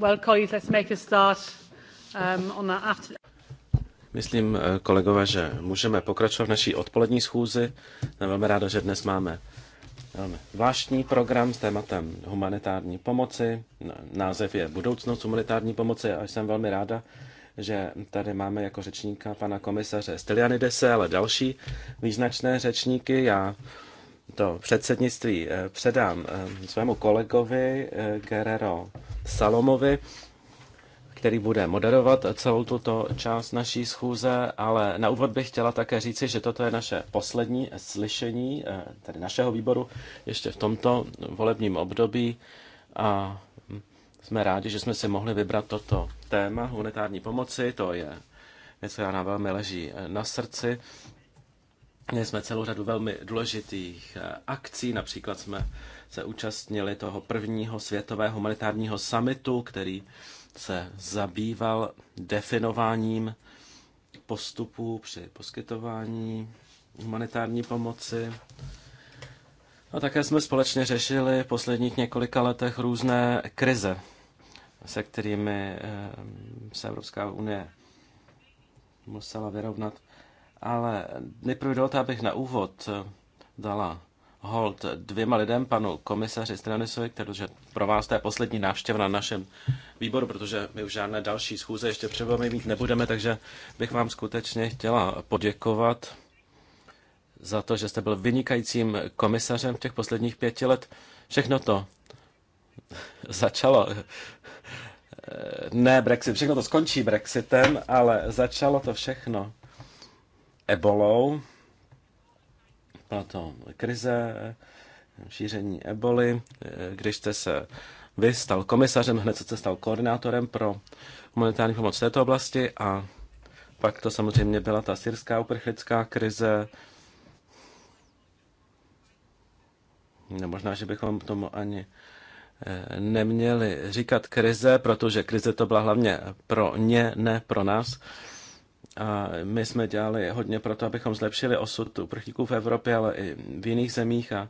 Well, colleagues, let's make a start um, on that after... Myslím, eh, kolegové, že můžeme pokračovat v naší odpolední schůzi. Jsem velmi ráda, že dnes máme Vláštní program s tématem humanitární pomoci. Název je Budoucnost humanitární pomoci a jsem velmi ráda, že tady máme jako řečníka pana komisaře Stylianidese, ale další význačné řečníky. Já to předsednictví eh, předám eh, svému kolegovi eh, Guerrero Salomovi, který bude moderovat celou tuto část naší schůze, ale na úvod bych chtěla také říci, že toto je naše poslední slyšení, tedy našeho výboru, ještě v tomto volebním období a jsme rádi, že jsme si mohli vybrat toto téma humanitární pomoci, to je něco, která nám velmi leží na srdci Měli jsme celou řadu velmi důležitých eh, akcí, například jsme se účastnili toho prvního světového humanitárního summitu, který se zabýval definováním postupů při poskytování humanitární pomoci. A také jsme společně řešili v posledních několika letech různé krize, se kterými eh, se Evropská unie musela vyrovnat. Ale nejprve dovolte, abych na úvod eh, dala hold dvěma lidem, panu komisaři Stranisovi, protože pro vás to je poslední návštěva na našem výboru, protože my už žádné další schůze ještě třeba mít nebudeme, takže bych vám skutečně chtěla poděkovat za to, že jste byl vynikajícím komisařem v těch posledních pěti let. Všechno to začalo eh, ne Brexit, všechno to skončí Brexitem, ale začalo to všechno ebolou. Byla to krize, šíření eboli. Když jste se vy stal komisařem, hned se stal koordinátorem pro humanitární pomoc v této oblasti a pak to samozřejmě byla ta syrská uprchlická krize. No, možná, že bychom tomu ani eh, neměli říkat krize, protože krize to byla hlavně pro ně, ne pro nás. A my jsme dělali hodně pro to, abychom zlepšili osud uprchlíků v Evropě, ale i v jiných zemích a,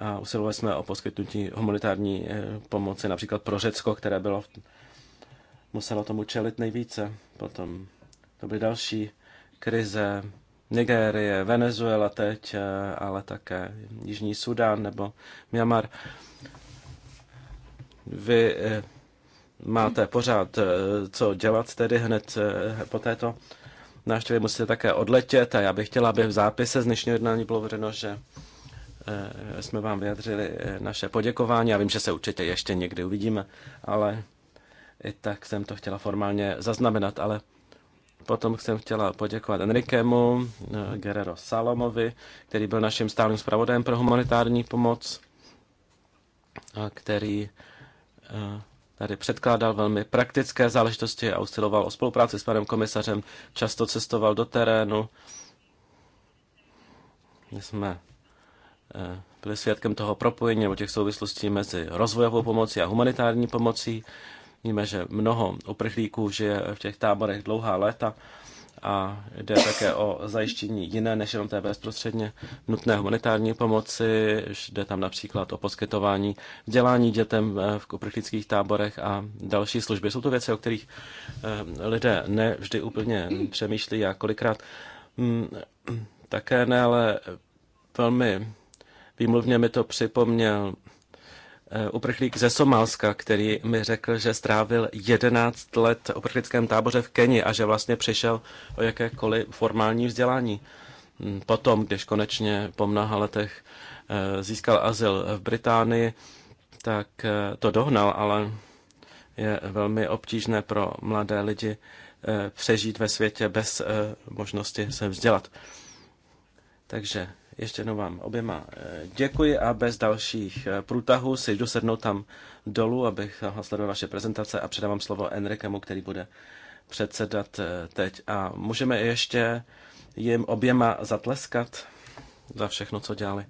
a usilovali jsme o poskytnutí humanitární eh, pomoci, například pro Řecko, které bylo muselo tomu čelit nejvíce. Potom to byly další krize, Nigérie, Venezuela teď, eh, ale také Jižní Sudán nebo Myanmar. Vy eh, máte pořád co dělat tedy hned po této návštěvy musíte také odletět a já bych chtěla, aby v zápise z dnešního jednání bylo vřeno, že eh, jsme vám vyjadřili eh, naše poděkování. Já vím, že se určitě ještě někdy uvidíme, ale i tak jsem to chtěla formálně zaznamenat, ale potom jsem chtěla poděkovat Enrikemu, eh, Guerrero Salomovi, který byl naším stálým zpravodajem pro humanitární pomoc a který tady předkládal velmi praktické záležitosti a usiloval o spolupráci s panem komisařem, často cestoval do terénu. My jsme eh, byli svědkem toho propojení nebo těch souvislostí mezi rozvojovou pomocí a humanitární pomocí. Víme, že mnoho uprchlíků žije v těch táborech dlouhá léta a jde také o zajištění jiné než jenom té bezprostředně nutné humanitární pomoci. Jde tam například o poskytování vzdělání dětem v uprchlických táborech a další služby. Jsou to věci, o kterých eh, lidé ne vždy úplně přemýšlí a kolikrát mm, také ne, ale velmi výmluvně mi to připomněl Eh, uprchlík ze Somálska, který mi řekl, že strávil 11 let v uprchlickém táboře v Keni a že vlastně přišel o jakékoliv formální vzdělání. Hm, potom, když konečně po mnoha letech eh, získal azyl v Británii, tak eh, to dohnal, ale je velmi obtížné pro mladé lidi přežít ve světě bez možnosti se vzdělat. Takže ještě jednou vám oběma eh, děkuji a bez dalších eh, průtahů si jdu sednout tam dolů, abych sledoval vaše prezentace a předávám slovo Enrikemu, který bude předsedat eh, teď. A můžeme ještě jim oběma zatleskat za všechno, co dělali.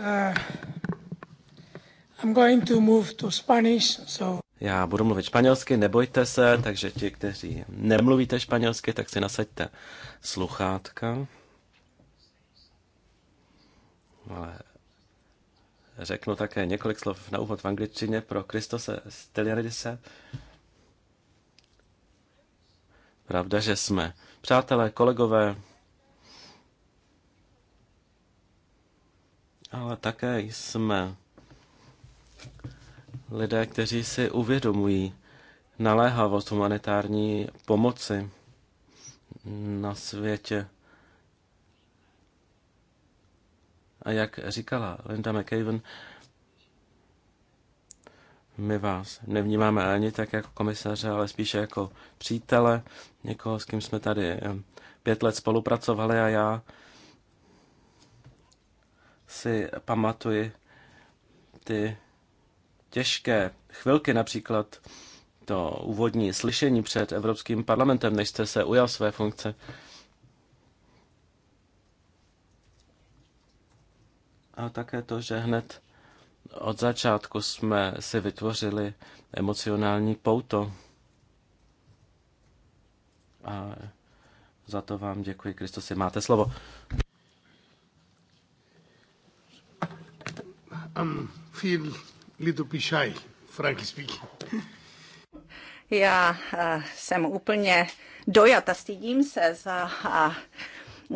Uh, Já budu mluvit španělsky, nebojte se, takže ti, kteří nemluvíte španělsky, tak si nasaďte sluchátka. Ale řeknu také několik slov na úvod v angličtině pro Kristose Styliaridise. Pravda, že jsme přátelé, kolegové, ale také jsme lidé, kteří si uvědomují naléhavost humanitární pomoci na světě. A jak říkala Linda McAven, my vás nevnímáme ani tak jako komisaře, ale spíše jako přítele, někoho, s kým jsme tady eh, pět let spolupracovali a já si pamatuji ty těžké chvilky, například to úvodní slyšení před Evropským parlamentem, než jste se ujal své funkce. A také to, že hned od začátku jsme si vytvořili emocionální pouto. A za to vám děkuji, Kristosi, máte slovo. feel little bit shy, frankly speaking. Já uh, jsem úplně dojata, stydím se za uh,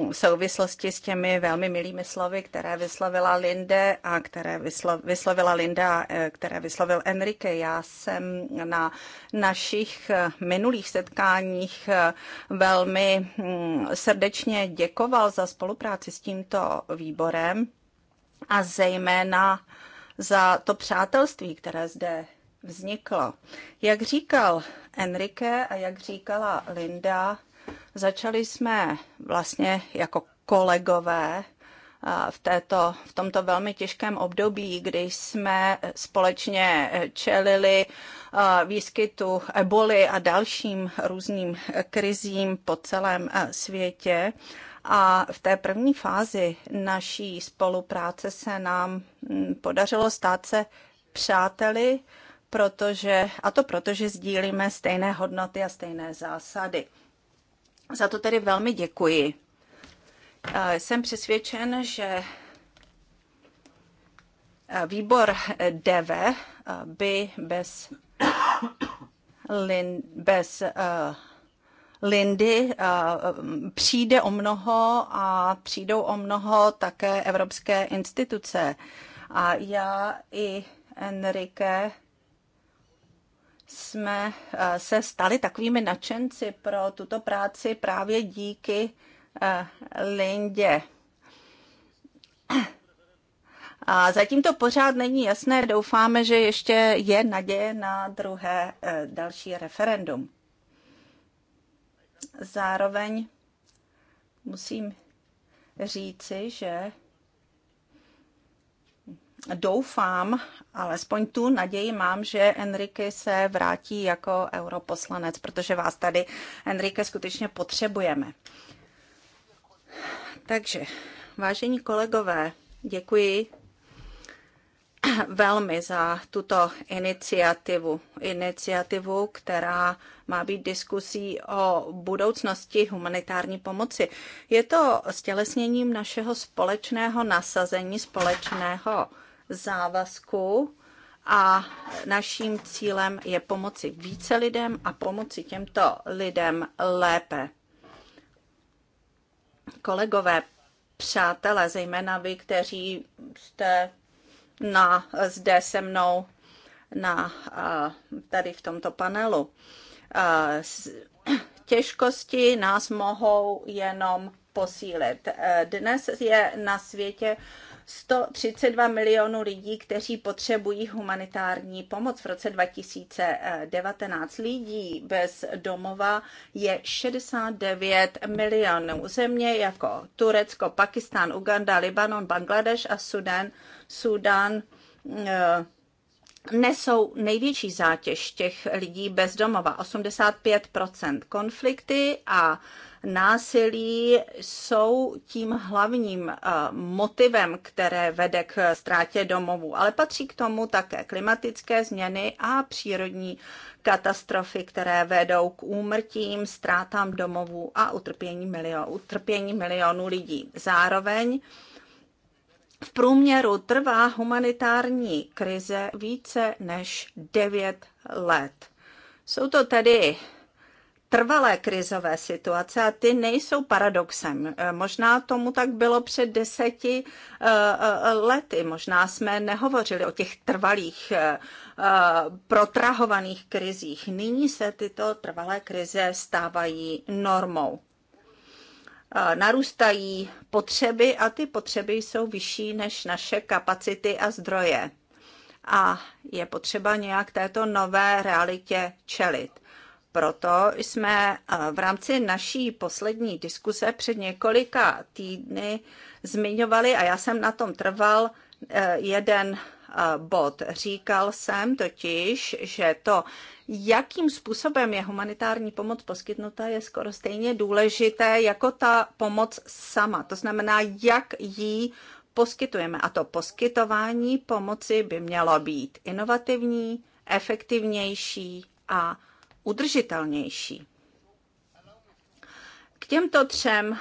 eh, v souvislosti s těmi velmi milými slovy, které vyslovila Linde a které vyslo, vyslovila Linda eh, které vyslovil Enrique. Já jsem na našich minulých setkáních velmi hm, srdečně děkoval za spolupráci s tímto výborem a zejména za to přátelství, které zde vzniklo. Jak říkal Enrique a jak říkala Linda, začali jsme vlastně jako kolegové v, této, v tomto velmi těžkém období, kdy jsme společně čelili výskytu eboli a dalším různým krizím po celém světě. A v té první fázi naší spolupráce se nám mm, podařilo stát se přáteli, protože, a to protože sdílíme stejné hodnoty a stejné zásady. Za to tedy velmi děkuji. E, jsem přesvědčen, že e, výbor DV e, by bez, lin, bez Lindy eh, přijde o mnoho a přijdou o mnoho také evropské instituce. A já i Enrique jsme eh, se stali takovými nadšenci pro tuto práci právě díky eh, Lindě. A zatím to pořád není jasné, doufáme, že ještě je naděje na druhé další referendum. Zároveň musím říci, že doufám, alespoň tu naději mám, že Enrique se vrátí jako europoslanec, protože vás tady, Enrique, skutečně potřebujeme. Takže, vážení kolegové, děkuji velmi za tuto iniciativu. Iniciativu, která má být diskusí o budoucnosti humanitární pomoci. Je to stělesněním našeho společného nasazení, společného závazku a naším cílem je pomoci více lidem a pomoci těmto lidem lépe. Kolegové, přátelé, zejména vy, kteří jste na, zde se mnou na, tady v tomto panelu. Těžkosti nás mohou jenom posílit. Dnes je na světě 132 milionů lidí, kteří potřebují humanitární pomoc. V roce 2019 lidí bez domova je 69 milionů. Země jako Turecko, Pakistán, Uganda, Libanon, Bangladeš a Sudan, Sudan eh, nesou největší zátěž těch lidí bezdomova, 85%. Konflikty a násilí jsou tím hlavním eh, motivem, které vede k ztrátě domovů, ale patří k tomu také klimatické změny a přírodní katastrofy, které vedou k úmrtím, ztrátám domovů a utrpění, milionů, utrpění milionů lidí. Zároveň v průměru trvá humanitární krize více než 9 let. Jsou to tedy trvalé krizové situace a ty nejsou paradoxem. Eh, možná tomu tak bylo před deseti eh, eh, lety. Možná jsme nehovořili o těch trvalých, protrahovaných krizích. Nyní se tyto trvalé krize stávají normou narůstají potřeby a ty potřeby jsou vyšší než naše kapacity a zdroje. A je potřeba nějak této nové realitě čelit. Proto jsme v rámci naší poslední diskuse před několika týdny zmiňovali, a já jsem na tom trval, e, jeden bod. Říkal jsem totiž, že to, jakým způsobem je humanitární pomoc poskytnuta, je skoro stejně důležité jako ta pomoc sama. To znamená, jak ji poskytujeme. A to poskytování pomoci by mělo být inovativní, efektivnější a udržitelnější. K těmto třem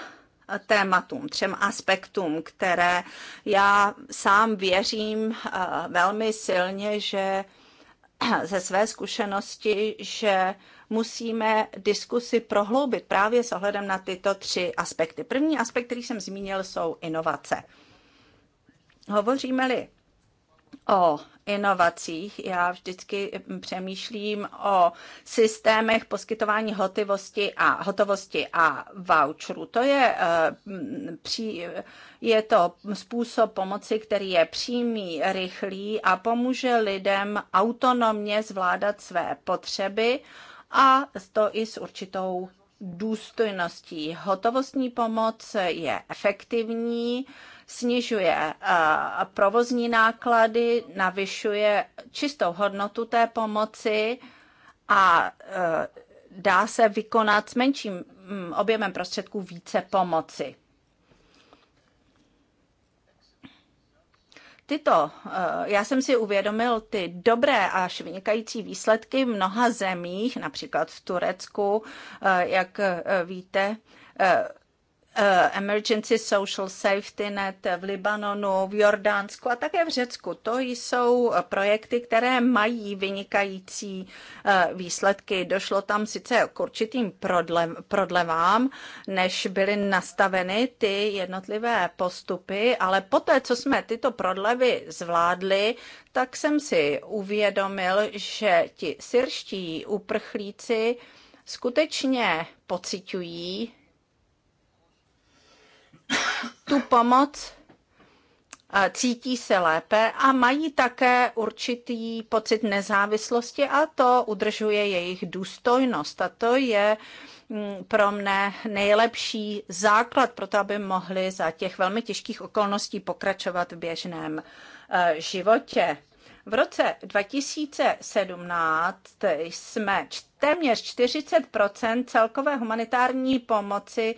tématům, třem aspektům, které já sám věřím eh, velmi silně, že ze své zkušenosti, že musíme diskusy prohloubit právě s ohledem na tyto tři aspekty. První aspekt, který jsem zmínil, jsou inovace. Hovoříme-li o inovacích. Já vždycky přemýšlím o systémech poskytování hotovosti a, hotovosti a voucheru. To je, eh, je to způsob pomoci, který je přímý, rychlý a pomůže lidem autonomně zvládat své potřeby a to i s určitou důstojností. Hotovostní pomoc je efektivní, snižuje provozní náklady, navyšuje čistou hodnotu té pomoci a e, dá se vykonat s menším mm, objemem prostředků více pomoci. tyto, e, já jsem si uvědomil ty dobré až vynikající výsledky v mnoha zemích, například v Turecku, e, jak víte, Eh, emergency Social Safety Net v Libanonu, v Jordánsku a také v Řecku. To jsou projekty, které mají vynikající eh, výsledky. Došlo tam sice k určitým prodlevám, než byly nastaveny ty jednotlivé postupy, ale poté, co jsme tyto prodlevy zvládli, tak jsem si uvědomil, že ti syrští uprchlíci skutečně pociťují tu pomoc, cítí se lépe a mají také určitý pocit nezávislosti a to udržuje jejich důstojnost. A to je mm, pro mne nejlepší základ pro to, aby mohli za těch velmi těžkých okolností pokračovat v běžném e, životě. V roce 2017 jsme téměř 40 celkové humanitární pomoci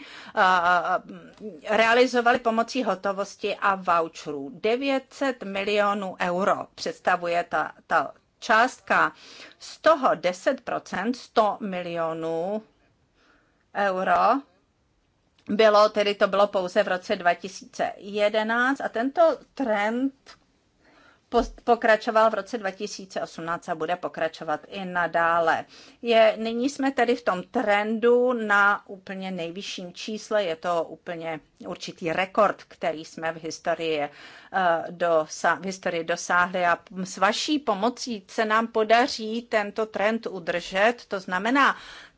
realizovali pomocí hotovosti a voucherů. 900 milionů euro představuje ta, ta částka. Z toho 10 100 milionů euro bylo, tedy to bylo pouze v roce 2011 a tento trend pokračoval v roce 2018 a bude pokračovat i nadále. Je, nyní jsme tedy v tom trendu na úplně nejvyšším čísle, je to úplně určitý rekord, který jsme v historii, eh, do, v historii dosáhli a s vaší pomocí se nám podaří tento trend udržet, to znamená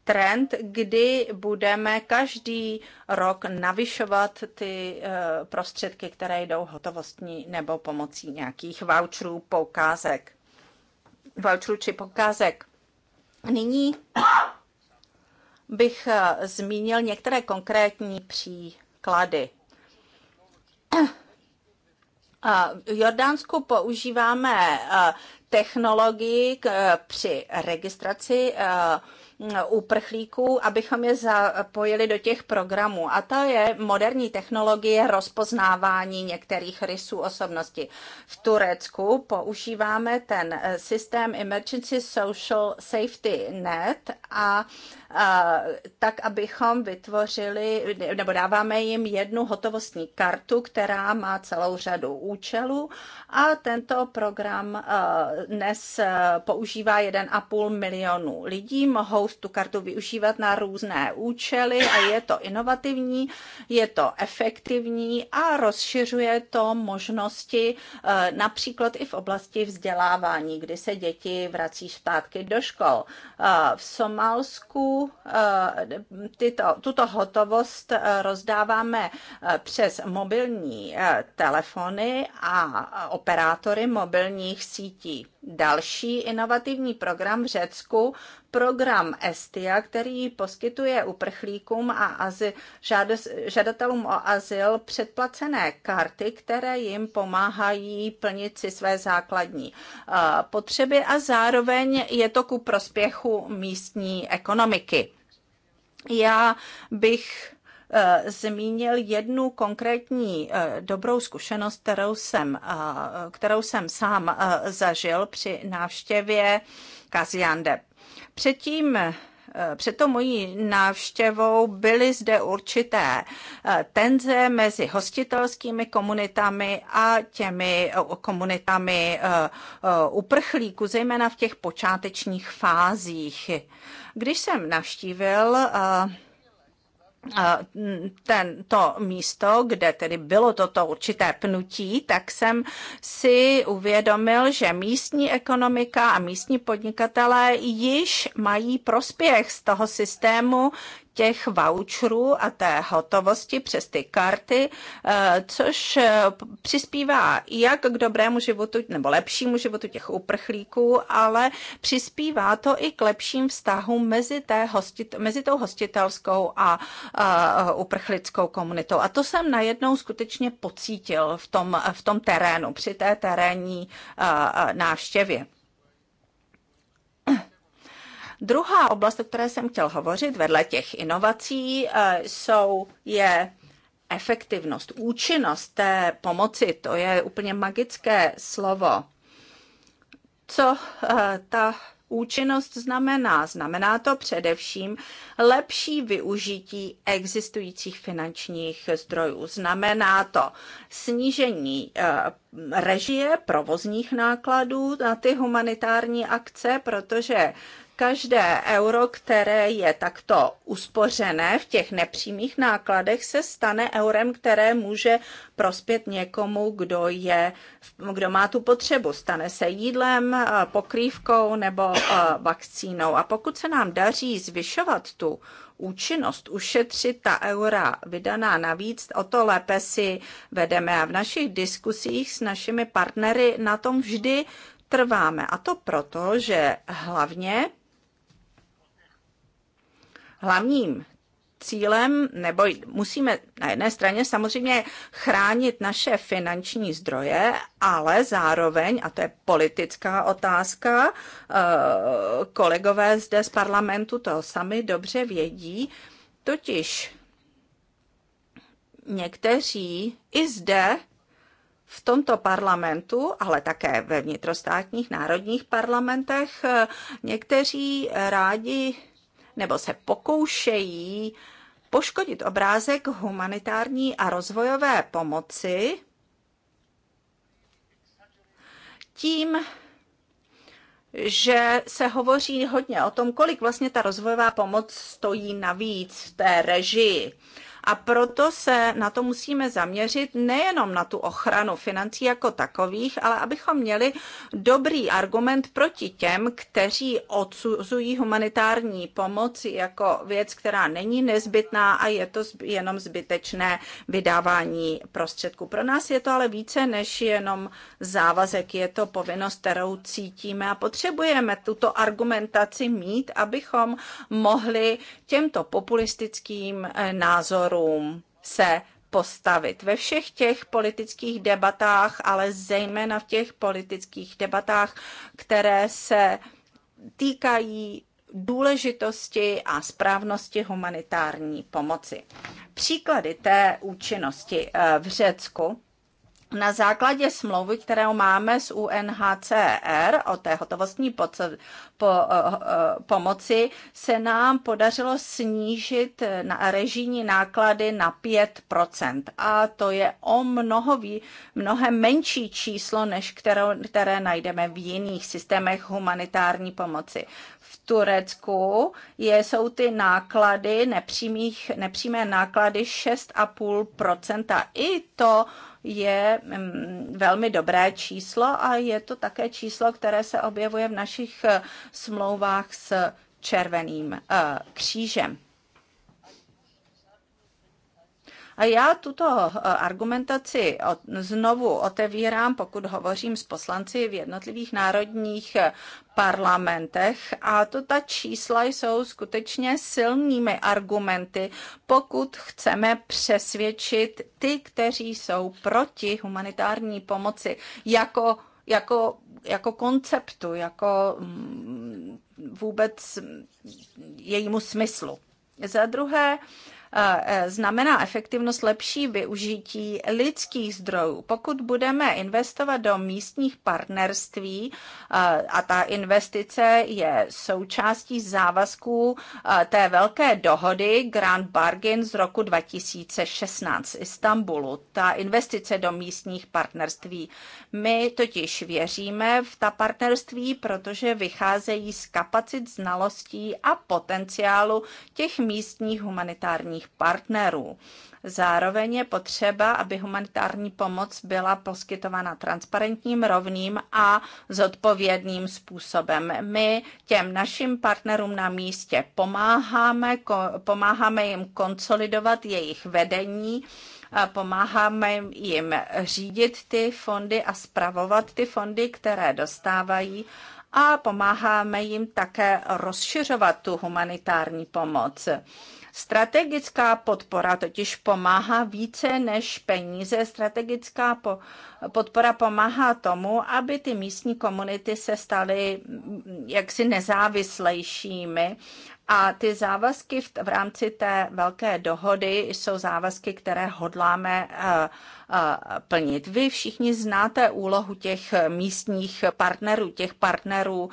trend, kdy budeme každý rok navyšovat ty eh, prostředky, které jdou hotovostní nebo pomocí nějakých voucherů, poukázek. Voucherů či poukázek. Nyní bych eh, zmínil některé konkrétní příklady. Eh, v Jordánsku používáme technologii k, při registraci uh, Mm, uprchlíků, abychom je zapojili do těch programů. A to je moderní technologie rozpoznávání některých rysů osobnosti. V Turecku používáme ten eh, systém Emergency Social Safety Net a tak abychom vytvořili, nebo dáváme jim jednu hotovostní kartu, která má celou řadu účelů a tento program dnes používá 1,5 milionu lidí, mohou tu kartu využívat na různé účely a je to inovativní, je to efektivní a rozšiřuje to možnosti například i v oblasti vzdělávání, kdy se děti vrací zpátky do škol. V Somálsku Eh, tyto, tuto hotovost eh, rozdáváme eh, přes mobilní telefony a operátory mobilních sítí další inovativní program v Řecku, program Estia, který poskytuje uprchlíkům a azyl, žadatelům o azyl předplacené karty, které jim pomáhají plnit si své základní eh, potřeby a zároveň je to ku prospěchu místní ekonomiky. Já bych Eh, zmínil jednu konkrétní eh, dobrou zkušenost, kterou jsem, eh, kterou jsem sám zažil při návštěvě Kaziande. Předtím před to mojí návštěvou byly zde určité tenze mezi hostitelskými komunitami a těmi komunitami uprchlíků, zejména v těch počátečních fázích. Když jsem navštívil Mm, ten to místo, kde tedy bylo toto určité pnutí, tak jsem si uvědomil, že místní ekonomika a místní podnikatelé již mají prospěch z toho systému těch voucherů a té hotovosti přes ty karty, eh, což eh, přispívá jak k dobrému životu nebo lepšímu životu těch uprchlíků, ale přispívá to i k lepším vztahům mezi, té hostit, mezi tou hostitelskou a, a eh, uprchlickou komunitou. A to jsem najednou skutečně pocítil v tom, v tom terénu, při té terénní návštěvě. Druhá oblast, o které jsem chtěl hovořit, vedle těch inovací, eh, jsou, je efektivnost, účinnost té pomoci. To je úplně magické slovo. Co eh, ta Účinnost znamená, znamená to především lepší využití existujících finančních zdrojů. Znamená to snížení eh, režie provozních nákladů na ty humanitární akce, protože Každé euro, které je takto uspořené v těch nepřímých nákladech, se stane eurem, které může prospět někomu, kdo, je, kdo má tu potřebu. Stane se jídlem, pokrývkou nebo eh, vakcínou. A pokud se nám daří zvyšovat tu účinnost, ušetřit ta eura vydaná navíc, o to lépe si vedeme. A v našich diskusích s našimi partnery na tom vždy trváme. A to proto, že hlavně Hlavním cílem, nebo musíme na jedné straně samozřejmě chránit naše finanční zdroje, ale zároveň, a to je politická otázka, eh, kolegové zde z parlamentu to sami dobře vědí, totiž někteří i zde v tomto parlamentu, ale také ve vnitrostátních národních parlamentech, eh, někteří rádi nebo se pokoušejí poškodit obrázek humanitární a rozvojové pomoci tím, že se hovoří hodně o tom, kolik vlastně ta rozvojová pomoc stojí navíc v té režii. A proto se na to musíme zaměřit nejenom na tu ochranu financí jako takových, ale abychom měli dobrý argument proti těm, kteří odsuzují humanitární pomoc jako věc, která není nezbytná a je to jenom zbytečné vydávání prostředků. Pro nás je to ale více než jenom závazek, je to povinnost, kterou cítíme a potřebujeme tuto argumentaci mít, abychom mohli těmto populistickým eh, názorům seniorům se postavit. Ve všech těch politických debatách, ale zejména v těch politických debatách, které se týkají důležitosti a správnosti humanitární pomoci. Příklady té účinnosti eh, v Řecku na základě smlouvy, kterou máme s UNHCR o té hotovostní po, po, eh, eh, pomoci, se nám podařilo snížit na režijní náklady na 5%. A to je o mnoho, mnohem menší číslo, než kterou, které najdeme v jiných systémech humanitární pomoci. V Turecku je, jsou ty náklady, nepřímých, nepřímé náklady 6,5%. I to je mm, velmi dobré číslo a je to také číslo, které se objevuje v našich eh, smlouvách s Červeným eh, křížem. A já tuto eh, argumentaci znovu otevírám, pokud hovořím s poslanci v jednotlivých národních eh, parlamentech a to ta čísla jsou skutečně silnými argumenty, pokud chceme přesvědčit ty, kteří jsou proti humanitární pomoci jako, jako, jako konceptu, jako mm, vůbec mm, jejímu smyslu. Za druhé, Eh, eh, znamená efektivnost lepší využití lidských zdrojů. Pokud budeme investovat do místních partnerství eh, a ta investice je součástí závazků té velké dohody Grand Bargain z roku 2016 z Istanbulu, ta investice do místních partnerství. My totiž věříme v ta partnerství, protože vycházejí z kapacit, znalostí a potenciálu těch místních humanitárních mezinárodních partnerů. Zároveň je potřeba, aby humanitární pomoc byla poskytována transparentním, rovným a zodpovědným způsobem. My těm našim partnerům na místě pomáháme, pomáháme jim konsolidovat jejich vedení, pomáháme jim řídit ty fondy a zpravovat ty fondy, které dostávají a pomáháme jim také rozšiřovat tu humanitární pomoc. Strategická podpora totiž pomáhá více než peníze. Strategická po, podpora pomáhá tomu, aby ty místní komunity se staly mm, jaksi nezávislejšími a ty závazky v, v rámci té velké dohody jsou závazky, které hodláme uh, plnit. Vy všichni znáte úlohu těch místních partnerů, těch partnerů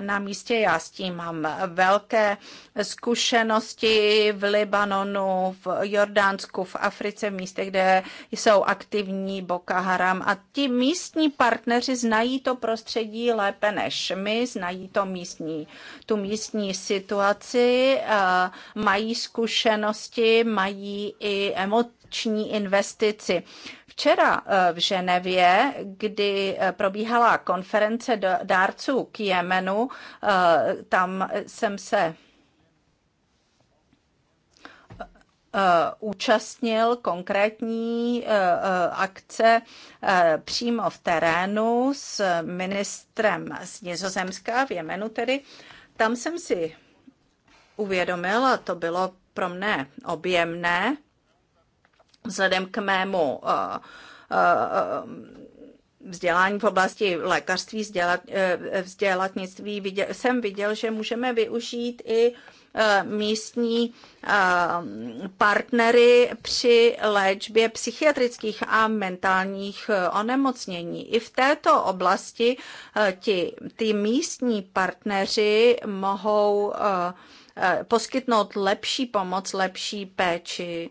na místě. Já s tím mám velké zkušenosti v Libanonu, v Jordánsku, v Africe, v místech, kde jsou aktivní Boko Haram a ti místní partneři znají to prostředí lépe než my, znají to místní, tu místní situaci, mají zkušenosti, mají i emoce tradiční investici. Včera eh, v Ženevě, kdy eh, probíhala konference dárců k Jemenu, eh, tam jsem se účastnil konkrétní akce přímo v terénu s ministrem z Nizozemska v Jemenu tedy. Tam jsem si uvědomil, a to bylo pro mne objemné, Vzhledem k mému eh, eh, eh, vzdělání v oblasti lékařství, vzdělat, vzdělatnictví, viděl, jsem viděl, že můžeme využít i místní partnery při léčbě psychiatrických a mentálních onemocnění. I v této oblasti ti, ty místní partneři mohou poskytnout lepší pomoc, lepší péči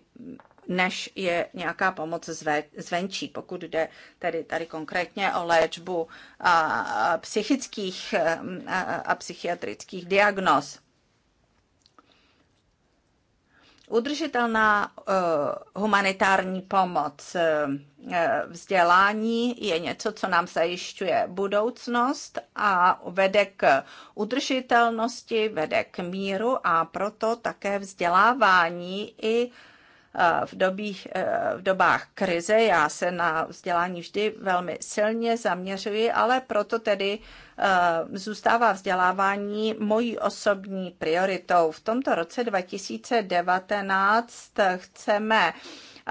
než je nějaká pomoc zvenčí, pokud jde tedy tady konkrétně o léčbu a psychických a psychiatrických diagnóz. Udržitelná e, humanitární pomoc e, vzdělání je něco, co nám zajišťuje budoucnost a vede k udržitelnosti, vede k míru a proto také vzdělávání i v, dobích, e, v dobách krize. Já se na vzdělání vždy velmi silně zaměřuji, ale proto tedy e, zůstává vzdělávání mojí osobní prioritou. V tomto roce 2019 chceme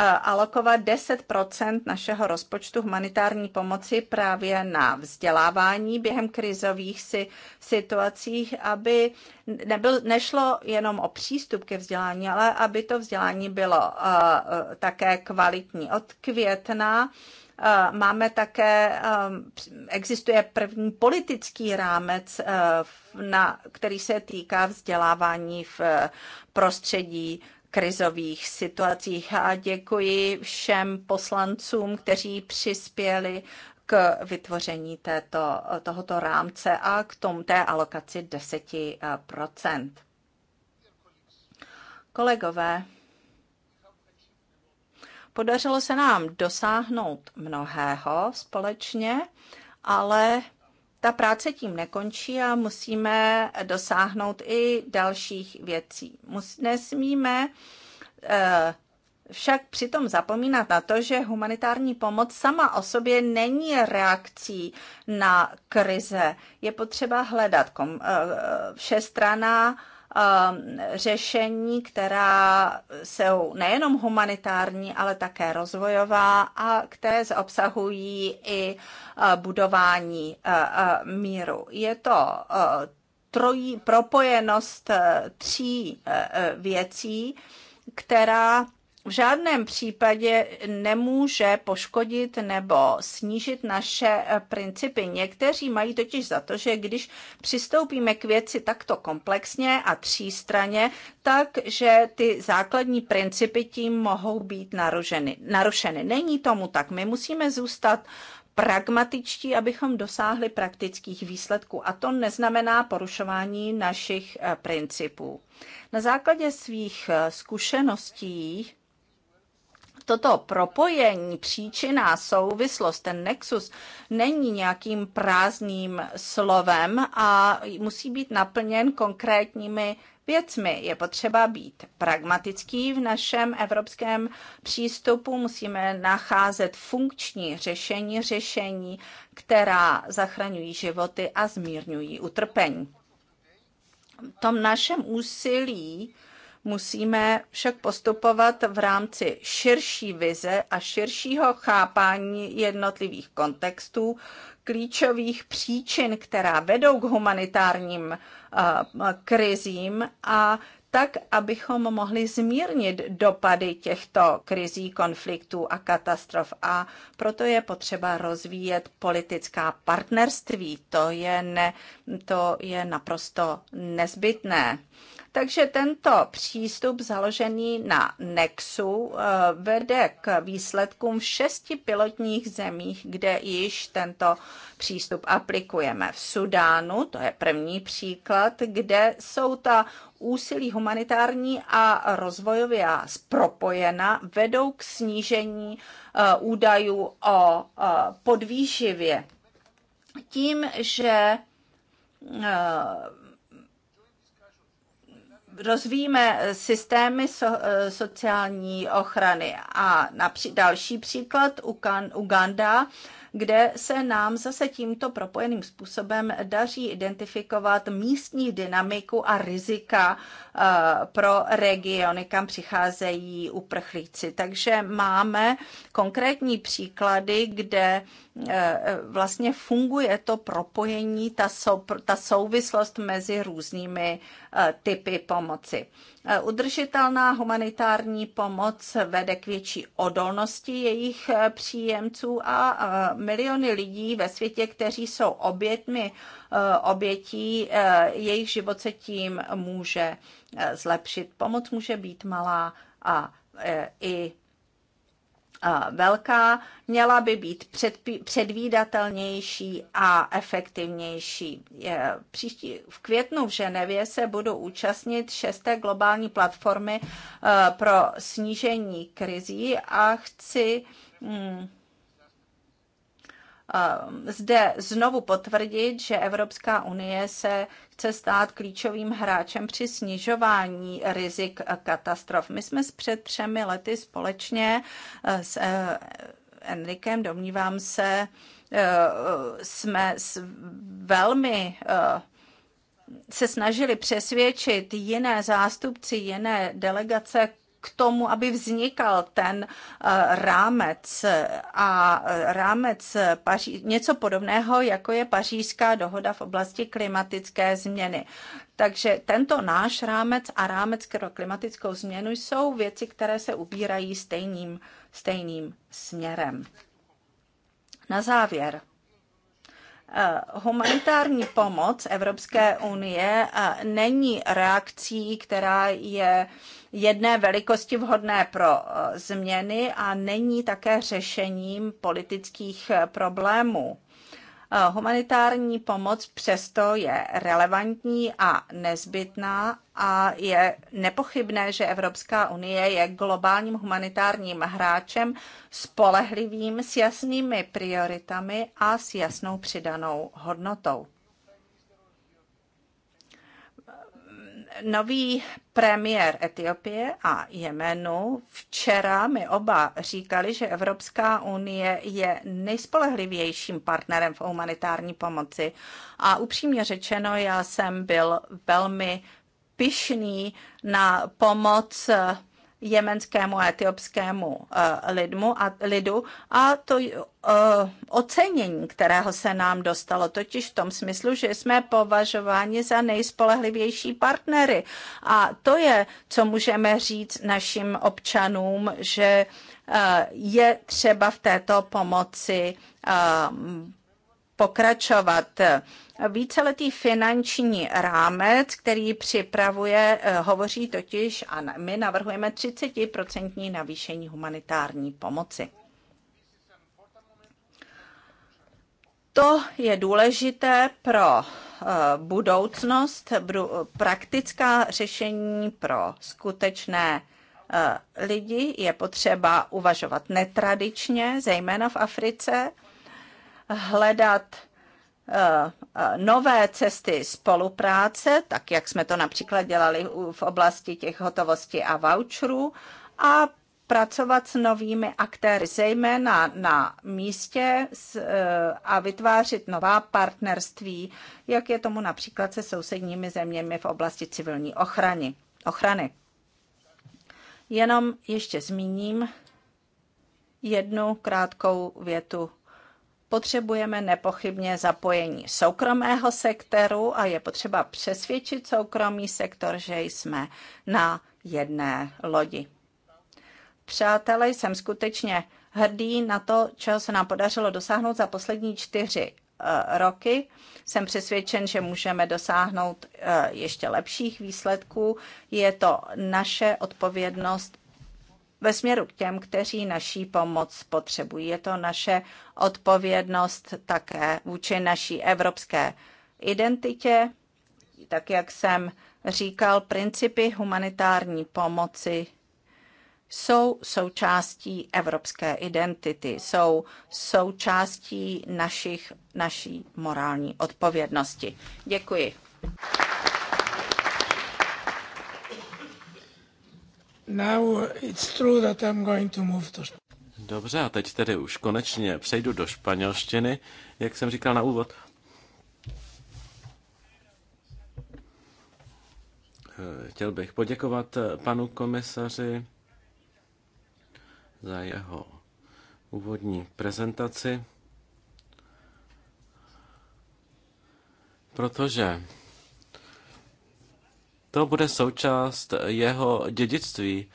Eh, alokovat 10 našeho rozpočtu humanitární pomoci právě na vzdělávání během krizových si, situacích, aby nebyl, nešlo jenom o přístup ke vzdělání, ale aby to vzdělání bylo eh, také kvalitní. Od května eh, Máme také, existuje první politický rámec, na, který se týká vzdělávání v prostředí krizových situacích. A děkuji všem poslancům, kteří přispěli k vytvoření této, tohoto rámce a k tomu té alokaci 10 Kolegové, podařilo se nám dosáhnout mnohého společně, ale ta práce tím nekončí a musíme dosáhnout i dalších věcí. Mus, nesmíme eh, však přitom zapomínat na to, že humanitární pomoc sama o sobě není reakcí na krize. Je potřeba hledat kom, eh, všestraná Um, řešení, která jsou nejenom humanitární, ale také rozvojová a které obsahují i uh, budování uh, uh, míru. Je to trojí propojenost tří věcí, která v žádném případě nemůže poškodit nebo snížit naše eh, principy. Někteří mají totiž za to, že když přistoupíme k věci takto komplexně a třístraně, tak, že ty základní principy tím mohou být narušeny. narušeny. Není tomu tak. My musíme zůstat pragmatičtí, abychom dosáhli praktických výsledků. A to neznamená porušování našich eh, principů. Na základě svých eh, zkušeností toto propojení, příčina, souvislost, ten nexus není nějakým prázdným slovem a musí být naplněn konkrétními věcmi. Je potřeba být pragmatický v našem evropském přístupu, musíme nacházet funkční řešení, řešení, která zachraňují životy a zmírňují utrpení. V tom našem úsilí Musíme však postupovat v rámci širší vize a širšího chápání jednotlivých kontextů, klíčových příčin, která vedou k humanitárním eh, krizím a tak, abychom mohli zmírnit dopady těchto krizí, konfliktů a katastrof. A proto je potřeba rozvíjet politická partnerství. To je, ne, to je naprosto nezbytné. Takže tento přístup založený na Nexu eh, vede k výsledkům v šesti pilotních zemích, kde již tento přístup aplikujeme. V Sudánu, to je první příklad, kde jsou ta úsilí humanitární a rozvojově propojena, vedou k snížení eh, údajů o eh, podvýživě. Tím, že rozvíjíme eh, systémy so, eh, sociální ochrany. A napří, další příklad, Uganda, kde se nám zase tímto propojeným způsobem daří identifikovat místní dynamiku a rizika eh, pro regiony, kam přicházejí uprchlíci. Takže máme konkrétní příklady, kde eh, vlastně funguje to propojení, ta, ta souvislost mezi různými eh, typy pomoci. Eh, udržitelná humanitární pomoc vede k větší odolnosti jejich eh, příjemců a eh, miliony lidí ve světě, kteří jsou obětmi obětí, jejich život se tím může zlepšit. Pomoc může být malá a i velká, měla by být předvídatelnější a efektivnější. Příští v květnu v Ženevě se budou účastnit šesté globální platformy eh, pro snížení krizí a chci hmm, Eh, zde znovu potvrdit, že Evropská unie se chce stát klíčovým hráčem při snižování rizik katastrof. My jsme před třemi lety společně eh, s eh, Enrikem, domnívám se, jsme velmi se snažili přesvědčit jiné zástupci, jiné delegace k tomu, aby vznikal ten eh, rámec a eh, rámec Paří- něco podobného, jako je pařížská dohoda v oblasti klimatické změny. Takže tento náš rámec a rámec pro klimatickou změnu jsou věci, které se ubírají stejným, stejným směrem. Na závěr eh, humanitární pomoc Evropské unie není reakcí, která je jedné velikosti vhodné pro eh, změny a není také řešením politických eh, problémů. Eh, humanitární pomoc přesto je relevantní a nezbytná a je nepochybné, že Evropská unie je globálním humanitárním hráčem spolehlivým s jasnými prioritami a s jasnou přidanou hodnotou. Nový premiér Etiopie a Jemenu včera mi oba říkali, že Evropská unie je nejspolehlivějším partnerem v humanitární pomoci. A upřímně řečeno, já jsem byl velmi pyšný na pomoc jemenskému a etiopskému eh, lidmu a lidu a to eh, ocenění, kterého se nám dostalo, totiž v tom smyslu, že jsme považováni za nejspolehlivější partnery. A to je, co můžeme říct našim občanům, že eh, je třeba v této pomoci pokračovat. Víceletý finanční rámec, který připravuje, eh, hovoří totiž, a my navrhujeme 30% navýšení humanitární pomoci. To je důležité pro eh, budoucnost, praktická řešení pro skutečné eh, lidi. Je potřeba uvažovat netradičně, zejména v Africe hledat eh, eh, nové cesty spolupráce, tak jak jsme to například dělali v oblasti těch hotovosti a voucherů, a pracovat s novými aktéry, zejména na místě eh, a vytvářet nová partnerství, jak je tomu například se sousedními zeměmi v oblasti civilní ochrany. ochrany. Jenom ještě zmíním jednu krátkou větu potřebujeme nepochybně zapojení soukromého sektoru a je potřeba přesvědčit soukromý sektor, že jsme na jedné lodi. Přátelé, jsem skutečně hrdý na to, čeho se nám podařilo dosáhnout za poslední čtyři eh, roky. Jsem přesvědčen, že můžeme dosáhnout eh, ještě lepších výsledků. Je to naše odpovědnost ve směru k těm, kteří naší pomoc potřebují. Je to naše odpovědnost také vůči naší evropské identitě, tak jak jsem říkal, principy humanitární pomoci jsou součástí evropské identity, jsou součástí našich, naší morální odpovědnosti. Děkuji. Now it's true that I'm going to move to... Dobře, a teď tedy už konečně přejdu do španělštiny, jak jsem říkal na úvod. Eh, chtěl bych poděkovat eh, panu komisaři za jeho úvodní prezentaci, protože to bude součást jeho dědictví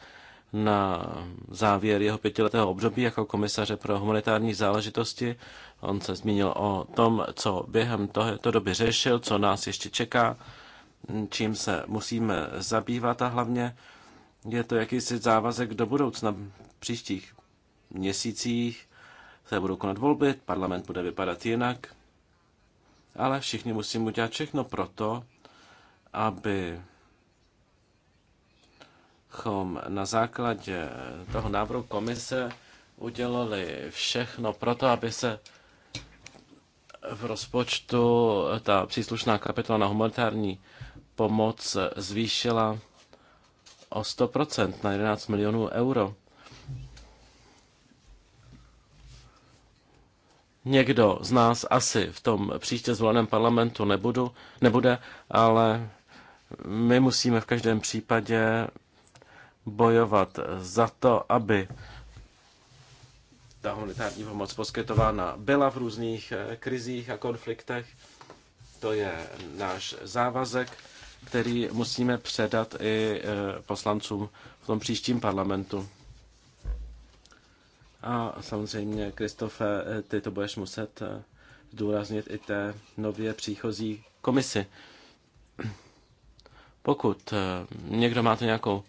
na závěr jeho pětiletého období jako komisaře pro humanitární záležitosti. On se zmínil o tom, co během této doby řešil, co nás ještě čeká, čím se musíme zabývat a hlavně je to jakýsi závazek do budoucna v příštích měsících. Se budou konat volby, parlament bude vypadat jinak, ale všichni musíme udělat všechno proto, aby abychom na základě toho návrhu komise udělali všechno pro to, aby se v rozpočtu ta příslušná kapitola na humanitární pomoc zvýšila o 100% na 11 milionů euro. Někdo z nás asi v tom příště zvoleném parlamentu nebudu, nebude, ale my musíme v každém případě bojovat za to, aby ta humanitární pomoc poskytována byla v různých eh, krizích a konfliktech. To je náš závazek, který musíme předat i eh, poslancům v tom příštím parlamentu. A samozřejmě, Kristofe, eh, ty to budeš muset zdůraznit i té nově příchozí komisi. Pokud někdo máte nějakou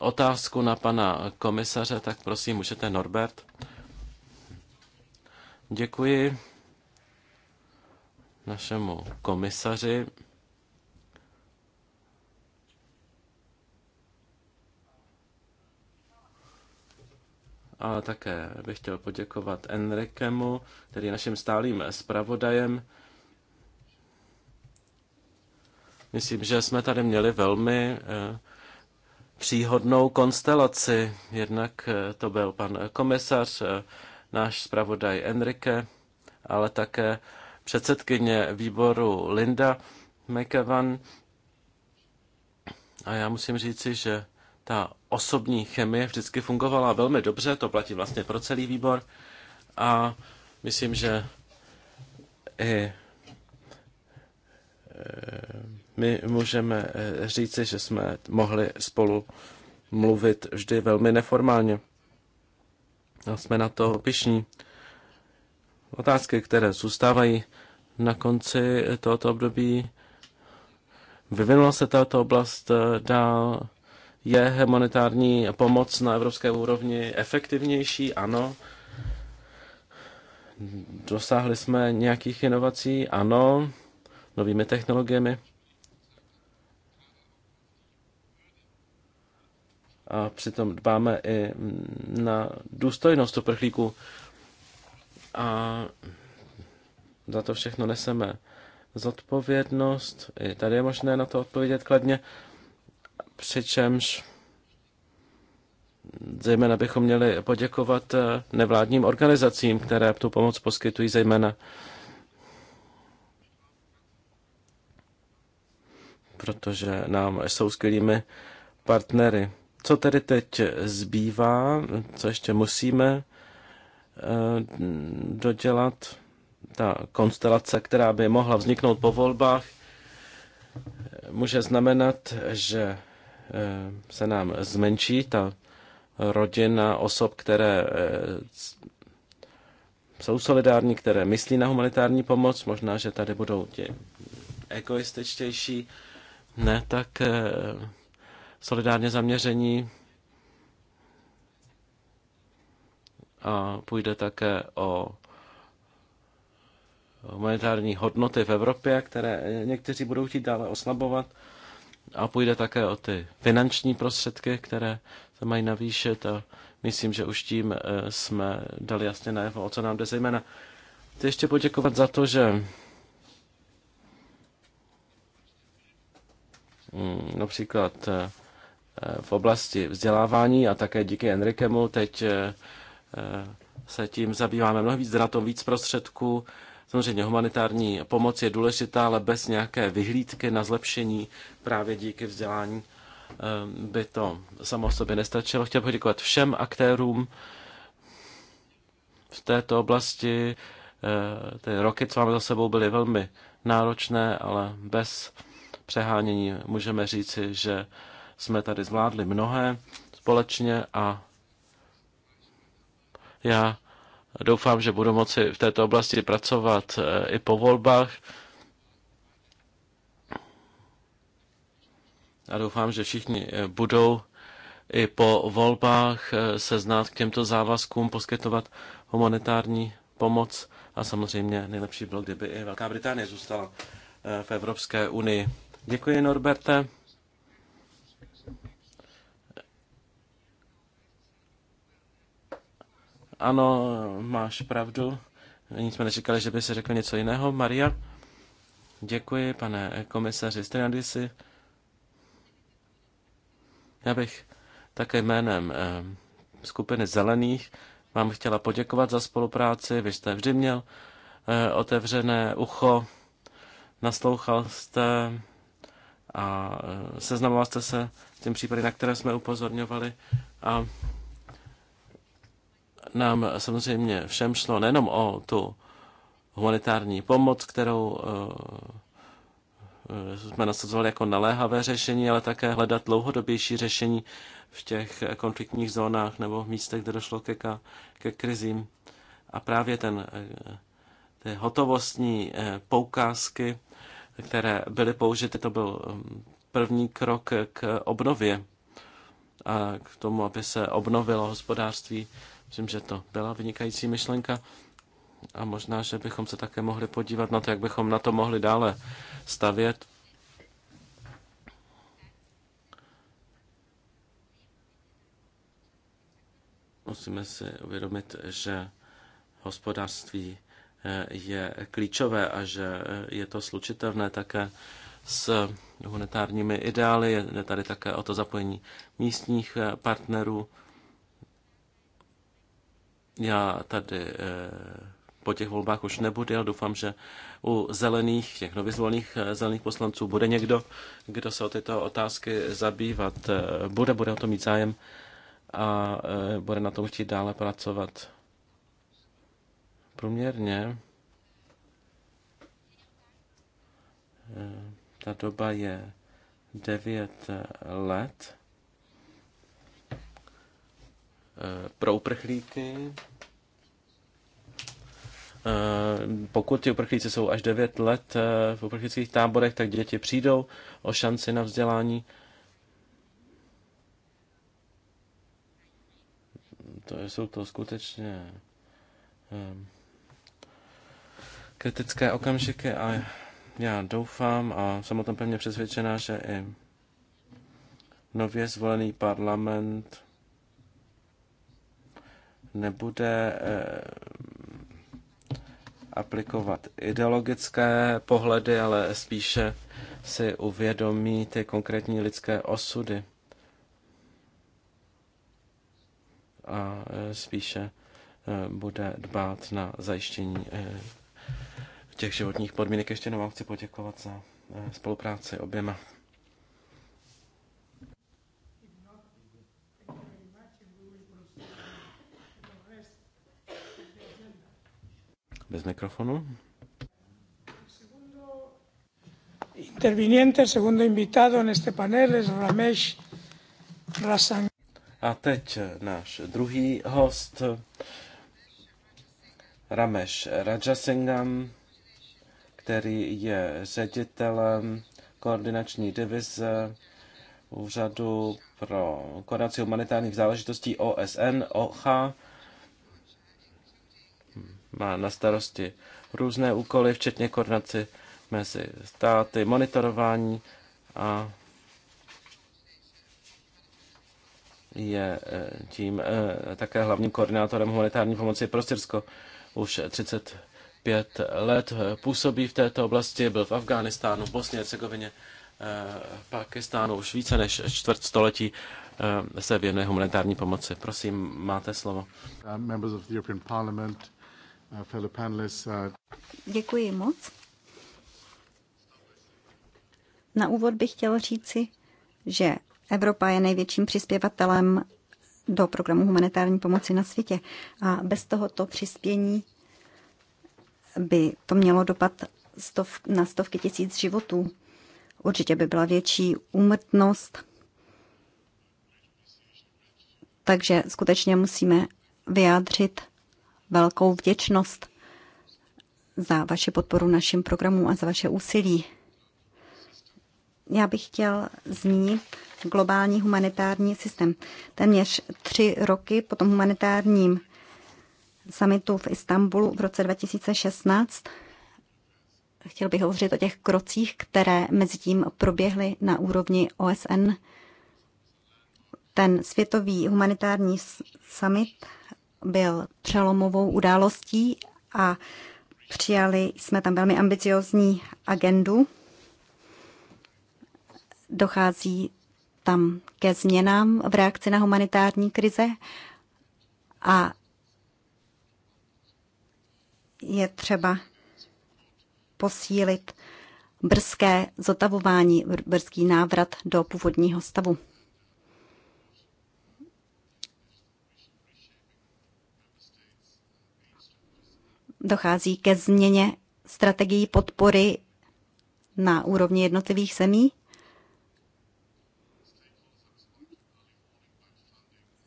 otázku na pana komisaře, tak prosím, můžete Norbert. Děkuji našemu komisaři. A také bych chtěl poděkovat Enrikemu, který je naším stálým zpravodajem. Myslím, že jsme tady měli velmi eh, příhodnou konstelaci. Jednak eh, to byl pan komisař, eh, náš zpravodaj Enrique, ale také předsedkyně výboru Linda McEvan. A já musím říci, že ta osobní chemie vždycky fungovala velmi dobře, to platí vlastně pro celý výbor. A myslím, že i eh, my můžeme eh, říci, že jsme mohli spolu mluvit vždy velmi neformálně. A jsme na to pišní. Otázky, které zůstávají na konci tohoto období, vyvinula se tato oblast eh, dál, je humanitární pomoc na evropské úrovni efektivnější? Ano. Dosáhli jsme nějakých inovací? Ano. Novými technologiemi? a přitom dbáme i na důstojnost uprchlíků a za to všechno neseme zodpovědnost. I tady je možné na to odpovědět kladně, přičemž zejména bychom měli poděkovat eh, nevládním organizacím, které tu pomoc poskytují zejména protože nám jsou skvělými partnery. Co tedy teď zbývá, co ještě musíme eh, dodělat? Ta konstelace, která by mohla vzniknout po volbách, může znamenat, že eh, se nám zmenší ta rodina osob, které eh, jsou solidární, které myslí na humanitární pomoc, možná, že tady budou ti egoističtější, ne tak solidárně zaměření a půjde také o humanitární hodnoty v Evropě, které někteří budou chtít dále oslabovat a půjde také o ty finanční prostředky, které se mají navýšit a myslím, že už tím eh, jsme dali jasně najevo, o co nám jde zejména. Chci ještě poděkovat za to, že mm, například eh, v oblasti vzdělávání a také díky Enrikemu teď eh, eh, se tím zabýváme mnohem víc, na to víc prostředků. Samozřejmě humanitární pomoc je důležitá, ale bez nějaké vyhlídky na zlepšení právě díky vzdělání eh, by to samo o sobě nestačilo. Chtěl bych děkovat všem aktérům v této oblasti. Ty roky, co máme za sebou, byly velmi náročné, ale bez přehánění můžeme říci, že jsme tady zvládli mnohé společně a já doufám, že budu moci v této oblasti pracovat eh, i po volbách. A doufám, že všichni eh, budou i po volbách eh, se znát k těmto závazkům, poskytovat humanitární pomoc. A samozřejmě nejlepší bylo, kdyby i Velká Británie zůstala v Evropské unii. Děkuji, Norberte. Ano, máš pravdu. Nic jsme nečekali, že by se řekl něco jiného. Maria, děkuji, pane komisaři Striandisi. Já bych také jménem eh, skupiny Zelených vám chtěla poděkovat za spolupráci. Vy jste vždy měl eh, otevřené ucho, naslouchal jste a eh, seznamoval jste se s tím případy, na které jsme upozorňovali. A nám samozřejmě všem šlo nejenom o tu humanitární pomoc, kterou eh, jsme nasazovali jako naléhavé řešení, ale také hledat dlouhodobější řešení v těch konfliktních zónách nebo v místech, kde došlo ke, ke krizím. A právě ten, eh, ty hotovostní eh, poukázky, které byly použity, to byl mm, první krok k obnově a k tomu, aby se obnovilo hospodářství Myslím, že to byla vynikající myšlenka a možná, že bychom se také mohli podívat na to, jak bychom na to mohli dále stavět. Musíme si uvědomit, že hospodářství eh, je klíčové a že eh, je to slučitelné také s humanitárními ideály. Je tady také o to zapojení místních eh, partnerů. Já tady eh, po těch volbách už nebudu, ale doufám, že u zelených, těch nově zvolených eh, zelených poslanců bude někdo, kdo se o tyto otázky zabývat eh, bude, bude o to mít zájem a bude na tom chtít dále pracovat. Průměrně ta doba je 9 let pro uprchlíky Eh, pokud ti uprchlíci jsou až 9 let eh, v uprchlických táborech, tak děti přijdou o šanci na vzdělání. To jsou to skutečně eh, kritické okamžiky a já doufám a jsem o tom pevně přesvědčená, že i nově zvolený parlament nebude aplikovat ideologické pohledy, ale spíše si uvědomí ty konkrétní lidské osudy. A e, spíše e, bude dbát na zajištění e, těch životních podmínek. Ještě jednou vám chci poděkovat za spolupráci oběma. bez mikrofonu. Interviniente, segundo invitado en este panel es Ramesh Rasan. A teď náš druhý host, Ramesh Rajasingam, který je ředitelem koordinační divize Úřadu pro koordinaci humanitárních záležitostí OSN OCHA má na starosti různé úkoly, včetně koordinaci mezi státy, monitorování a je eh, tím eh, také hlavním koordinátorem humanitární pomoci pro Syrsko. Už 35 let působí v této oblasti, byl v Afghánistánu, v Bosně, Hercegovině, eh, Pakistánu už více než čtvrt století se věnuje humanitární pomoci. Prosím, máte slovo. Uh, Uh, uh, Děkuji moc. Na úvod bych chtěl říci, že Evropa je největším přispěvatelem do programu humanitární pomoci na světě. A bez tohoto přispění by to mělo dopad stov, na stovky tisíc životů. Určitě by byla větší úmrtnost. Takže skutečně musíme vyjádřit velkou vděčnost za vaši podporu našim programům a za vaše úsilí. Já bych chtěl zmínit globální humanitární systém. Téměř tři roky po tom humanitárním summitu v Istanbulu v roce 2016 chtěl bych hovořit o těch krocích, které mezi tím proběhly na úrovni OSN. Ten světový humanitární summit byl přelomovou událostí a přijali jsme tam velmi ambiciozní agendu. Dochází tam ke změnám v reakci na humanitární krize a je třeba posílit brzké zotavování, brzký návrat do původního stavu. dochází ke změně strategií podpory na úrovni jednotlivých zemí?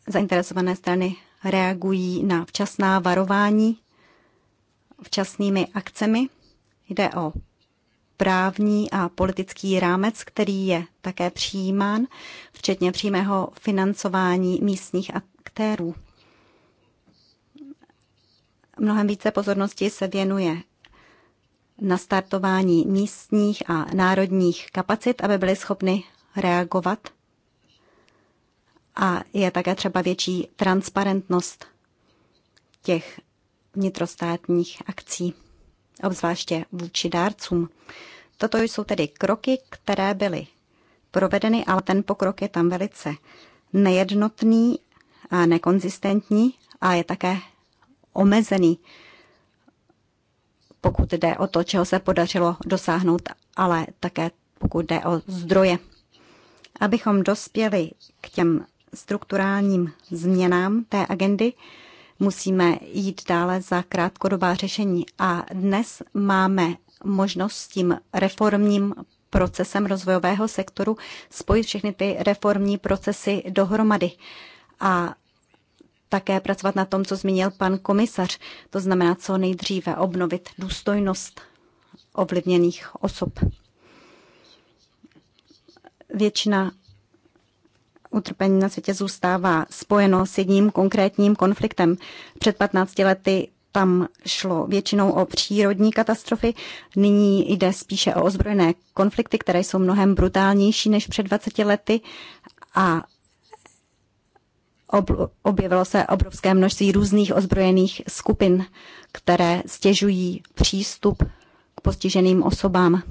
Zainteresované strany reagují na včasná varování včasnými akcemi. Jde o právní a politický rámec, který je také přijímán, včetně přímého financování místních aktérů mnohem více pozornosti se věnuje nastartování místních a národních kapacit, aby byly schopny reagovat. A je také třeba větší transparentnost těch vnitrostátních akcí, obzvláště vůči dárcům. Toto jsou tedy kroky, které byly provedeny, ale ten pokrok je tam velice nejednotný a nekonzistentní a je také omezený, pokud jde o to, čeho se podařilo dosáhnout, ale také pokud jde o zdroje. Abychom dospěli k těm strukturálním změnám té agendy, musíme jít dále za krátkodobá řešení. A dnes máme možnost s tím reformním procesem rozvojového sektoru spojit všechny ty reformní procesy dohromady. A také pracovat na tom, co zmínil pan komisař, to znamená co nejdříve obnovit důstojnost ovlivněných osob. Většina utrpení na světě zůstává spojeno s jedním konkrétním konfliktem. Před 15 lety tam šlo většinou o přírodní katastrofy, nyní jde spíše o ozbrojené konflikty, které jsou mnohem brutálnější než před 20 lety a objevilo se obrovské množství různých ozbrojených skupin, které stěžují přístup k postiženým osobám.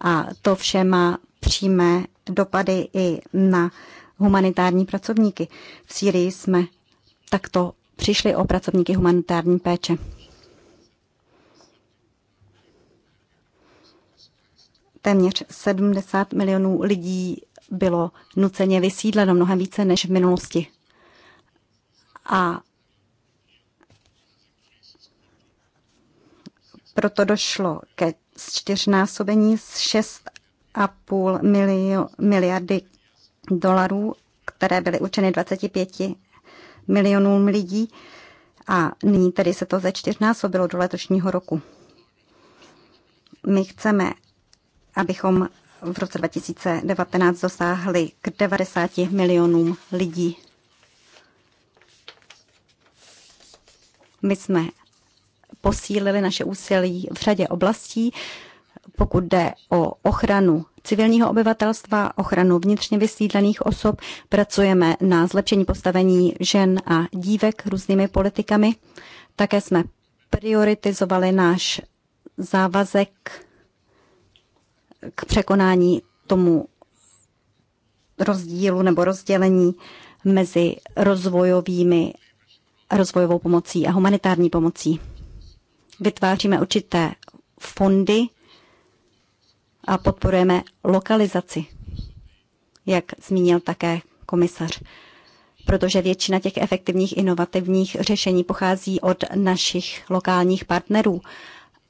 A to vše má přímé dopady i na humanitární pracovníky. V Sýrii jsme takto přišli o pracovníky humanitární péče. Téměř 70 milionů lidí bylo nuceně vysídleno mnohem více než v minulosti. A proto došlo ke čtyřnásobení z 6,5 miliardy dolarů, které byly určeny 25 milionům lidí a nyní tedy se to ze čtyřnásobilo do letošního roku. My chceme, abychom v roce 2019 dosáhly k 90 milionům lidí. My jsme posílili naše úsilí v řadě oblastí, pokud jde o ochranu civilního obyvatelstva, ochranu vnitřně vysídlených osob, pracujeme na zlepšení postavení žen a dívek různými politikami. Také jsme prioritizovali náš závazek k překonání tomu rozdílu nebo rozdělení mezi rozvojovými, rozvojovou pomocí a humanitární pomocí. Vytváříme určité fondy a podporujeme lokalizaci, jak zmínil také komisař protože většina těch efektivních inovativních řešení pochází od našich lokálních partnerů.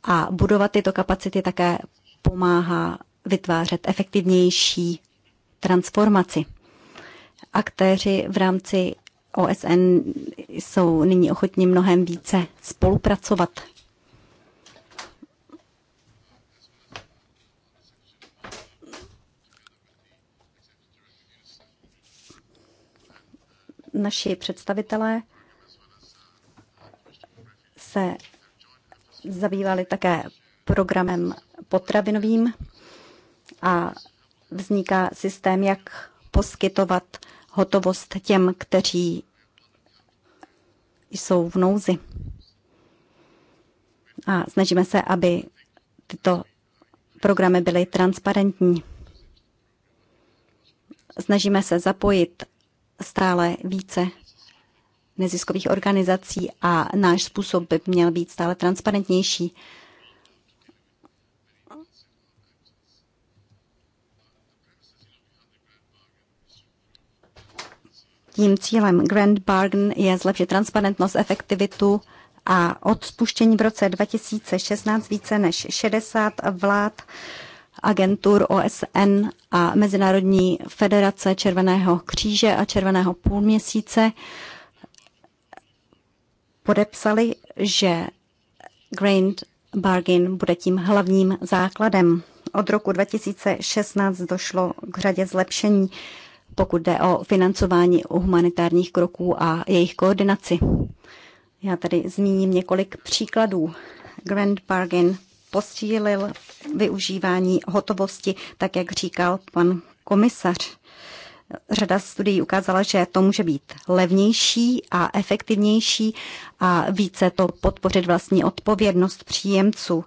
A budovat tyto kapacity také pomáhá vytvářet efektivnější transformaci. Aktéři v rámci OSN jsou nyní ochotni mnohem více spolupracovat. Naši představitelé se zabývali také programem potravinovým a vzniká systém, jak poskytovat hotovost těm, kteří jsou v nouzi. A snažíme se, aby tyto programy byly transparentní. Snažíme se zapojit stále více neziskových organizací a náš způsob by měl být stále transparentnější. Tím cílem Grand Bargain je zlepšit transparentnost, efektivitu a od spuštění v roce 2016 více než 60 vlád agentur OSN a Mezinárodní federace Červeného kříže a Červeného půlměsíce podepsali, že Grand Bargain bude tím hlavním základem. Od roku 2016 došlo k řadě zlepšení pokud jde o financování humanitárních kroků a jejich koordinaci. Já tady zmíním několik příkladů. Grand Bargain posílil využívání hotovosti, tak jak říkal pan komisař. Řada studií ukázala, že to může být levnější a efektivnější a více to podpořit vlastní odpovědnost příjemců.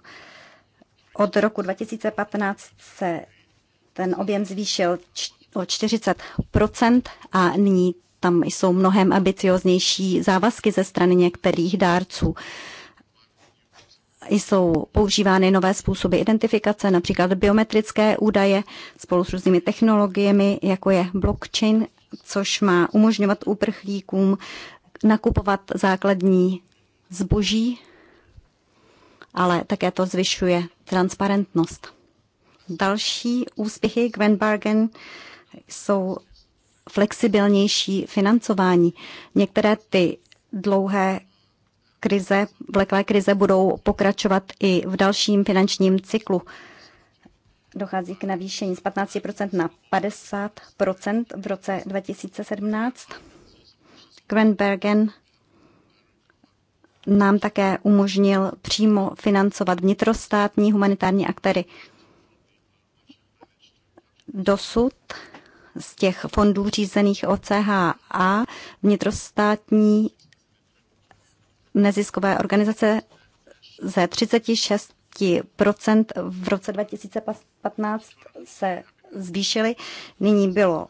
Od roku 2015 se ten objem zvýšil o 40 a nyní tam jsou mnohem ambicioznější závazky ze strany některých dárců. Jsou používány nové způsoby identifikace, například biometrické údaje spolu s různými technologiemi, jako je blockchain, což má umožňovat úprchlíkům nakupovat základní zboží, ale také to zvyšuje transparentnost. Další úspěchy Gwen Bargen jsou flexibilnější financování. Některé ty dlouhé krize, vleklé krize budou pokračovat i v dalším finančním cyklu. Dochází k navýšení z 15% na 50% v roce 2017. Grenbergen nám také umožnil přímo financovat vnitrostátní humanitární aktéry. Dosud z těch fondů řízených OCHA vnitrostátní neziskové organizace ze 36 v roce 2015 se zvýšily. Nyní bylo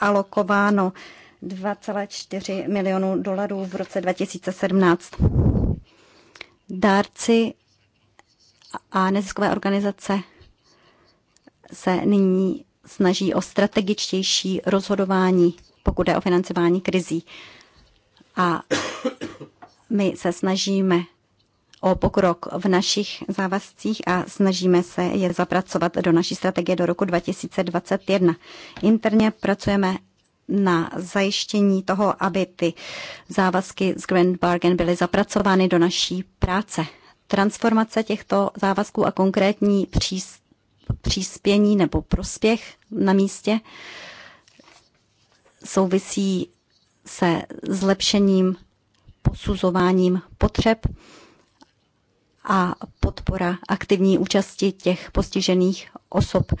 alokováno 2,4 milionů dolarů v roce 2017. Dárci a neziskové organizace se nyní snaží o strategičtější rozhodování, pokud jde o financování krizí. A my se snažíme o pokrok v našich závazcích a snažíme se je zapracovat do naší strategie do roku 2021. Interně pracujeme na zajištění toho, aby ty závazky z Grand Bargain byly zapracovány do naší práce. Transformace těchto závazků a konkrétní přístup příspění nebo prospěch na místě souvisí se zlepšením posuzováním potřeb a podpora aktivní účasti těch postižených osob,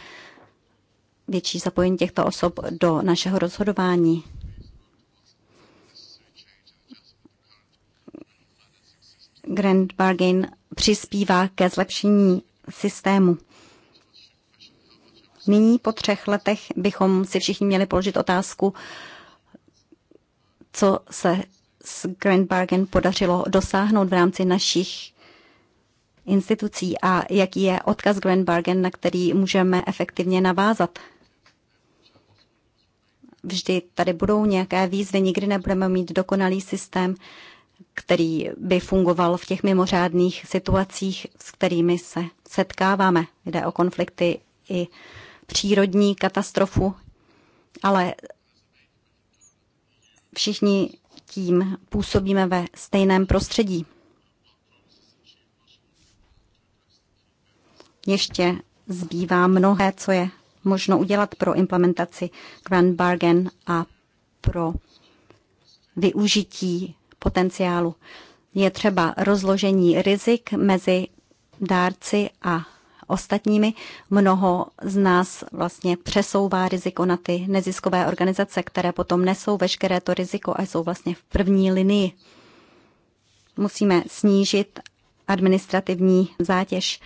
větší zapojení těchto osob do našeho rozhodování. Grand Bargain přispívá ke zlepšení systému. Nyní po třech letech bychom si všichni měli položit otázku, co se s Grand Bargain podařilo dosáhnout v rámci našich institucí a jaký je odkaz Grand Bargain, na který můžeme efektivně navázat. Vždy tady budou nějaké výzvy, nikdy nebudeme mít dokonalý systém, který by fungoval v těch mimořádných situacích, s kterými se setkáváme. Jde o konflikty i přírodní katastrofu, ale všichni tím působíme ve stejném prostředí. Ještě zbývá mnohé, co je možno udělat pro implementaci Grand Bargain a pro využití potenciálu. Je třeba rozložení rizik mezi dárci a ostatními. Mnoho z nás vlastně přesouvá riziko na ty neziskové organizace, které potom nesou veškeré to riziko a jsou vlastně v první linii. Musíme snížit administrativní zátěž.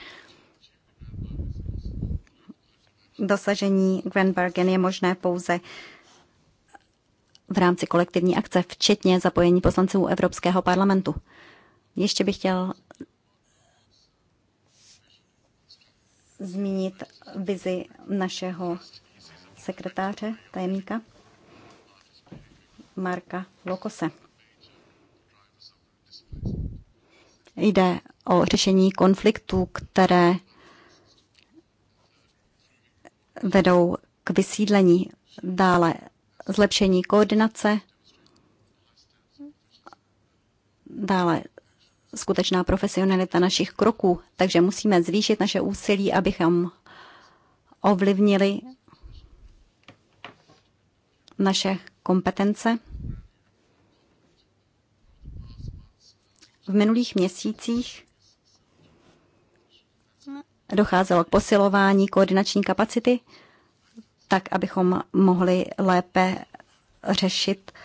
Dosažení Grand Bargain je možné pouze v rámci kolektivní akce, včetně zapojení poslanců Evropského parlamentu. Ještě bych chtěl zmínit vizi našeho sekretáře, tajemníka Marka Lokose. Jde o řešení konfliktů, které vedou k vysídlení, dále zlepšení koordinace, dále skutečná profesionalita našich kroků, takže musíme zvýšit naše úsilí, abychom ovlivnili naše kompetence. V minulých měsících docházelo k posilování koordinační kapacity, tak abychom mohli lépe řešit uh,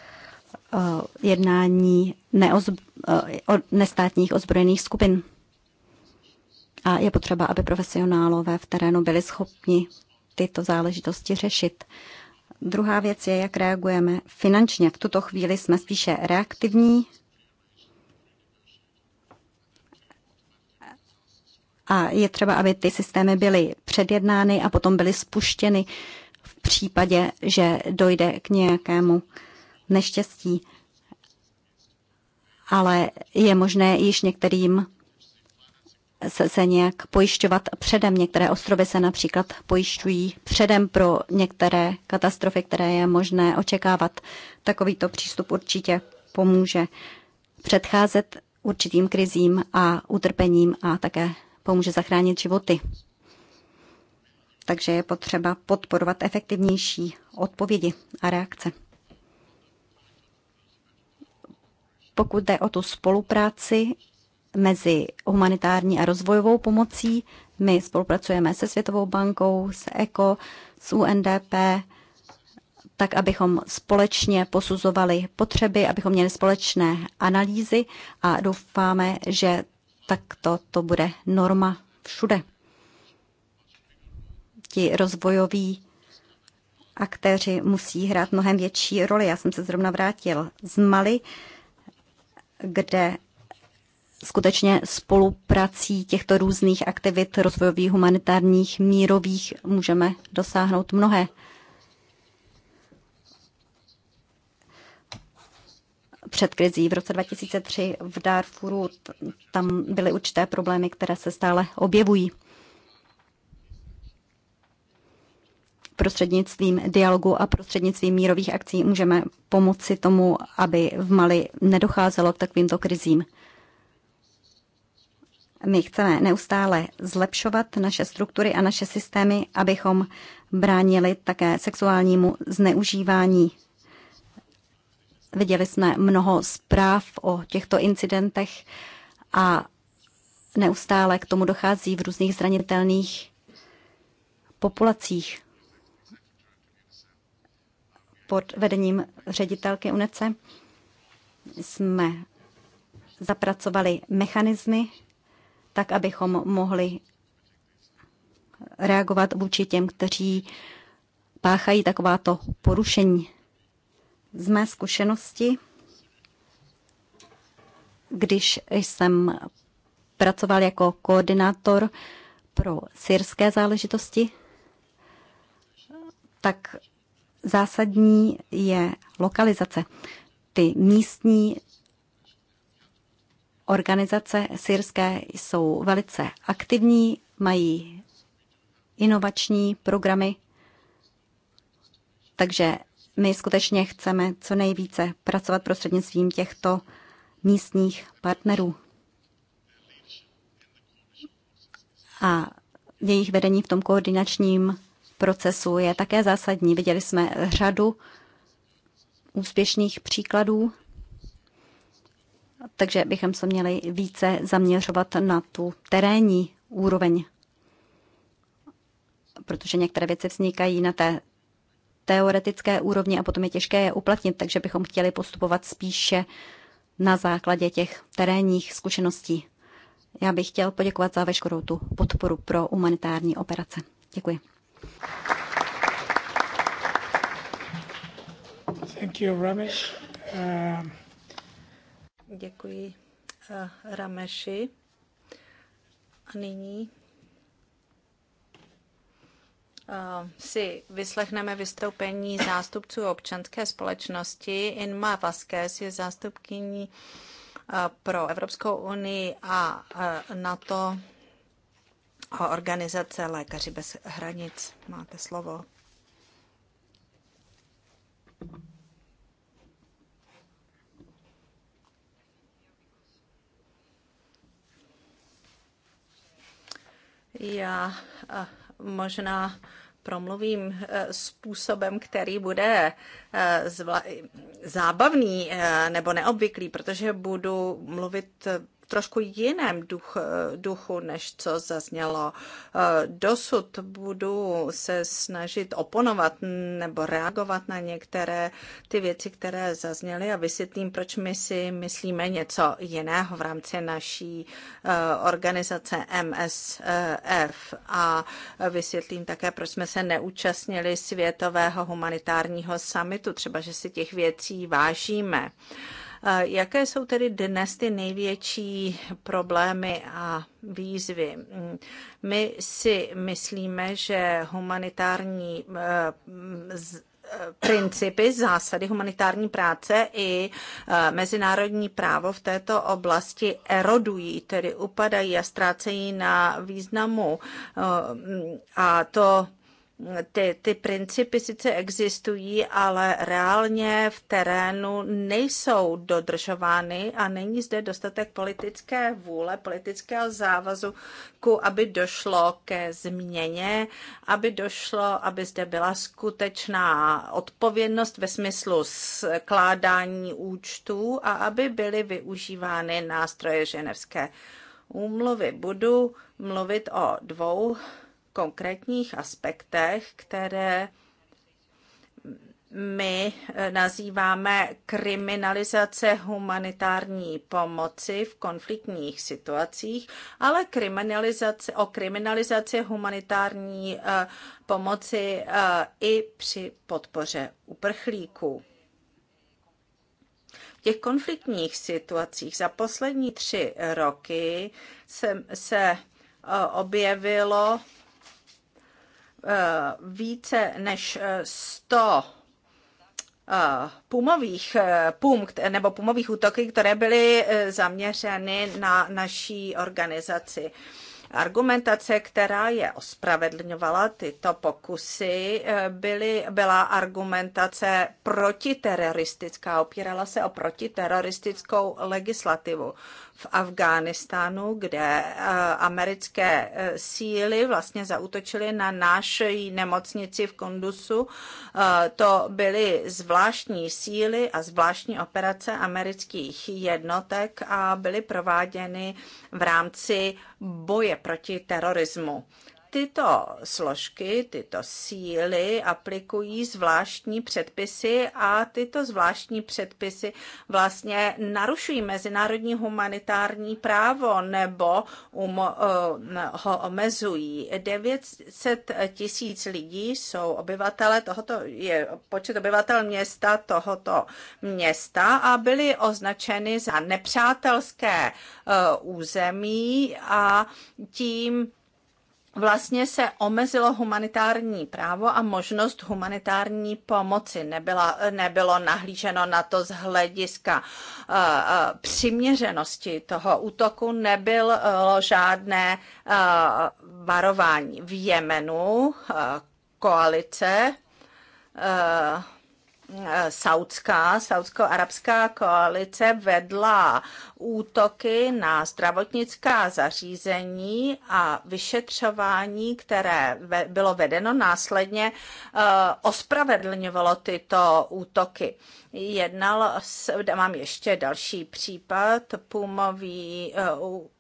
Eh, jednání neozb- eh, nestátních ozbrojených skupin. A je potřeba, aby profesionálové v terénu byli schopni tyto záležitosti řešit. Druhá věc je, jak reagujeme finančně. V tuto chvíli jsme spíše reaktivní a je třeba, aby ty systémy byly předjednány a potom byly spuštěny v případě, že dojde k nějakému neštěstí. Ale je možné již některým se, se nějak pojišťovat předem. Některé ostrovy se například pojišťují předem pro některé katastrofy, které je možné očekávat. Takovýto přístup určitě pomůže předcházet určitým krizím a utrpením a také pomůže zachránit životy. Takže je potřeba podporovat efektivnější odpovědi a reakce. pokud jde o tu spolupráci mezi humanitární a rozvojovou pomocí. My spolupracujeme se Světovou bankou, s ECO, s UNDP, tak abychom společně posuzovali potřeby, abychom měli společné analýzy a doufáme, že takto to bude norma všude. Ti rozvojoví aktéři musí hrát mnohem větší roli. Já jsem se zrovna vrátil z Mali, kde skutečně spoluprací těchto různých aktivit rozvojových, humanitárních, mírových můžeme dosáhnout mnohé. Před krizí v roce 2003 v Darfuru tam byly určité problémy, které se stále objevují. prostřednictvím dialogu a prostřednictvím mírových akcí můžeme pomoci tomu, aby v Mali nedocházelo k takovýmto krizím. My chceme neustále zlepšovat naše struktury a naše systémy, abychom bránili také sexuálnímu zneužívání. Viděli jsme mnoho zpráv o těchto incidentech a neustále k tomu dochází v různých zranitelných populacích pod vedením ředitelky UNECE jsme zapracovali mechanismy, tak abychom mohli reagovat vůči těm, kteří páchají takováto porušení. Z mé zkušenosti, když jsem pracoval jako koordinátor pro syrské záležitosti, tak zásadní je lokalizace. Ty místní organizace syrské jsou velice aktivní, mají inovační programy, takže my skutečně chceme co nejvíce pracovat prostřednictvím těchto místních partnerů. A jejich vedení v tom koordinačním procesu je také zásadní. Viděli jsme řadu úspěšných příkladů, takže bychom se měli více zaměřovat na tu terénní úroveň, protože některé věci vznikají na té teoretické úrovni a potom je těžké je uplatnit, takže bychom chtěli postupovat spíše na základě těch terénních zkušeností. Já bych chtěl poděkovat za veškerou tu podporu pro humanitární operace. Děkuji. Thank you, Ramesh. Um, Děkuji eh, Rameši. A nyní eh, si vyslechneme vystoupení zástupců občanské společnosti. Inma Vasquez je zástupkyní eh, pro Evropskou unii a NATO o organizace Lékaři bez hranic. Máte slovo. Já eh, možná promluvím eh, způsobem, který bude eh, zábavný nebo neobvyklý, protože budu mluvit trošku jiném duch, eh, duchu, než co zaznělo eh, dosud. Budu se snažit oponovat nebo reagovat na některé ty věci, které zazněly a vysvětlím, proč my si myslíme něco jiného v rámci naší eh, organizace MSF a vysvětlím také, proč jsme se neúčastnili světového humanitárního samitu, třeba, že si těch věcí vážíme. Jaké jsou tedy dnes ty největší problémy a výzvy? Mm, my si myslíme, že humanitární eh, eh, principy, zásady humanitární práce i eh, mezinárodní právo v této oblasti erodují, tedy upadají a ztrácejí na významu. Mm, a to ty, ty principy sice existují, ale reálně v terénu nejsou dodržovány a není zde dostatek politické vůle, politického závazku, aby došlo ke změně, aby došlo, aby zde byla skutečná odpovědnost ve smyslu skládání účtů a aby byly využívány nástroje ženevské úmluvy. Budu mluvit o dvou konkrétních aspektech, které my nazýváme kriminalizace humanitární pomoci v konfliktních situacích, ale kriminalizace, o kriminalizaci humanitární eh, pomoci eh, i při podpoře uprchlíků. V těch konfliktních situacích za poslední tři roky se, se eh, objevilo Eh, více než 100 eh, eh, pumových pum, nebo pumových útoky, které byly zaměřeny na naší organizaci. Argumentace, která je ospravedlňovala tyto pokusy, byly, byla argumentace protiteroristická, opírala se o protiteroristickou legislativu v Afghánistánu, kde eh, americké eh, síly vlastně zautočily na naší nemocnici v Kondusu. Eh, to byly zvláštní síly a zvláštní operace amerických jednotek a byly prováděny v rámci boje proti terorismu tyto složky, tyto síly aplikují zvláštní předpisy a tyto zvláštní předpisy vlastně narušují mezinárodní humanitární právo nebo um, uh, ho omezují. 900 tisíc lidí jsou obyvatele tohoto, je počet obyvatel města tohoto města a byly označeny za nepřátelské uh, území a tím vlastně se omezilo humanitární právo a možnost humanitární pomoci. Nebyla, nebylo nahlíženo na to z hlediska uh, uh, přiměřenosti toho útoku, nebylo uh, žádné uh, varování. V Jemenu uh, koalice uh, saudská, saudsko-arabská koalice vedla útoky na zdravotnická zařízení a vyšetřování, které bylo vedeno následně, eh, ospravedlňovalo tyto útoky. Jednal, s, mám ještě další případ, Pumový eh,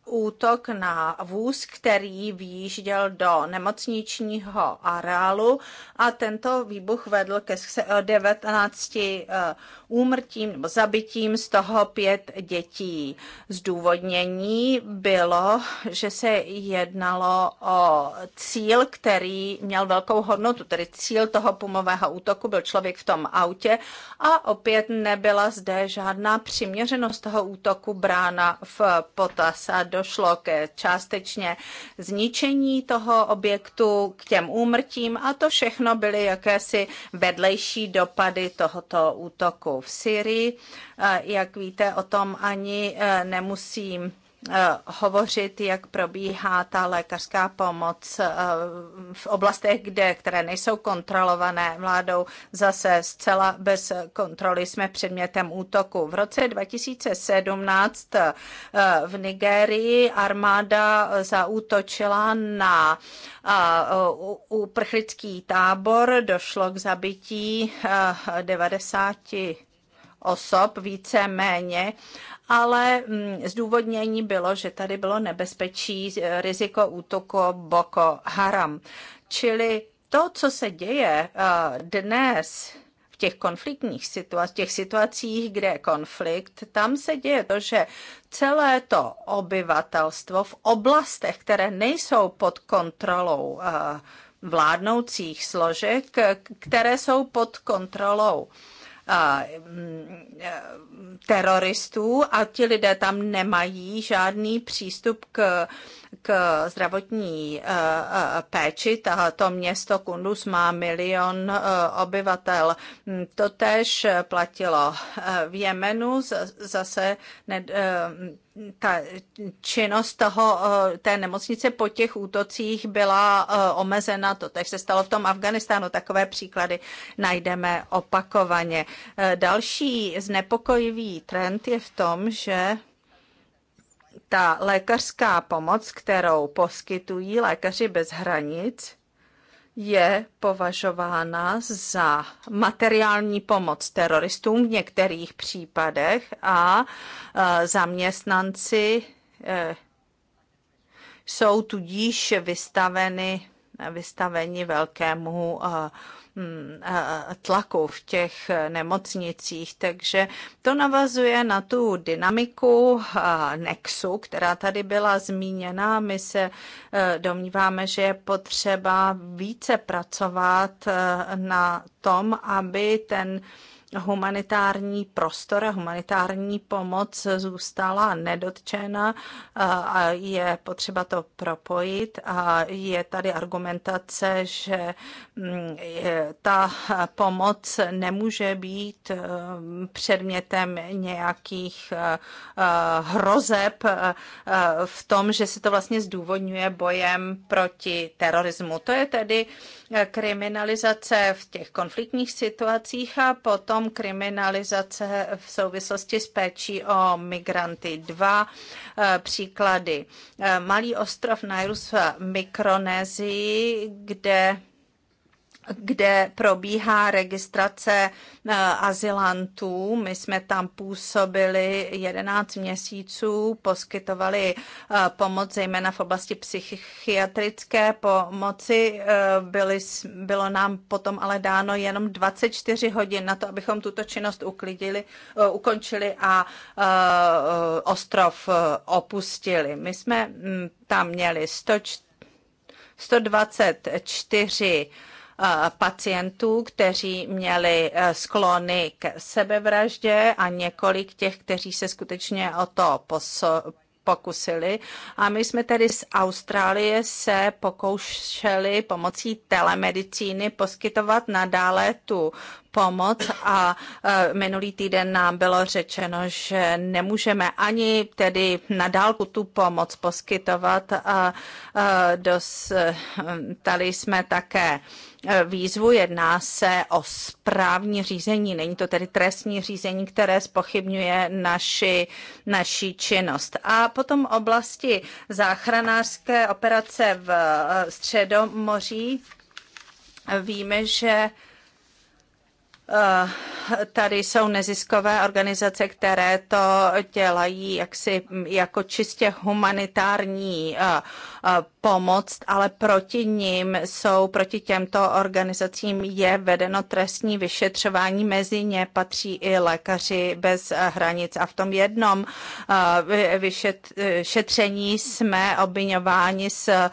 útok na vůz, který vyjížděl do nemocničního areálu a tento výbuch vedl ke 19 eh, úmrtím nebo zabitím, z toho pět dětí. Zdůvodnění bylo, že se jednalo o cíl, který měl velkou hodnotu, tedy cíl toho pumového útoku byl člověk v tom autě a opět nebyla zde žádná přiměřenost toho útoku brána v potaz do došlo k částečně zničení toho objektu, k těm úmrtím a to všechno byly jakési vedlejší dopady tohoto útoku v Syrii. Jak víte, o tom ani e, nemusím Eh, hovořit, jak probíhá ta lékařská pomoc eh, v oblastech, kde, které nejsou kontrolované vládou, zase zcela bez kontroly jsme předmětem útoku. V roce 2017 eh, v Nigérii armáda zaútočila na uprchlický tábor, došlo k zabití 90 osob více méně, ale mm, zdůvodnění bylo, že tady bylo nebezpečí eh, riziko útoku Boko Haram. Čili to, co se děje eh, dnes, v těch konfliktních situacích, těch situacích, kde je konflikt, tam se děje to, že celé to obyvatelstvo v oblastech, které nejsou pod kontrolou eh, vládnoucích složek, které jsou pod kontrolou Mm, e, teroristů a ti lidé tam nemají žádný přístup k k zdravotní eh, eh, péči. Tato město Kunduz má milion eh, obyvatel. Mm, to tež platilo v Jemenu, zase ne, ta činnost toho, té nemocnice po těch útocích byla omezena, to tež se stalo v tom Afganistánu, takové příklady najdeme opakovaně. Další znepokojivý trend je v tom, že ta lékařská pomoc, kterou poskytují lékaři bez hranic, je považována za materiální pomoc teroristům v některých případech a zaměstnanci e, jsou tudíž vystaveni vystaveni velkému e, Mm, tlaku v těch eh, nemocnicích. Takže to navazuje na tu dynamiku eh, Nexu, která tady byla zmíněna. My se eh, domníváme, že je potřeba více pracovat na tom, aby ten humanitární prostor a humanitární pomoc zůstala nedotčena a je potřeba to propojit a je tady argumentace, že mm, ta pomoc nemůže být e, předmětem nějakých e, e, hrozeb v tom, že se to vlastně zdůvodňuje bojem proti terorismu. To je tedy kriminalizace v těch konfliktních situacích a potom kriminalizace v souvislosti s péčí o migranty. Dva eh, příklady. Eh, Malý ostrov Nairus v Mikronézii, kde kde probíhá registrace eh, azylantů. My jsme tam působili 11 měsíců, poskytovali eh, pomoc zejména v oblasti psychiatrické pomoci. Eh, byli, bylo nám potom ale dáno jenom 24 hodin na to, abychom tuto činnost uklidili, ukončili a ostrov opustili. My jsme mm, tam měli 100, 124 pacientů, kteří měli e, sklony k sebevraždě a několik těch, kteří se skutečně o to poso- pokusili. A my jsme tedy z Austrálie se pokoušeli pomocí telemedicíny poskytovat nadále tu pomoc a e, minulý týden nám bylo řečeno, že nemůžeme ani tedy nadálku tu pomoc poskytovat. A e, dostali jsme také výzvu. Jedná se o správní řízení, není to tedy trestní řízení, které spochybňuje naši, naši činnost. A potom oblasti záchranářské operace v Středomoří. Víme, že Eh, tady jsou neziskové organizace, které to dělají jaksi jako čistě humanitární eh, eh, pomoc, ale proti ním jsou, proti těmto organizacím je vedeno trestní vyšetřování, mezi ně patří i lékaři bez hranic. A v tom jednom vyšetření jsme obvinováni s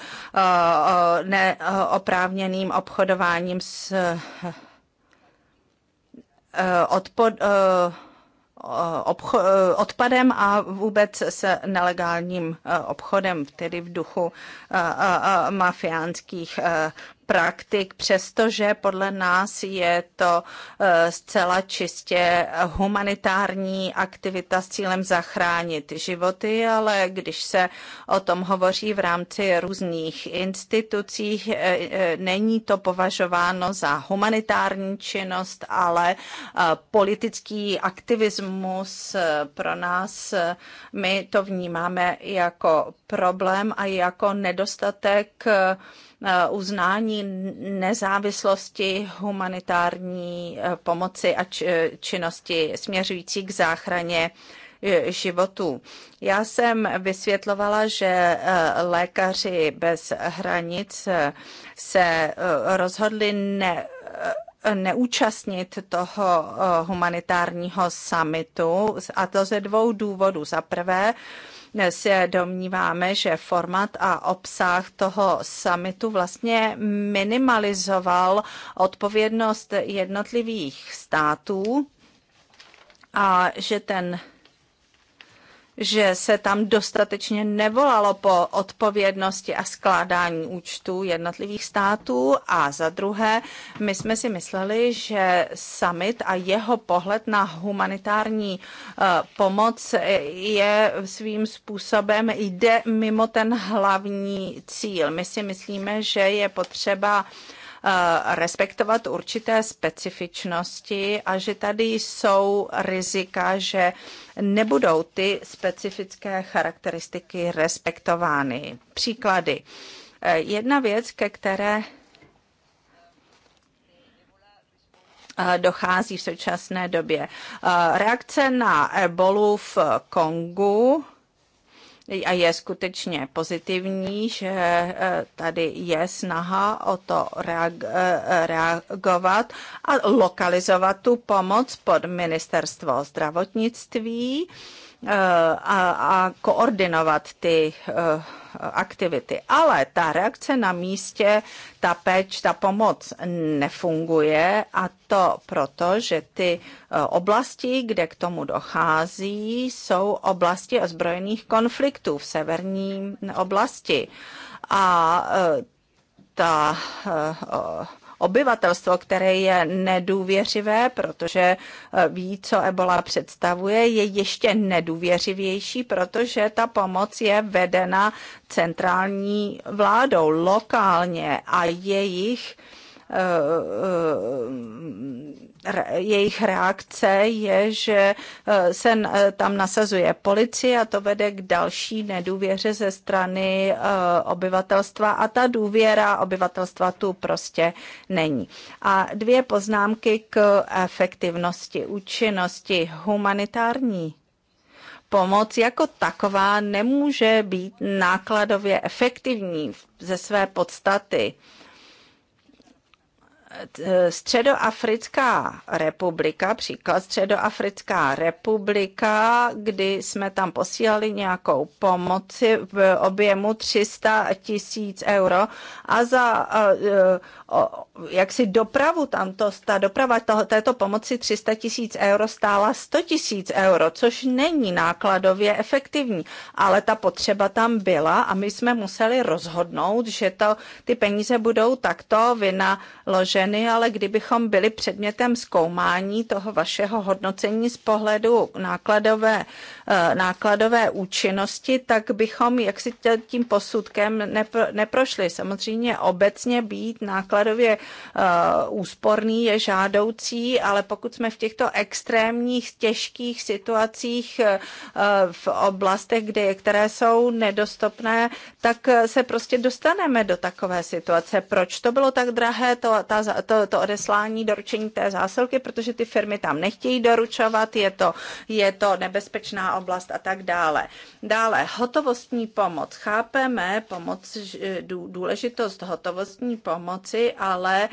neoprávněným obchodováním s Eh, odpod, eh, eh, obcho, odpadem a vůbec se nelegálním obchodem, tedy v duchu mafiánských praktik, přestože podle nás je to eh, zcela čistě humanitární aktivita s cílem zachránit životy, ale když se o tom hovoří v rámci různých institucí, eh, eh, není to považováno za humanitární činnost, ale politický aktivismus pro nás, my to vnímáme jako problém a jako nedostatek Eh, uznání nezávislosti humanitární eh, pomoci a eh, činnosti směřující k záchraně životů. Já jsem vysvětlovala, že lékaři bez hranic se rozhodli ne neúčastnit toho humanitárního summitu a to ze dvou důvodů. Za prvé, se domníváme, že format a obsah toho summitu vlastně minimalizoval odpovědnost jednotlivých států a že ten že se tam dostatečně nevolalo po odpovědnosti a skládání účtů jednotlivých států a za druhé, my jsme si mysleli, že summit a jeho pohled na humanitární eh, pomoc eh, je svým způsobem jde mimo ten hlavní cíl. My si myslíme, že je potřeba uh, Eh, respektovat určité specifičnosti a že tady jsou rizika, že nebudou ty specifické charakteristiky respektovány. Příklady. Eh, jedna věc, ke které eh, dochází v současné době. Reakce na ebolu v Kongu a je skutečně pozitivní, že e, tady je snaha o to e, reagovat a lokalizovat tu pomoc pod ministerstvo zdravotnictví. Eh, a, a koordinovat ty eh, aktivity. Ale ta reakce na místě, ta péč, ta pomoc nefunguje a to proto, že ty eh, oblasti, kde k tomu dochází, jsou oblasti ozbrojených konfliktů v severní oblasti. A ta obyvatelstvo, které je nedůvěřivé, protože eh, ví, co ebola představuje, je ještě nedůvěřivější, protože ta pomoc je vedena centrální vládou lokálně a jejich Eh, eh, eh, jejich reakce je, že se tam nasazuje policie a to vede k další nedůvěře ze strany obyvatelstva a ta důvěra obyvatelstva tu prostě není. A dvě poznámky k efektivnosti, účinnosti humanitární pomoc jako taková nemůže být nákladově efektivní ze své podstaty. Středoafrická republika, příklad Středoafrická republika, kdy jsme tam posílali nějakou pomoci v objemu 300 tisíc euro a za eh, jaksi dopravu tam, to, ta doprava toho, této pomoci 300 tisíc euro stála 100 tisíc euro, což není nákladově efektivní, ale ta potřeba tam byla a my jsme museli rozhodnout, že to, ty peníze budou takto vynaložené ženy, ale kdybychom byli předmětem zkoumání toho vašeho hodnocení z pohledu nákladové Eh, nákladové účinnosti, tak bychom jak si tím posudkem nepro, neprošli. Samozřejmě obecně být nákladově eh, úsporný je žádoucí, ale pokud jsme v těchto extrémních, těžkých situacích eh, v oblastech, kde, které jsou nedostupné, tak se prostě dostaneme do takové situace. Proč to bylo tak drahé, to, ta, to, to odeslání, doručení té zásilky, protože ty firmy tam nechtějí doručovat, je to, je to nebezpečná oblast a tak dále. Dále, hotovostní pomoc. Chápeme pomoc, důležitost hotovostní pomoci, ale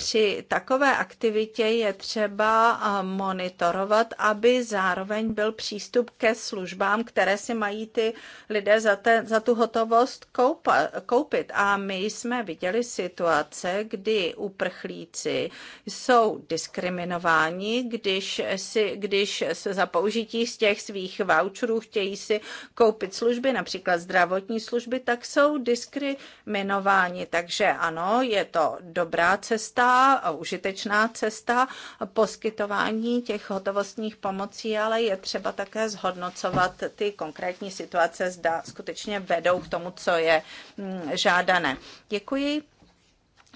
při takové aktivitě je třeba monitorovat, aby zároveň byl přístup ke službám, které si mají ty lidé za, te, za tu hotovost koupa, koupit. A my jsme viděli situace, kdy uprchlíci jsou diskriminováni, když, si, když se za použití z těch svých voucherů chtějí si koupit služby, například zdravotní služby, tak jsou diskriminováni. Takže ano, je to dobrá cesta, cesta, užitečná cesta poskytování těch hotovostních pomocí, ale je třeba také zhodnocovat ty konkrétní situace, zda skutečně vedou k tomu, co je mm, žádané. Děkuji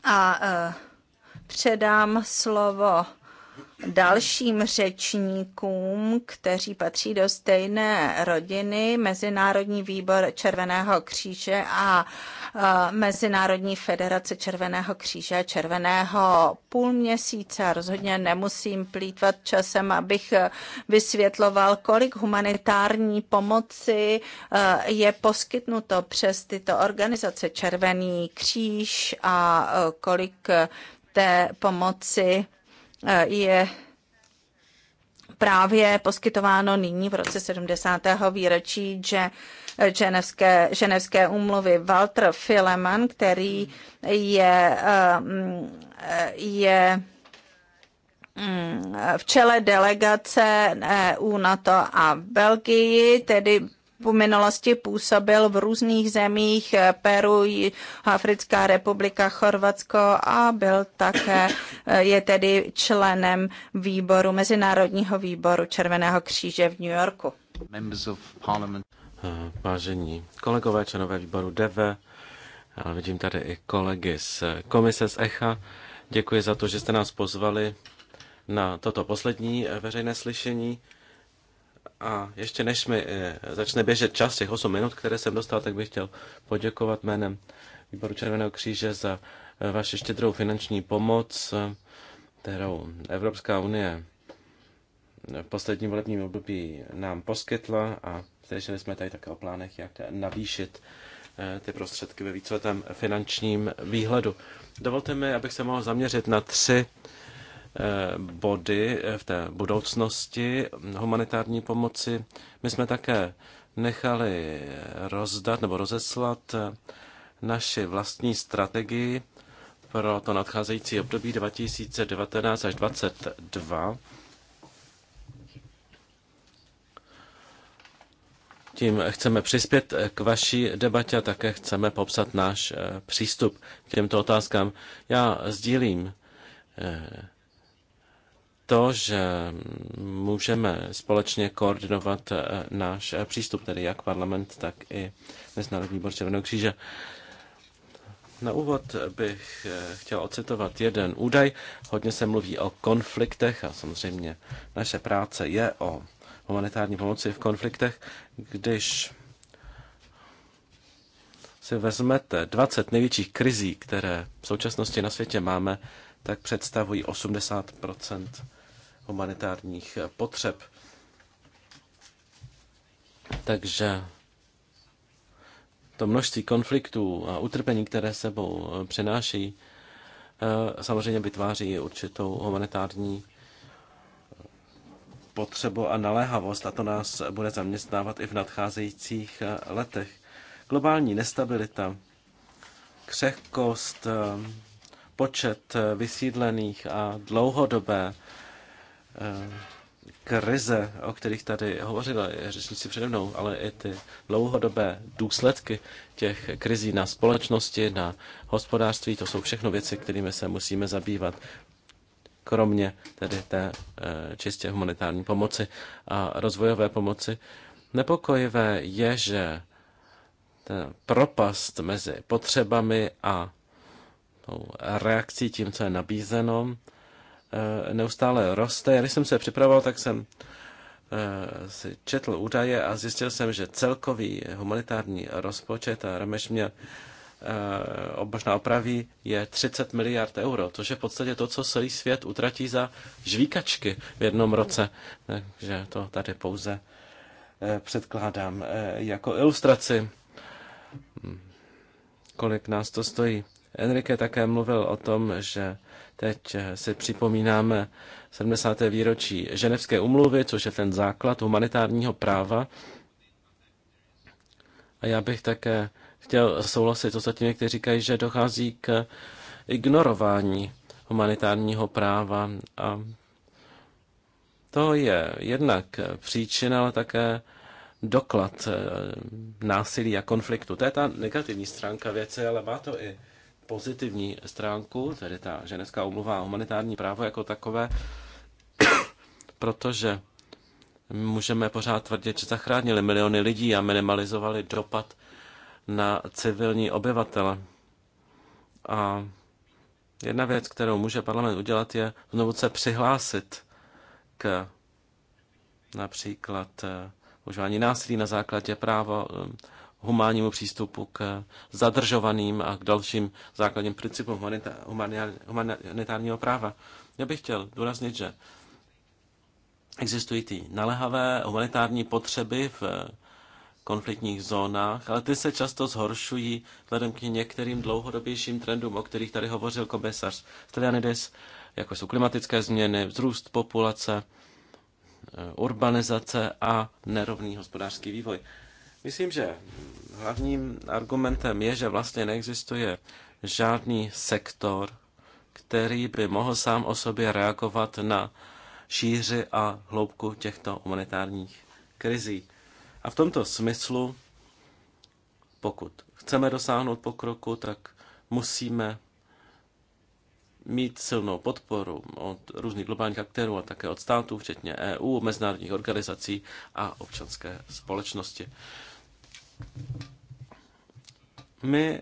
a eh, předám slovo dalším řečníkům, kteří patří do stejné rodiny, Mezinárodní výbor Červeného kříže a Mezinárodní federace Červeného kříže a Červeného půlměsíce. Rozhodně nemusím plítvat časem, abych vysvětloval, kolik humanitární pomoci je poskytnuto přes tyto organizace Červený kříž a kolik té pomoci Eh, je právě poskytováno nyní v roce 70. výročí že eh, ženevské, ženevské umluvy Walter Fileman, který je, eh, je mm, v čele delegace EU, NATO a Belgii, tedy v minulosti působil v různých zemích eh, Peru, Africká republika, Chorvatsko a byl také, eh, je tedy členem výboru, Mezinárodního výboru Červeného kříže v New Yorku. Eh, vážení kolegové, členové výboru DV, ale vidím tady i kolegy z komise z ECHA. Děkuji za to, že jste nás pozvali na toto poslední veřejné slyšení. A ještě než mi eh, začne běžet čas, těch 8 minut, které jsem dostal, tak bych chtěl poděkovat jménem Výboru Červeného kříže za eh, vaši štědrou finanční pomoc, eh, kterou Evropská unie v posledním volebním období nám poskytla a slyšeli jsme tady také o plánech, jak navýšit ty prostředky ve víceletém finančním výhledu. Dovolte mi, abych se mohl zaměřit na tři Eh, body eh, v té budoucnosti humanitární pomoci. My jsme také nechali rozdat nebo rozeslat eh, naši vlastní strategii pro to nadcházející období 2019 až 2022. Tím chceme přispět k vaší debatě a také chceme popsat náš přístup k těmto otázkám. Já sdílím to, že můžeme společně koordinovat eh, náš eh, přístup, tedy jak parlament, tak i Mezinárodní výbor Červeného kříže. Na úvod bych eh, chtěl ocitovat jeden údaj. Hodně se mluví o konfliktech a samozřejmě naše práce je o humanitární pomoci v konfliktech. Když si vezmete 20 největších krizí, které v současnosti na světě máme, tak představují 80 humanitárních potřeb. Takže to množství konfliktů a utrpení, které sebou přenáší, eh, samozřejmě vytváří určitou humanitární potřebu a naléhavost a to nás bude zaměstnávat i v nadcházejících eh, letech. Globální nestabilita, křehkost, eh, počet vysídlených a dlouhodobé Eh, krize, o kterých tady hovořila řečníci přede mnou, ale i ty dlouhodobé důsledky těch krizí na společnosti, na hospodářství, to jsou všechno věci, kterými se musíme zabývat, kromě tedy té eh, čistě humanitární pomoci a rozvojové pomoci. Nepokojivé je, že propast mezi potřebami a reakcí tím, co je nabízeno, Eh, neustále roste. když jsem se připravoval, tak jsem eh, si četl údaje a zjistil jsem, že celkový humanitární rozpočet, a Rameš mě eh, možná opraví, je 30 miliard euro, což je v podstatě to, co celý svět utratí za žvíkačky v jednom roce. Takže to tady pouze předkládám jako ilustraci, hm, kolik nás to stojí. Enrique také mluvil o tom, že teď si připomínáme 70. výročí Ženevské umluvy, což je ten základ humanitárního práva. A já bych také chtěl souhlasit s ostatními, kteří říkají, že dochází k ignorování humanitárního práva. A to je jednak příčina, ale také doklad eh, násilí a konfliktu. To je ta negativní stránka věci, ale má to i pozitivní stránku, tedy ta ženevská umluva a humanitární právo jako takové, protože můžeme pořád tvrdit, že zachránili miliony lidí a minimalizovali dopad na civilní obyvatele. A jedna věc, kterou může parlament udělat, je znovu se přihlásit k například eh, užívání násilí na základě práva eh, humánnímu přístupu k zadržovaným a k dalším základním principům humanitárního práva. Já bych chtěl důraznit, že existují ty nalehavé humanitární potřeby v konfliktních zónách, ale ty se často zhoršují vzhledem k některým dlouhodobějším trendům, o kterých tady hovořil komisař Stylianides, jako jsou klimatické změny, vzrůst populace, eh, urbanizace a nerovný hospodářský vývoj. Myslím, že hlavním argumentem je, že vlastně neexistuje žádný sektor, který by mohl sám o sobě reagovat na šíři a hloubku těchto humanitárních krizí. A v tomto smyslu, pokud chceme dosáhnout pokroku, tak musíme mít silnou podporu od různých globálních aktérů a také od států, včetně EU, mezinárodních organizací a občanské společnosti. My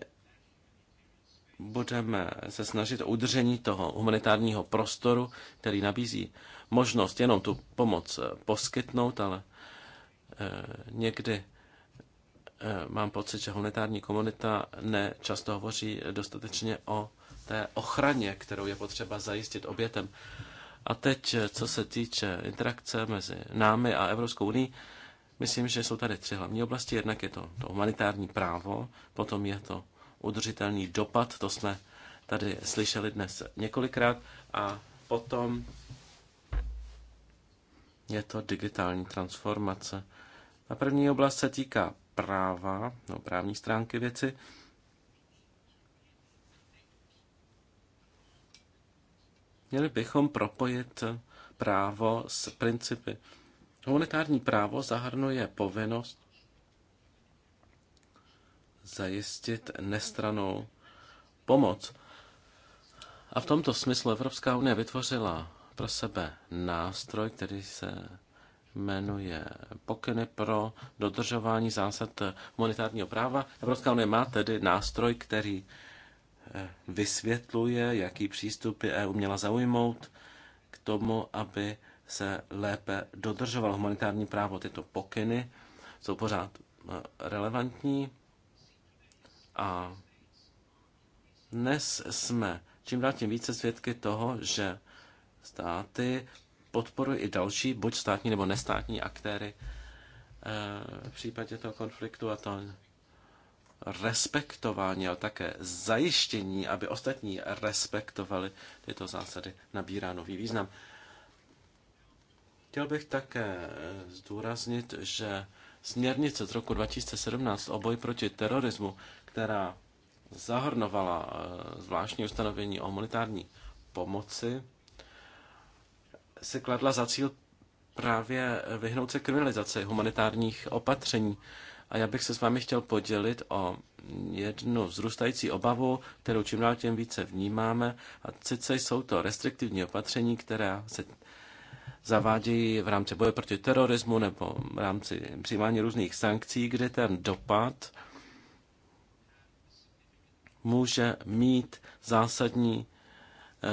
budeme se snažit o udržení toho humanitárního prostoru, který nabízí možnost jenom tu pomoc eh, poskytnout, ale eh, někdy eh, mám pocit, že humanitární komunita nečasto hovoří dostatečně o té ochraně, kterou je potřeba zajistit obětem. A teď, co se týče interakce mezi námi a Evropskou unii, Myslím, že jsou tady tři hlavní oblasti. Jednak je to, to humanitární právo, potom je to udržitelný dopad, to jsme tady slyšeli dnes několikrát, a potom je to digitální transformace. Ta první oblast se týká práva, no právní stránky věci. Měli bychom propojit právo s principy Humanitární právo zahrnuje povinnost zajistit nestranou pomoc. A v tomto smyslu Evropská unie vytvořila pro sebe nástroj, který se jmenuje Pokyny pro dodržování zásad humanitárního práva. Evropská unie má tedy nástroj, který eh, vysvětluje, jaký přístup je EU měla zaujmout k tomu, aby se lépe dodržovalo humanitární právo. Tyto pokyny jsou pořád eh, relevantní a dnes jsme čím dál tím více svědky toho, že státy podporují i další, buď státní nebo nestátní aktéry eh, v případě toho konfliktu a to respektování, ale také zajištění, aby ostatní respektovali tyto zásady, nabírá nový význam. Chtěl bych také eh, zdůraznit, že směrnice z roku 2017 o boji proti terorismu, která zahrnovala eh, zvláštní ustanovení o humanitární pomoci, se kladla za cíl právě vyhnout se kriminalizaci humanitárních opatření. A já bych se s vámi chtěl podělit o jednu vzrůstající obavu, kterou čím dál tím více vnímáme, a sice jsou to restriktivní opatření, která se zavádějí v rámci boje proti terorismu nebo v rámci přijímání různých sankcí, kde ten dopad může mít zásadní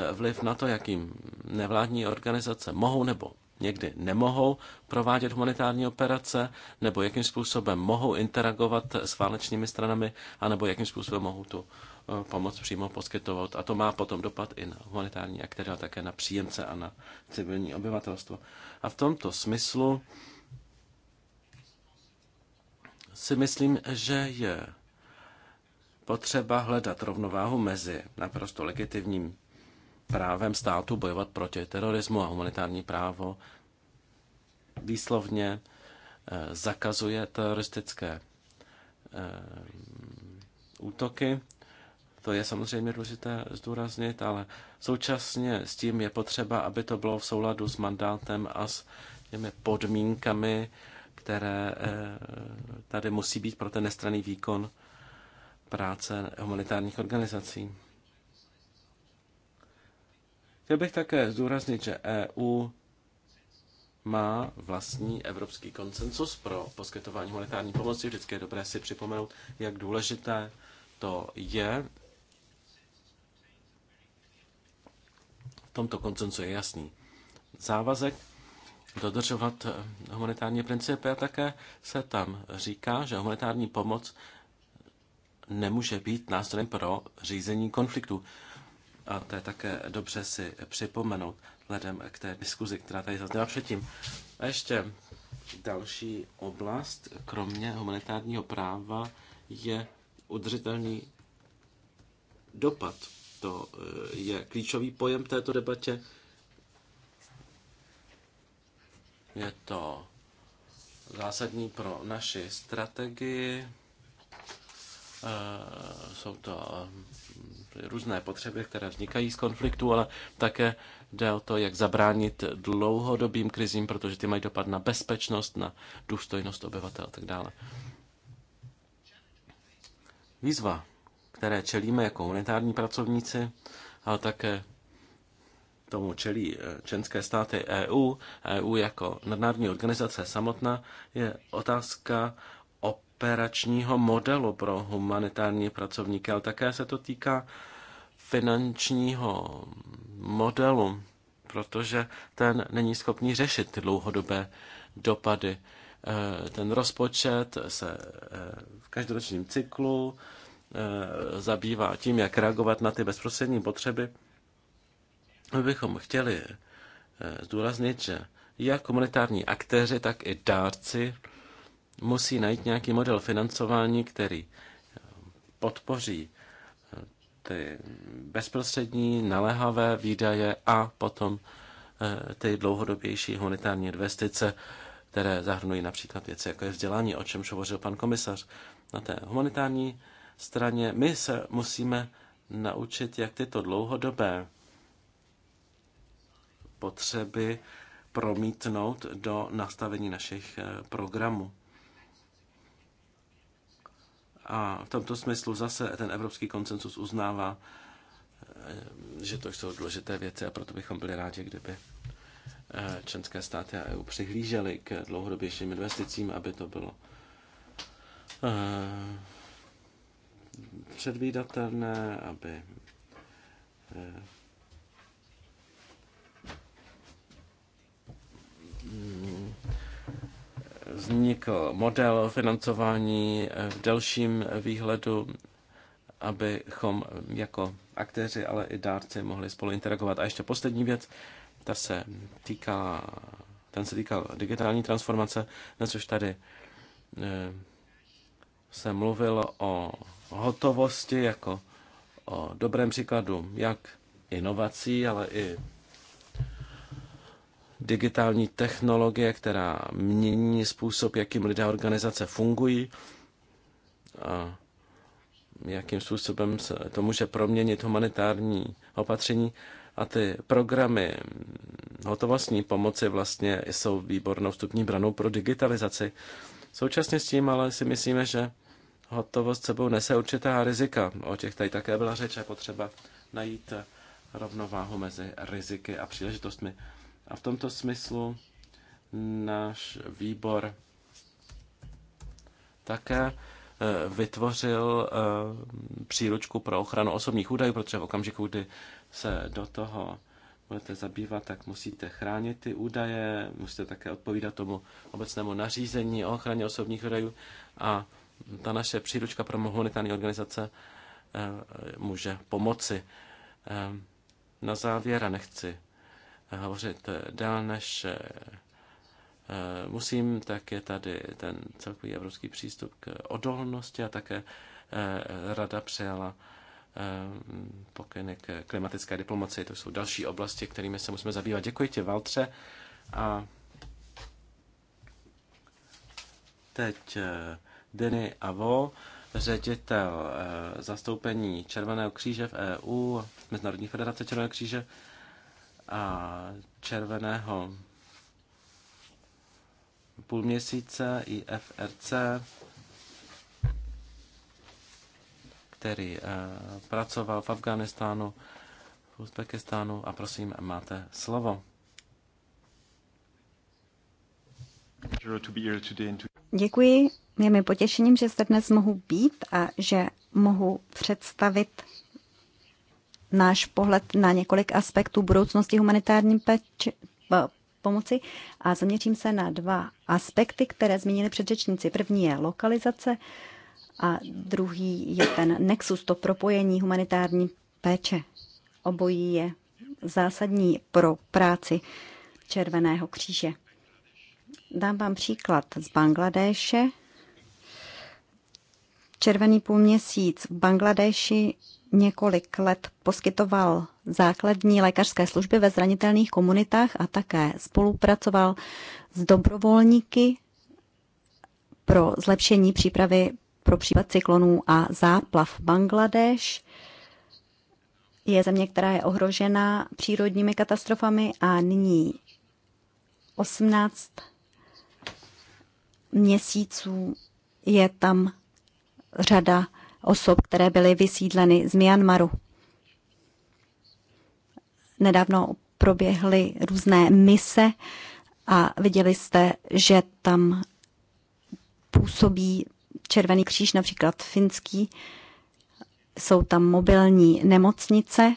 eh, vliv na to, jakým nevládní organizace mohou nebo někdy nemohou provádět humanitární operace, nebo jakým způsobem mohou interagovat s válečnými stranami, anebo jakým způsobem mohou tu Eh, pomoc přímo poskytovat. A to má potom dopad i na humanitární aktéry, ale také na příjemce a na civilní obyvatelstvo. A v tomto smyslu si myslím, že je potřeba hledat rovnováhu mezi naprosto legitimním právem státu bojovat proti terorismu a humanitární právo výslovně eh, zakazuje teroristické eh, útoky to je samozřejmě důležité zdůraznit, ale současně s tím je potřeba, aby to bylo v souladu s mandátem a s těmi podmínkami, které eh, tady musí být pro ten nestraný výkon práce humanitárních organizací. Chtěl bych také zdůraznit, že EU má vlastní evropský koncensus pro poskytování humanitární pomoci. Vždycky je dobré si připomenout, jak důležité to je tomto koncenzu je jasný. Závazek dodržovat eh, humanitární principy a také se tam říká, že humanitární pomoc nemůže být nástrojem pro řízení konfliktu. A to je také dobře si připomenout vzhledem k té diskuzi, která tady zazněla předtím. A ještě další oblast, kromě humanitárního práva, je udržitelný dopad to eh, je klíčový pojem v této debatě. Je to zásadní pro naši strategii. Eh, jsou to eh, různé potřeby, které vznikají z konfliktu, ale také jde o to, jak zabránit dlouhodobým krizím, protože ty mají dopad na bezpečnost, na důstojnost obyvatel a tak dále. Výzva, které čelíme jako unitární pracovníci, ale také tomu čelí eh, členské státy EU, EU jako nadnárodní organizace samotná, je otázka operačního modelu pro humanitární pracovníky, ale také se to týká finančního modelu, protože ten není schopný řešit ty dlouhodobé dopady. Eh, ten rozpočet se eh, v každoročním cyklu Eh, zabývá tím, jak reagovat na ty bezprostřední potřeby, my bychom chtěli eh, zdůraznit, že jak komunitární aktéři, tak i dárci musí najít nějaký model financování, který eh, podpoří ty bezprostřední naléhavé výdaje a potom ty dlouhodobější humanitární investice, které zahrnují například věci, jako je vzdělání, o čemž hovořil pan komisař. Na té humanitární straně my se musíme naučit, jak tyto dlouhodobé potřeby promítnout do nastavení našich eh, programů. A v tomto smyslu zase ten evropský koncensus uznává, eh, že to jsou důležité věci a proto bychom byli rádi, kdyby eh, členské státy a EU přihlíželi k dlouhodobějším investicím, aby to bylo předvídatelné, aby eh, vznikl model financování eh, v delším výhledu, abychom jako aktéři, ale i dárci mohli spolu interagovat. A ještě poslední věc, ta se týká, ten se týkal digitální transformace, na což tady eh, se mluvil o hotovosti jako o dobrém příkladu jak inovací, ale i digitální technologie, která mění způsob, jakým lidé a organizace fungují a jakým způsobem se to může proměnit humanitární opatření. A ty programy hotovostní pomoci vlastně jsou výbornou vstupní branou pro digitalizaci. Současně s tím ale si myslíme, že hotovost sebou nese určitá rizika. O těch tady také byla řeč a je potřeba najít rovnováhu mezi riziky a příležitostmi. A v tomto smyslu náš výbor také eh, vytvořil eh, příručku pro ochranu osobních údajů, protože v okamžiku, kdy se do toho budete zabývat, tak musíte chránit ty údaje, musíte také odpovídat tomu obecnému nařízení o ochraně osobních údajů a ta naše příručka pro humanitární organizace eh, může pomoci. Eh, na závěr a nechci eh, hovořit dál, než musím, tak je tady ten celkový evropský přístup k odolnosti a také rada přijala Eh, pokyny k klimatické diplomaci. To jsou další oblasti, kterými se musíme zabývat. Děkuji ti, Valtře. A teď eh, Denny Avo, ředitel eh, zastoupení Červeného kříže v EU, Mezinárodní federace Červeného kříže a Červeného půlměsíce IFRC. který eh, pracoval v Afghánistánu, v Uzbekistánu a prosím, máte slovo. Děkuji. Je mi potěšením, že zde dnes mohu být a že mohu představit náš pohled na několik aspektů budoucnosti humanitární péče, pomoci a zaměřím se na dva aspekty, které zmínili předřečníci. První je lokalizace a druhý je ten nexus, to propojení humanitární péče. Obojí je zásadní pro práci Červeného kříže. Dám vám příklad z Bangladéše. Červený půlměsíc v Bangladéši několik let poskytoval základní lékařské služby ve zranitelných komunitách a také spolupracoval s dobrovolníky pro zlepšení přípravy pro případ cyklonů a záplav. Bangladeš je země, která je ohrožena přírodními katastrofami a nyní 18 měsíců je tam řada osob, které byly vysídleny z Myanmaru. Nedávno proběhly různé mise a viděli jste, že tam působí Červený kříž, například finský, jsou tam mobilní nemocnice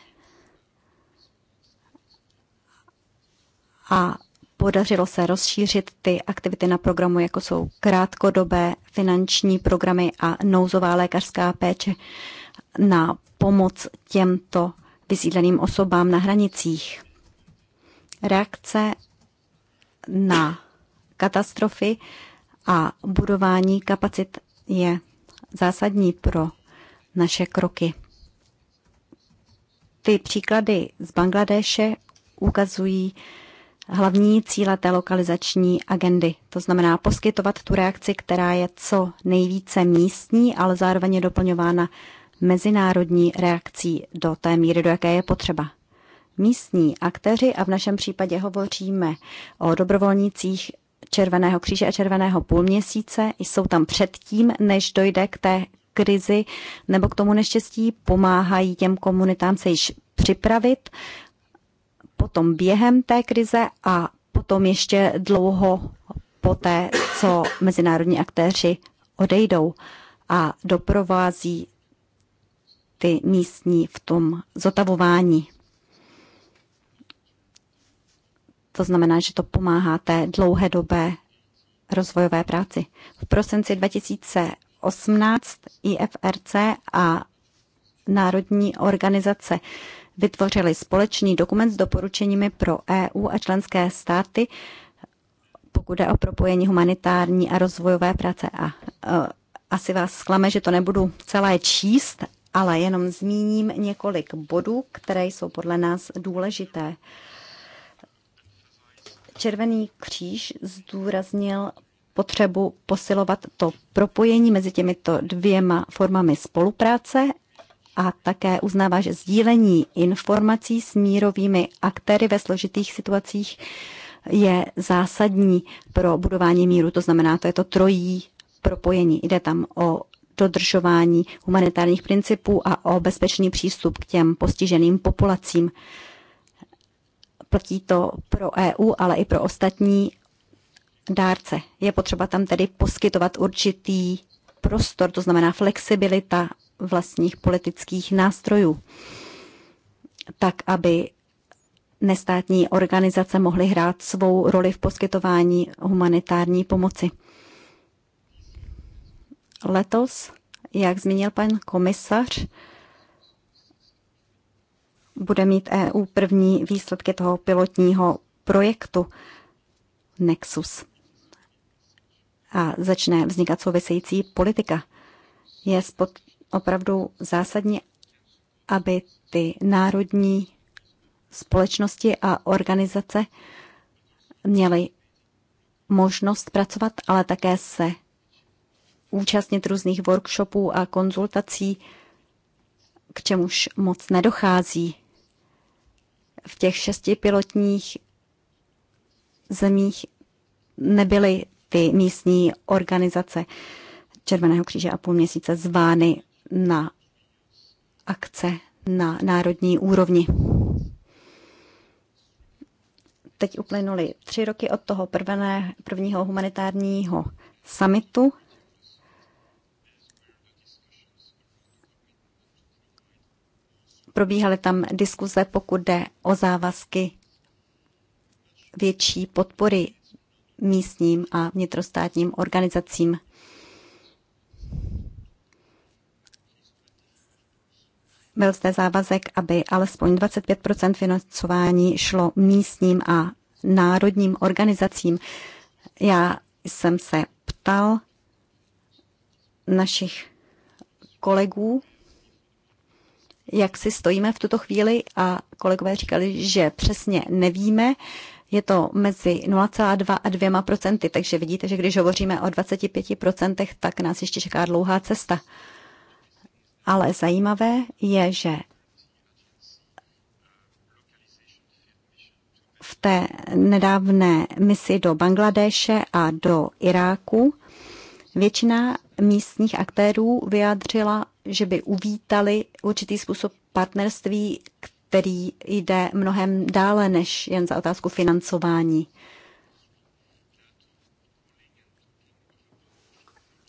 a podařilo se rozšířit ty aktivity na programu, jako jsou krátkodobé finanční programy a nouzová lékařská péče na pomoc těmto vysídleným osobám na hranicích. Reakce na katastrofy a budování kapacit je zásadní pro naše kroky. Ty příklady z Bangladeše ukazují hlavní cíle té lokalizační agendy. To znamená poskytovat tu reakci, která je co nejvíce místní, ale zároveň je doplňována mezinárodní reakcí do té míry, do jaké je potřeba. Místní aktéři, a v našem případě hovoříme o dobrovolnících Červeného kříže a Červeného půlměsíce. Jsou tam předtím, než dojde k té krizi nebo k tomu neštěstí, pomáhají těm komunitám se již připravit, potom během té krize a potom ještě dlouho poté, co mezinárodní aktéři odejdou a doprovází ty místní v tom zotavování. To znamená, že to pomáhá té dlouhé době rozvojové práci. V prosinci 2018 IFRC a Národní organizace vytvořili společný dokument s doporučeními pro EU a členské státy, pokud je o propojení humanitární a rozvojové práce. A uh, asi vás zklame, že to nebudu celé číst, ale jenom zmíním několik bodů, které jsou podle nás důležité. Uh, Červený kříž zdůraznil potřebu posilovat to propojení mezi těmito dvěma formami spolupráce a také uznává, že sdílení informací s mírovými aktéry ve složitých situacích je zásadní pro budování míru. To znamená, to je to trojí propojení. Jde tam o dodržování humanitárních principů a o bezpečný přístup k těm postiženým populacím. Platí to pro EU, ale i pro ostatní dárce. Je potřeba tam tedy poskytovat určitý prostor, to znamená flexibilita vlastních politických nástrojů, tak aby nestátní organizace mohly hrát svou roli v poskytování humanitární pomoci. Letos, jak zmínil pan komisař, bude mít EU první výsledky toho pilotního projektu Nexus. A začne vznikat související politika. Je spod, opravdu zásadní, aby ty národní společnosti a organizace měly možnost pracovat, ale také se účastnit různých workshopů a konzultací, k čemuž moc nedochází v těch šesti pilotních zemích nebyly ty místní organizace Červeného kříže a půl měsíce zvány na akce na národní úrovni. Teď uplynuly tři roky od toho prvené, prvního humanitárního samitu probíhaly tam diskuze, pokud jde o závazky větší podpory místním a vnitrostátním organizacím. Byl zde závazek, aby alespoň 25 financování šlo místním a národním organizacím. Já jsem se ptal našich kolegů jak si stojíme v tuto chvíli a kolegové říkali, že přesně nevíme, je to mezi 0,2 a 2 procenty, takže vidíte, že když hovoříme o 25 procentech, tak nás ještě čeká dlouhá cesta. Ale zajímavé je, že v té nedávné misi do Bangladéše a do Iráku většina místních aktérů vyjádřila že by uvítali určitý způsob partnerství, který jde mnohem dále než jen za otázku financování.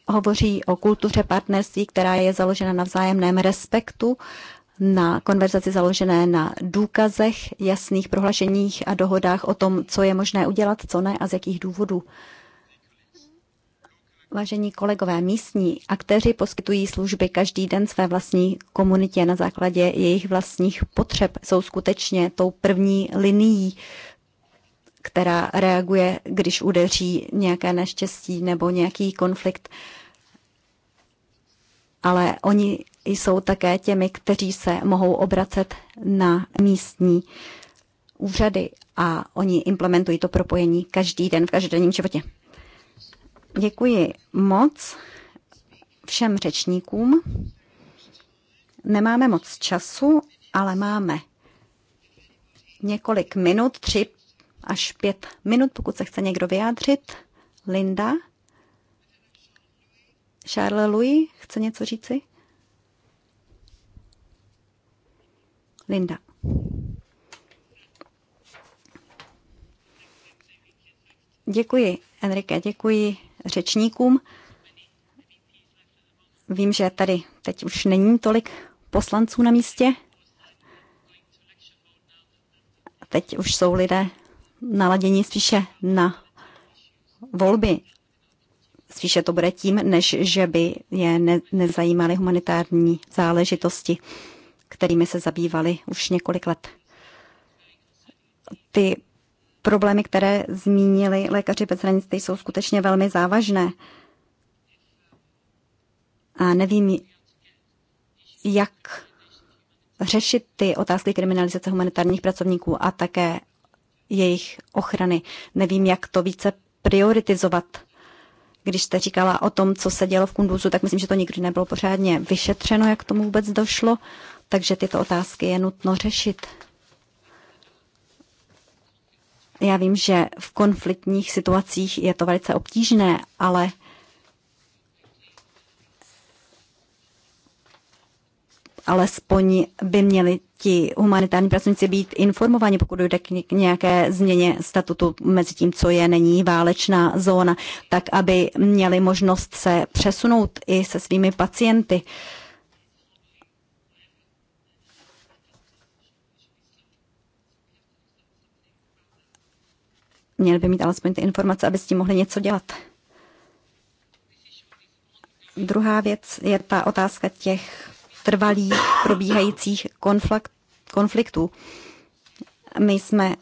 Hovoří o kultuře partnerství, která je založena na vzájemném respektu, na konverzaci založené na důkazech, jasných prohlašeních a dohodách o tom, co je možné udělat, co ne a z jakých důvodů. Vážení kolegové, místní aktéři poskytují služby každý den své vlastní komunitě na základě jejich vlastních potřeb. Jsou skutečně tou první linií, která reaguje, když udeří nějaké neštěstí nebo nějaký konflikt. Ale oni jsou také těmi, kteří se mohou obracet na místní úřady a oni implementují to propojení každý den v každodenním životě. Děkuji moc všem řečníkům. Nemáme moc času, ale máme několik minut, tři až pět minut, pokud se chce někdo vyjádřit. Linda? Charles Louis chce něco říci? Linda. Děkuji, Enrique, děkuji řečníkům. Vím, že tady teď už není tolik poslanců na místě. Teď už jsou lidé naladěni spíše na volby. Spíše to bude tím, než že by je ne, nezajímaly humanitární záležitosti, kterými se zabývali už několik let. Ty problémy, které zmínili lékaři bez hranic, ty jsou skutečně velmi závažné. A nevím, jak řešit ty otázky kriminalizace humanitárních pracovníků a také jejich ochrany. Nevím, jak to více prioritizovat. Když jste říkala o tom, co se dělo v Kunduzu, tak myslím, že to nikdy nebylo pořádně vyšetřeno, jak tomu vůbec došlo, takže tyto otázky je nutno řešit. Já vím, že v konfliktních situacích je to velice obtížné, ale alespoň by měli ti humanitární pracovníci být informováni, pokud dojde k nějaké změně statutu mezi tím, co je není válečná zóna, tak aby měli možnost se přesunout i se svými pacienty. Uh, Měli by mít alespoň ty informace, aby s tím mohli něco dělat. Druhá věc je ta otázka těch trvalých probíhajících konflikt, konfliktů. My jsme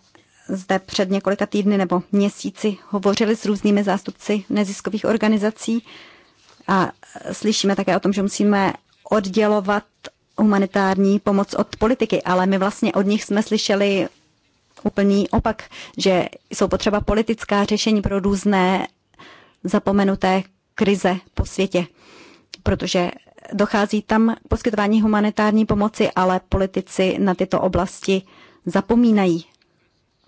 zde před několika týdny nebo měsíci hovořili s různými zástupci neziskových organizací a slyšíme také o tom, že musíme oddělovat humanitární pomoc od politiky, ale my vlastně od nich jsme slyšeli úplný opak, že jsou potřeba politická řešení pro různé zapomenuté krize po světě, protože dochází tam poskytování humanitární pomoci, ale politici na tyto oblasti zapomínají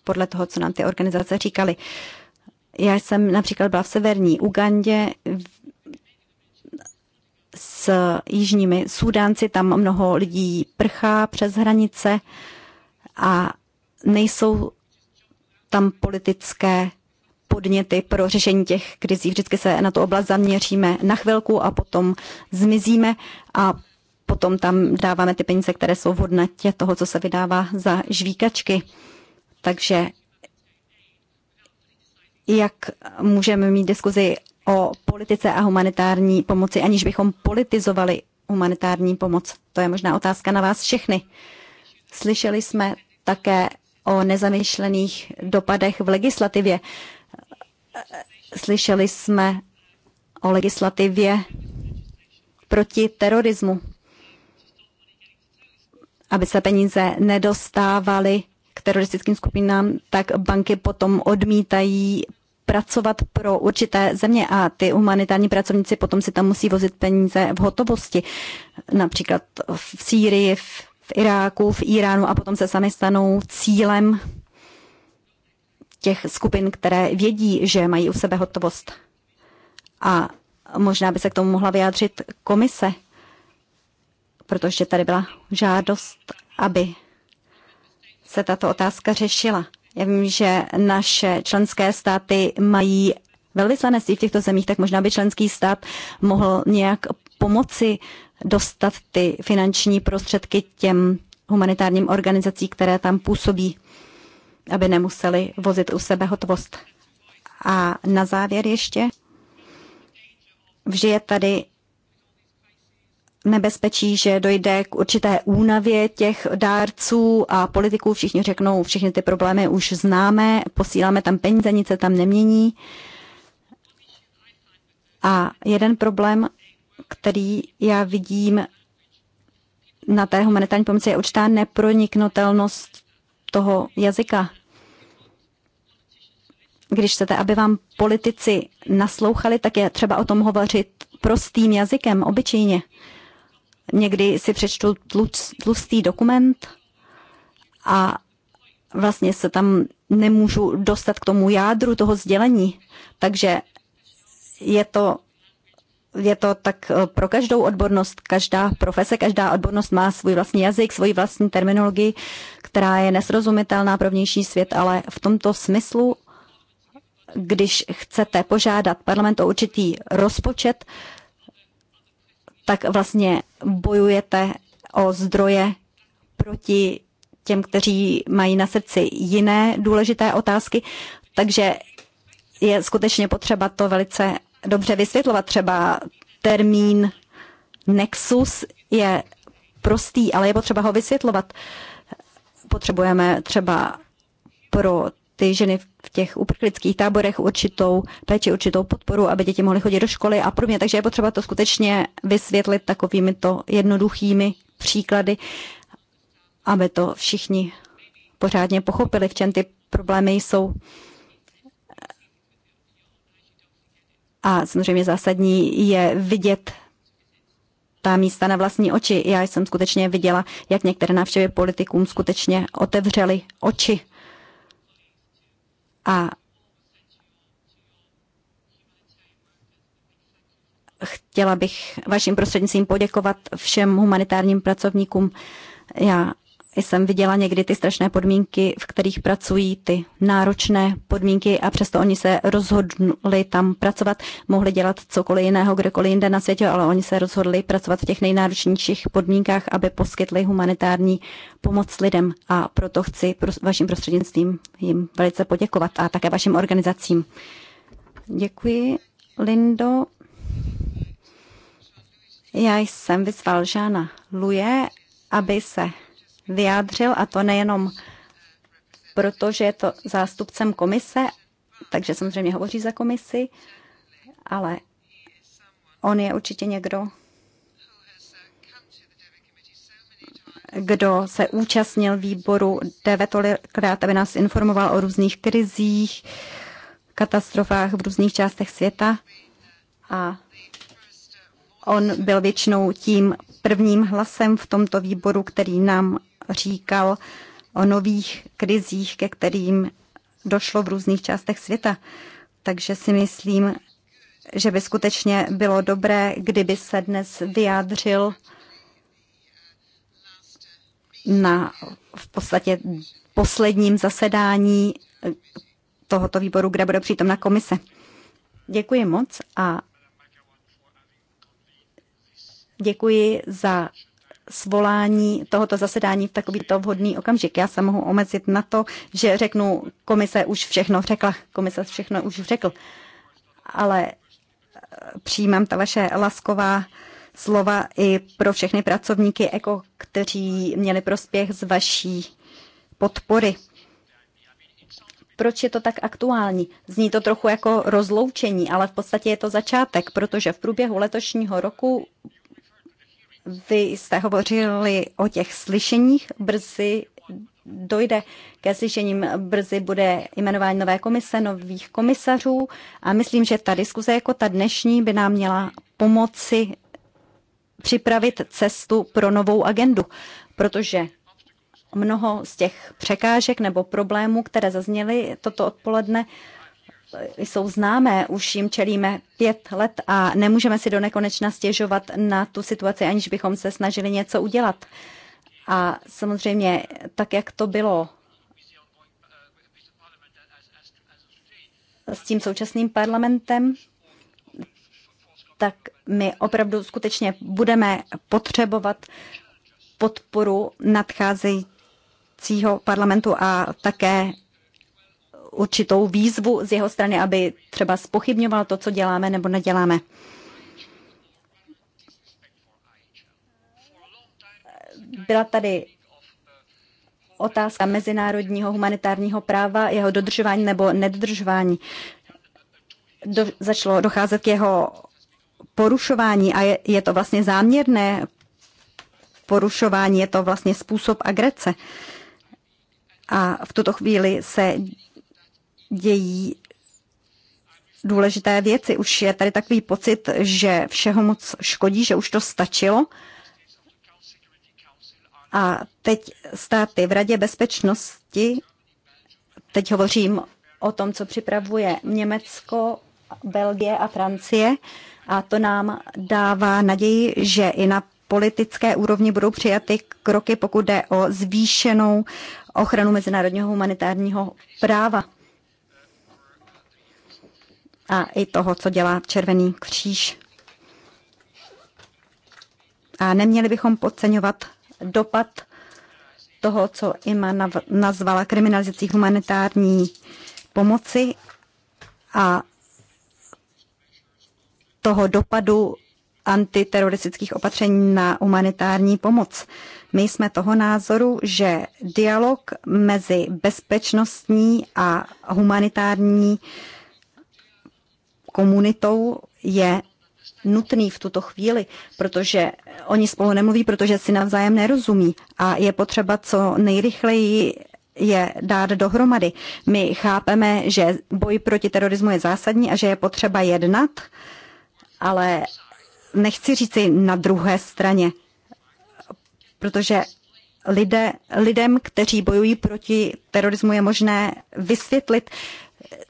podle toho, co nám ty organizace říkali. Já jsem například byla v severní Ugandě s jižními Sudánci, tam mnoho lidí prchá přes hranice a nejsou tam politické podněty pro řešení těch krizí. Vždycky se na tu oblast zaměříme na chvilku a potom zmizíme a potom tam dáváme ty peníze, které jsou v hodnotě toho, co se vydává za žvíkačky. Takže jak můžeme mít diskuzi o politice a humanitární pomoci, aniž bychom politizovali humanitární pomoc? To je možná otázka na vás všechny. Slyšeli jsme také o nezamýšlených dopadech v legislativě. Slyšeli jsme o legislativě proti terorismu, aby se peníze nedostávaly k teroristickým skupinám, tak banky potom odmítají pracovat pro určité země a ty humanitární pracovníci potom si tam musí vozit peníze v hotovosti, například v Sýrii, v Iráku, v Iránu a potom se sami stanou cílem těch skupin, které vědí, že mají u sebe hotovost. A možná by se k tomu mohla vyjádřit komise, protože tady byla žádost, aby se tato otázka řešila. Já vím, že naše členské státy mají velvyslanectví v těchto zemích, tak možná by členský stát mohl nějak pomoci dostat ty finanční prostředky těm humanitárním organizacím, které tam působí, aby nemuseli vozit u sebe hotovost. A na závěr ještě, vždy je tady nebezpečí, že dojde k určité únavě těch dárců a politiků. Všichni řeknou, všechny ty problémy už známe, posíláme tam peníze, nic se tam nemění. A jeden problém, který já vidím na té humanitární pomoci, je určitá neproniknutelnost toho jazyka. Když chcete, aby vám politici naslouchali, tak je třeba o tom hovořit prostým jazykem, obyčejně. Někdy si přečtu tlustý dokument a vlastně se tam nemůžu dostat k tomu jádru toho sdělení. Takže je to je to tak eh, pro každou odbornost, každá profese, každá odbornost má svůj vlastní jazyk, svoji vlastní terminologii, která je nesrozumitelná pro vnější svět, ale v tomto smyslu, když chcete požádat parlament o určitý rozpočet, tak vlastně bojujete o zdroje proti těm, kteří mají na srdci jiné důležité otázky. Takže je skutečně potřeba to velice dobře vysvětlovat. Třeba termín nexus je prostý, ale je potřeba ho vysvětlovat. Potřebujeme třeba pro ty ženy v těch uprchlických táborech určitou péči, určitou podporu, aby děti mohly chodit do školy a podobně. Takže je potřeba to skutečně vysvětlit takovými to jednoduchými příklady, aby to všichni pořádně pochopili, v čem ty problémy jsou. A samozřejmě zásadní je vidět ta místa na vlastní oči. Já jsem skutečně viděla, jak některé návštěvy politikům skutečně otevřely oči. A chtěla bych vaším prostřednictvím poděkovat všem humanitárním pracovníkům. Já jsem viděla někdy ty strašné podmínky, v kterých pracují, ty náročné podmínky a přesto oni se rozhodli tam pracovat, mohli dělat cokoliv jiného, kdekoliv jinde na světě, ale oni se rozhodli pracovat v těch nejnáročnějších podmínkách, aby poskytli humanitární pomoc lidem a proto chci vaším prostřednictvím jim velice poděkovat a také vašim organizacím. Děkuji, Lindo. Já jsem vyzval Žána Luje, aby se vyjádřil, a to nejenom proto, že je to zástupcem komise, takže samozřejmě hovoří za komisi, ale on je určitě někdo, kdo se účastnil výboru DV tolikrát, aby nás informoval o různých krizích, katastrofách v různých částech světa. A on byl většinou tím prvním hlasem v tomto výboru, který nám říkal o nových krizích, ke kterým došlo v různých částech světa. Takže si myslím, že by skutečně bylo dobré, kdyby se dnes vyjádřil na v podstatě posledním zasedání tohoto výboru, kde bude přítomna komise. Děkuji moc a děkuji za svolání tohoto zasedání v takovýto vhodný okamžik. Já se mohu omezit na to, že řeknu, komise už všechno řekla, komise všechno už řekl, ale eh, přijímám ta vaše lasková slova i pro všechny pracovníky ECO, kteří měli prospěch z vaší podpory. Proč je to tak aktuální? Zní to trochu jako rozloučení, ale v podstatě je to začátek, protože v průběhu letošního roku vy jste hovořili o těch slyšeních brzy dojde ke slyšením. Brzy bude jmenování nové komise, nových komisařů a myslím, že ta diskuze jako ta dnešní by nám měla pomoci připravit cestu pro novou agendu, protože mnoho z těch překážek nebo problémů, které zazněly toto odpoledne, jsou známé, už jim čelíme pět let a nemůžeme si do nekonečna stěžovat na tu situaci, aniž bychom se snažili něco udělat. A samozřejmě, tak jak to bylo s tím současným parlamentem, tak my opravdu skutečně budeme potřebovat podporu nadcházejícího parlamentu a také určitou výzvu z jeho strany, aby třeba spochybňoval to, co děláme nebo neděláme. Byla tady otázka mezinárodního humanitárního práva, jeho dodržování nebo nedodržování. Do, začalo docházet k jeho porušování a je, je to vlastně záměrné porušování, je to vlastně způsob agrese. A v tuto chvíli se dějí důležité věci. Už je tady takový pocit, že všeho moc škodí, že už to stačilo. A teď státy v Radě bezpečnosti, teď hovořím o tom, co připravuje Německo, Belgie a Francie, a to nám dává naději, že i na politické úrovni budou přijaty kroky, pokud jde o zvýšenou ochranu mezinárodního humanitárního práva a i toho, co dělá Červený kříž. A neměli bychom podceňovat dopad toho, co Ima nazvala kriminalizací humanitární pomoci a toho dopadu antiteroristických opatření na humanitární pomoc. My jsme toho názoru, že dialog mezi bezpečnostní a humanitární uh, komunitou je nutný v tuto chvíli, protože oni spolu nemluví, protože si navzájem nerozumí a je potřeba co nejrychleji je dát dohromady. My chápeme, že boj proti terorismu je zásadní a že je potřeba jednat, ale nechci říci na druhé straně, protože lidé, lidem, kteří bojují proti terorismu, je možné vysvětlit,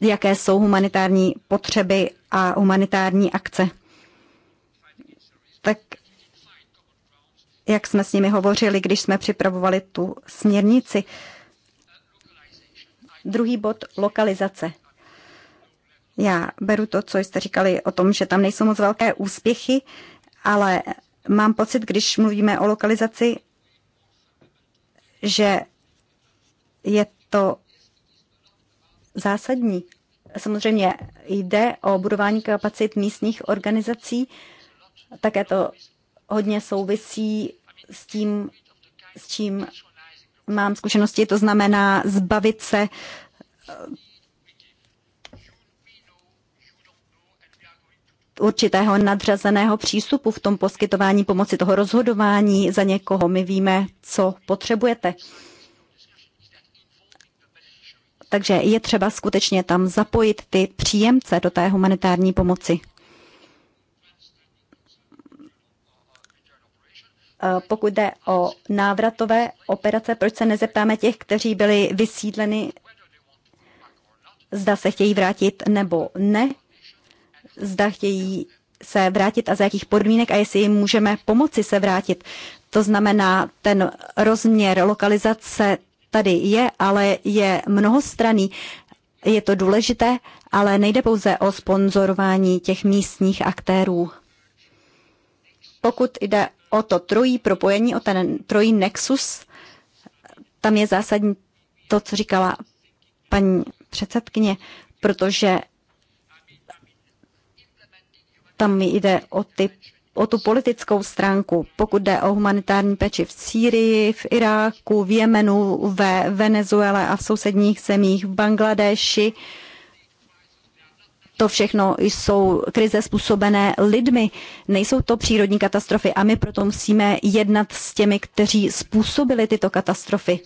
jaké jsou humanitární potřeby a humanitární akce. Tak jak jsme s nimi hovořili, když jsme připravovali tu směrnici. Druhý bod, lokalizace. Já beru to, co jste říkali o tom, že tam nejsou moc velké úspěchy, ale mám pocit, když mluvíme o lokalizaci, že je to zásadní Samozřejmě jde o budování kapacit místních organizací, také to hodně souvisí s tím, s čím mám zkušenosti, to znamená zbavit se eh, určitého nadřazeného přístupu v tom poskytování pomoci, toho rozhodování za někoho. My víme, co potřebujete. Takže je třeba skutečně tam zapojit ty příjemce do té humanitární pomoci. Eh, pokud jde o návratové operace, proč se nezeptáme těch, kteří byli vysídleni, zda se chtějí vrátit nebo ne, zda chtějí se vrátit a za jakých podmínek a jestli jim můžeme pomoci se vrátit. To znamená, ten rozměr lokalizace tady je, ale je mnohostraný. Je to důležité, ale nejde pouze o sponzorování těch místních aktérů. Pokud jde o to trojí propojení, o ten trojí nexus, tam je zásadní to, co říkala paní předsedkyně, protože tam jde o ty o tu politickou stránku, pokud jde o humanitární péči v Sýrii, v Iráku, v Jemenu, ve Venezuele a v sousedních zemích, v Bangladeši. To všechno jsou krize způsobené lidmi, nejsou to přírodní katastrofy a my proto musíme jednat s těmi, kteří způsobili tyto katastrofy.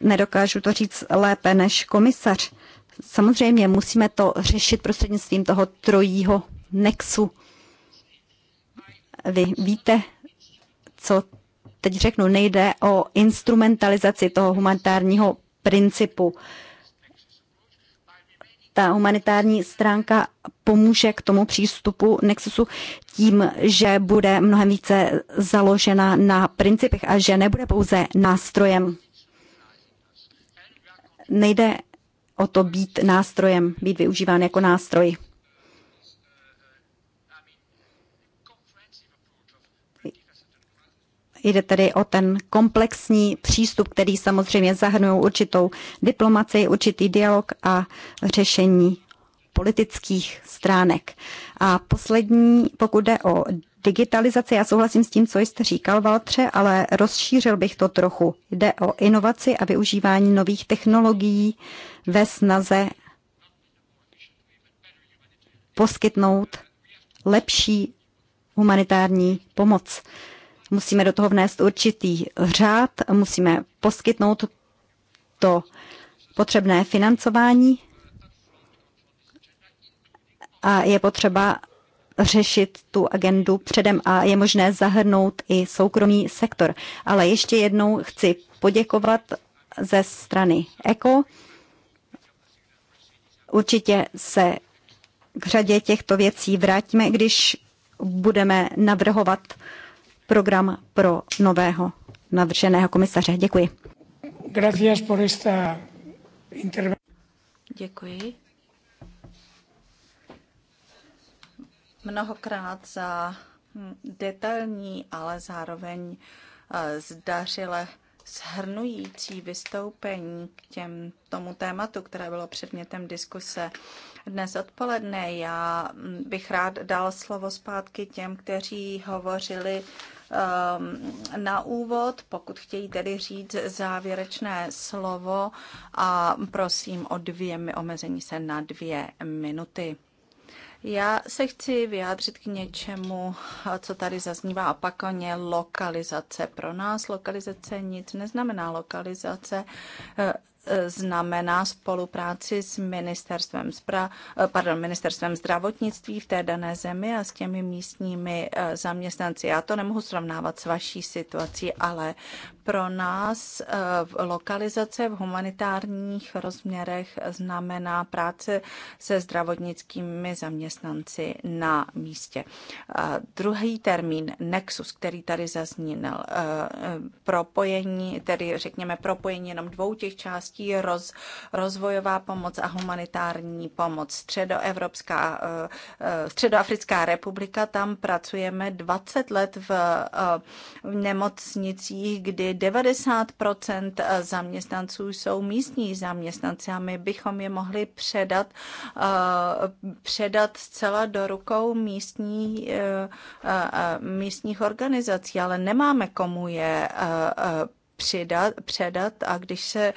Nedokážu to říct lépe než komisař. Samozřejmě musíme to řešit prostřednictvím toho trojího nexu. Vy víte, co teď řeknu, nejde o instrumentalizaci toho humanitárního principu. Ta humanitární stránka pomůže k tomu přístupu Nexusu tím, že bude mnohem více založena na principech a že nebude pouze nástrojem. Nejde o to být nástrojem, být využíván jako nástroj. Jde tedy o ten komplexní přístup, který samozřejmě zahrnuje určitou diplomaci, určitý dialog a řešení politických stránek. A poslední, pokud jde o digitalizaci, já souhlasím s tím, co jste říkal, Valtře, ale rozšířil bych to trochu. Jde o inovaci a využívání nových technologií ve snaze poskytnout lepší humanitární pomoc. Musíme do toho vnést určitý řád, musíme poskytnout to potřebné financování a je potřeba řešit tu agendu předem a je možné zahrnout i soukromý sektor. Ale ještě jednou chci poděkovat ze strany ECO. Určitě se k řadě těchto věcí vrátíme, když budeme navrhovat uh, program pro nového nadřeného komisaře. Děkuji. Gracias por esta Děkuji. Mnohokrát za detailní, ale zároveň eh, zdařile shrnující vystoupení k těm, tomu tématu, které bylo předmětem diskuse dnes odpoledne. Já mm, bych rád dal slovo zpátky těm, kteří hovořili Ehm, na úvod, pokud chtějí tedy říct závěrečné slovo a prosím o dvě, omezení se na dvě minuty. Já se chci vyjádřit k něčemu, co tady zaznívá opakovaně lokalizace. Pro nás lokalizace nic neznamená. Lokalizace eh, znamená spolupráci s ministerstvem, spra, eh, pardon, ministerstvem zdravotnictví v té dané zemi a s těmi místními eh, zaměstnanci. Já to nemohu srovnávat s vaší situací, ale pro nás eh, lokalizace v humanitárních rozměrech znamená práce se zdravotnickými zaměstnanci na místě. Druhý termín, nexus, který tady zazněl, propojení, tedy řekněme propojení jenom dvou těch částí, oblastí roz, rozvojová pomoc a humanitární pomoc. Středoevropská, eh, eh, Středoafrická republika, tam pracujeme 20 let v, eh, v nemocnicích, kdy 90 zaměstnanců jsou místní zaměstnanci a my bychom je mohli předat, předat zcela do rukou místní, místních organizací, ale nemáme komu je přidat, předat a když se,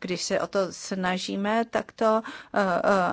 když se o to snažíme, tak to eh,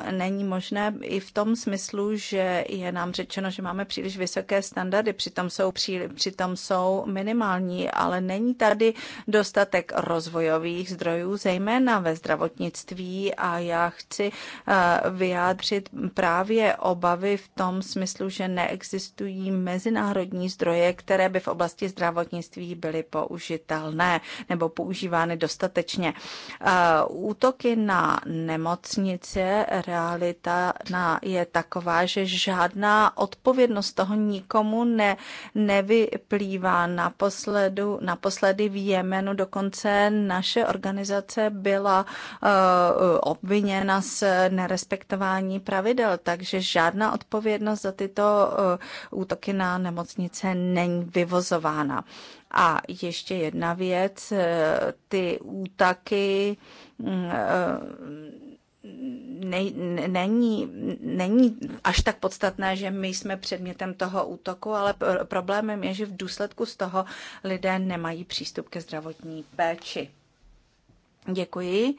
eh, není možné i v tom smyslu, že je nám řečeno, že máme příliš vysoké standardy, přitom jsou, příli, přitom jsou minimální, ale není tady dostatek rozvojových zdrojů, zejména ve zdravotnictví a já chci eh, vyjádřit právě obavy v tom smyslu, že neexistují mezinárodní zdroje, které by v oblasti zdravotnictví byly použitelné nebo používány dostatečně. Eh, útoky na nemocnice, realita na, je taková, že žádná odpovědnost toho nikomu ne, nevyplývá. Naposledu, naposledy v Jemenu dokonce naše organizace byla eh, obviněna z nerespektování pravidel, takže žádná odpovědnost za tyto eh, útoky na nemocnice není vyvozována. A ještě jedna věc, eh, ty útaky mm, eh, ne, není, není až tak podstatné, že my jsme předmětem toho útoku, ale problémem je, že v důsledku z toho lidé nemají přístup ke zdravotní péči. Děkuji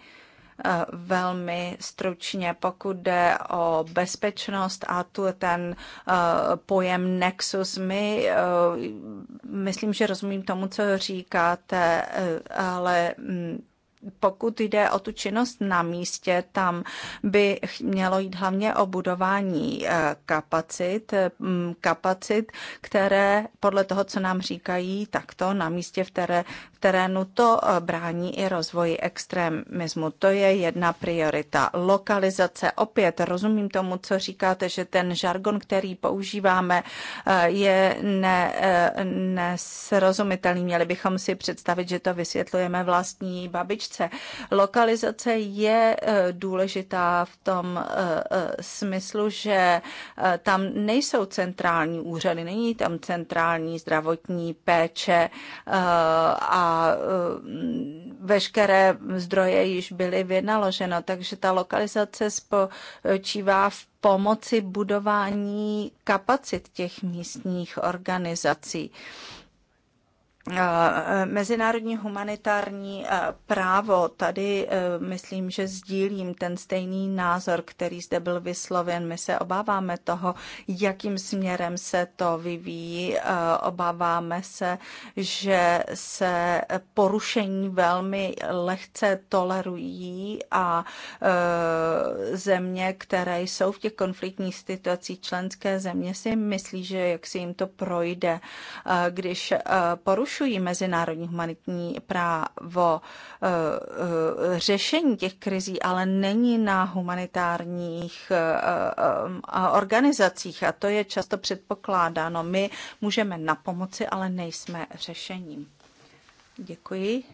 velmi stručně, pokud jde o bezpečnost a tu ten eh, pojem nexus. My, eh, myslím, že rozumím tomu, co říkáte, eh, ale mm, pokud jde o tu činnost na místě, tam by mělo jít hlavně o budování eh, kapacit, mm, kapacit, které podle toho, co nám říkají, takto na místě v, v terénu, to eh, brání i rozvoji extremismu. To je jedna priorita. Lokalizace, opět rozumím tomu, co říkáte, že ten žargon, který používáme, eh, je ne, nesrozumitelný. Měli bychom si představit, že to vysvětlujeme vlastní babičce příjemce. Lokalizace je eh, důležitá v tom eh, eh, smyslu, že tam nejsou centrální úřady, není tam centrální zdravotní péče a veškeré zdroje již byly vynaloženo, takže ta lokalizace spočívá v pomoci budování kapacit těch místních organizací. Eh, mezinárodní humanitární eh, právo, tady eh, myslím, že sdílím ten stejný názor, který zde byl vysloven. My se obáváme toho, jakým směrem se to vyvíjí. Obáváme se, že se porušení velmi lehce tolerují a země, které jsou v těch konfliktních situacích členské země, si myslí, že jak si jim to projde, když porušení porušují mezinárodní humanitní právo. Eh, eh, řešení těch krizí ale není na humanitárních eh, organizacích a to je často předpokládáno. My můžeme na pomoci, ale nejsme řešením. Děkuji.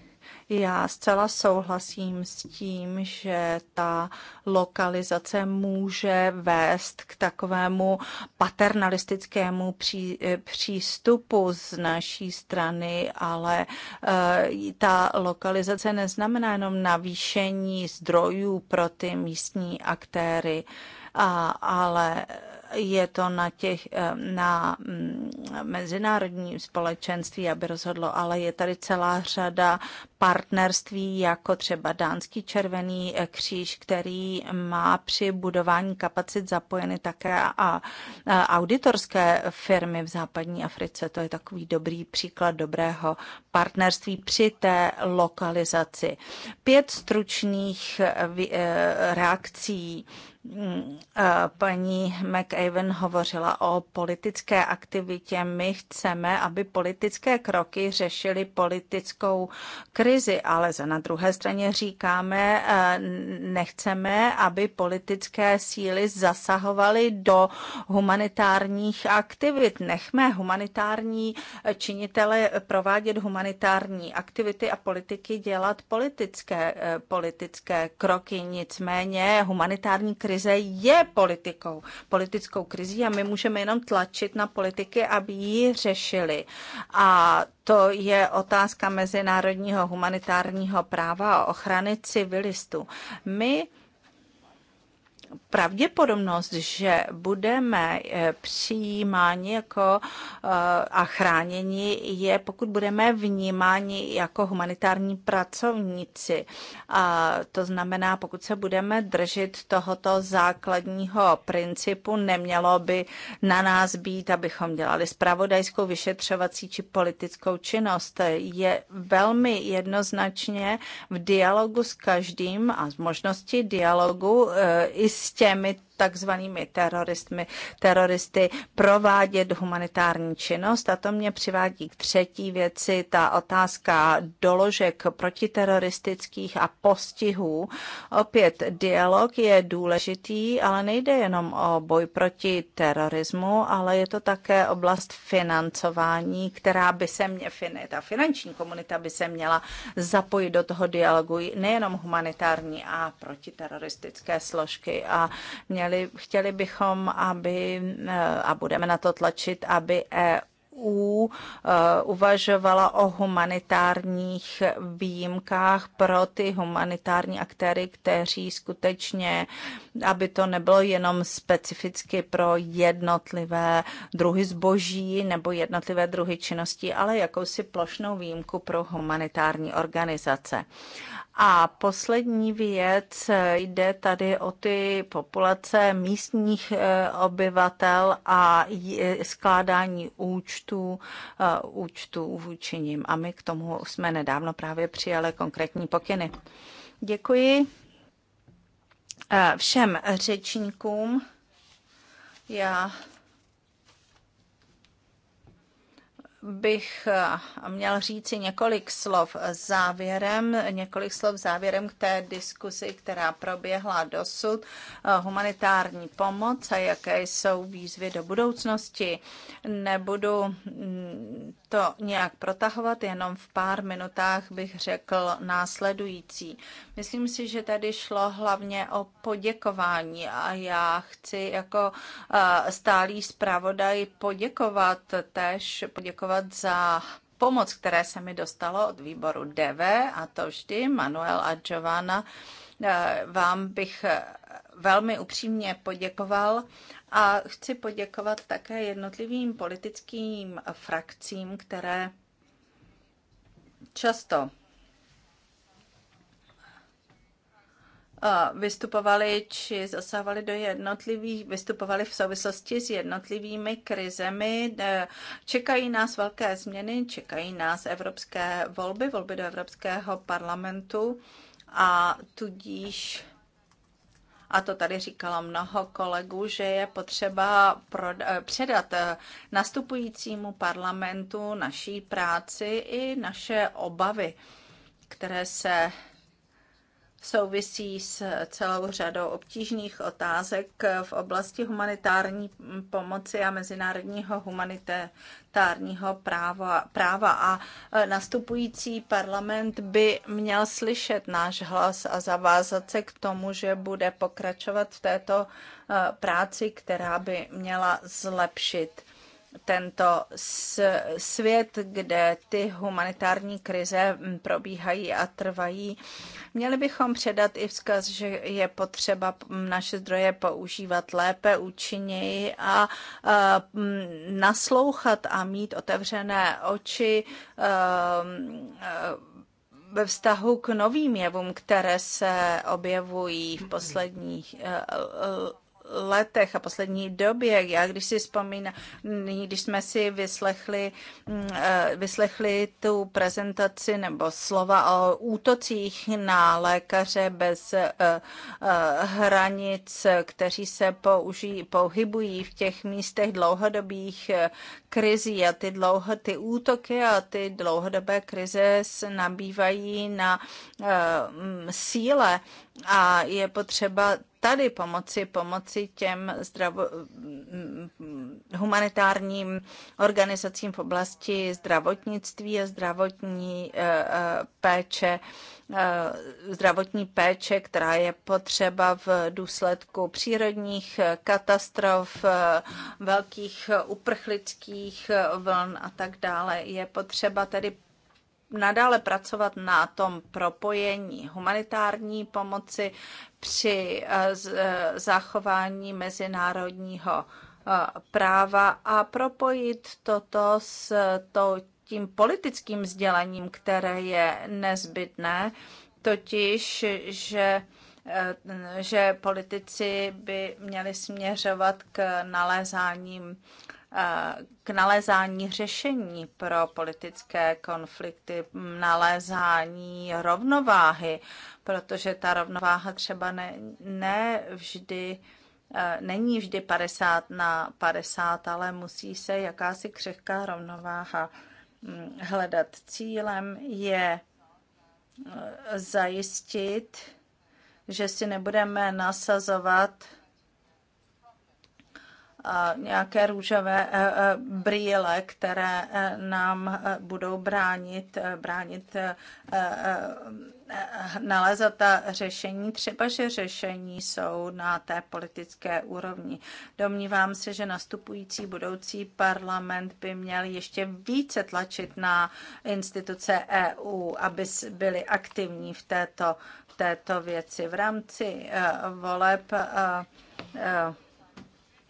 Já zcela souhlasím s tím, že ta lokalizace může vést k takovému paternalistickému pří, eh, přístupu z naší strany, ale eh, ta lokalizace neznamená jenom navýšení zdrojů pro ty místní aktéry ale je to na těch, eh, na mm, mezinárodním společenství, aby rozhodlo, ale je tady celá řada partnerství, jako třeba Dánský červený eh, kříž, který má při budování kapacit zapojeny také a auditorské firmy v západní Africe. To je takový dobrý příklad dobrého partnerství při té lokalizaci. Pět stručných eh, reakcí paní McAven hovořila o politické aktivitě. My chceme, aby politické kroky řešily politickou krizi, ale za na druhé straně říkáme, e, nechceme, aby politické síly zasahovaly do humanitárních aktivit. Nechme humanitární činitele provádět humanitární aktivity a politiky dělat politické, e, politické kroky. Nicméně humanitární krize krize je politikou, politickou krizí a my můžeme jenom tlačit na politiky, aby ji řešili. A to je otázka mezinárodního humanitárního práva a ochrany civilistů. My pravděpodobnost, že budeme eh, přijímáni jako eh, a chráněni, je pokud budeme vnímáni jako humanitární pracovníci. A to znamená, pokud se budeme držet tohoto základního principu, nemělo by na nás být, abychom dělali spravodajskou, vyšetřovací či politickou činnost. Je velmi jednoznačně v dialogu s každým a z možnosti dialogu eh, i s těmi takzvanými teroristmi, teroristy provádět humanitární činnost. A to mě přivádí k třetí věci, ta otázka doložek protiteroristických a postihů. Opět dialog je důležitý, ale nejde jenom o boj proti terorismu, ale je to také oblast financování, která by se mě, ta finanční komunita by se měla zapojit do toho dialogu, nejenom humanitární a protiteroristické složky. A mě měli, chtěli bychom, aby, eh, a budeme na to tlačit, aby EU eh, uvažovala o humanitárních výjimkách pro ty humanitární aktéry, kteří skutečně, aby to nebylo jenom specificky pro jednotlivé druhy zboží nebo jednotlivé druhy činností, ale jakousi plošnou výjimku pro humanitární organizace. A poslední věc, jde tady o ty populace místních eh, obyvatel a skládání účtů, eh, účtů vůči nim. A my k tomu jsme nedávno právě přijali konkrétní pokyny. Děkuji eh, všem řečníkům. Já bych eh, měl říci několik slov závěrem, několik slov závěrem k té diskusi, která proběhla dosud, eh, humanitární pomoc a jaké jsou výzvy do budoucnosti. Nebudu mm, to nějak protahovat, jenom v pár minutách bych řekl následující. Myslím si, že tady šlo hlavně o poděkování a já chci jako eh, stálý zpravodaj poděkovat tež, poděkovat za pomoc, které se mi dostalo od výboru DV a to vždy Manuel a Giovanna eh, vám bych eh, velmi upřímně poděkoval a chci poděkovat také jednotlivým politickým frakcím, které často vystupovali či zasávali do jednotlivých, vystupovali v souvislosti s jednotlivými krizemi. Čekají nás velké změny, čekají nás evropské volby, volby do Evropského parlamentu a tudíž a to tady říkala mnoho kolegů, že je potřeba eh, předat eh, nastupujícímu parlamentu naší práci i naše obavy, které se souvisí s celou řadou obtížných otázek v oblasti humanitární pomoci a mezinárodního humanitárního práva, práva. A nastupující parlament by měl slyšet náš hlas a zavázat se k tomu, že bude pokračovat v této eh, práci, která by měla zlepšit tento svět, kde ty humanitární krize probíhají a trvají Měli bychom předat i vzkaz, že je potřeba naše zdroje používat lépe, účinněji a naslouchat a mít otevřené oči ve vztahu k novým jevům, které se objevují v posledních letech a poslední době. Já když si vzpomínám, když jsme si vyslechli, mm, eh, vyslechli tu prezentaci nebo slova o útocích na lékaře bez eh, eh, hranic, kteří se použí, pohybují v těch místech dlouhodobých krizí a ty, dlouho, ty útoky a ty dlouhodobé krize nabývají na mm, síle a je potřeba tady pomoci, pomoci těm zdravo, mm, humanitárním organizacím v oblasti zdravotnictví a zdravotní eh, eh, péče, eh, zdravotní péče, která je potřeba v důsledku přírodních katastrof, velkých uprchlických vln a tak dále. Je potřeba tedy nadále pracovat na tom propojení humanitární pomoci, při eh, eh, zachování mezinárodního eh, práva a propojit toto s tím politickým sdělením, které je nezbytné, totiž, že že politici by měli směřovat k nalézáním k nalézání řešení pro politické konflikty, nalézání rovnováhy, protože ta rovnováha třeba ne, ne vždy eh, není vždy 50 na 50, ale musí se jakási křehká rovnováha mm, hledat. Cílem je eh, zajistit, že si nebudeme nasazovat nějaké růžové eh, eh, brýle, které eh, nám budou bránit, bránit nalézat ta řešení, třeba že řešení jsou na té politické úrovni. Domnívám se, že nastupující budoucí parlament by měl ještě více tlačit na instituce EU, aby byly aktivní v této, v této věci. V rámci voleb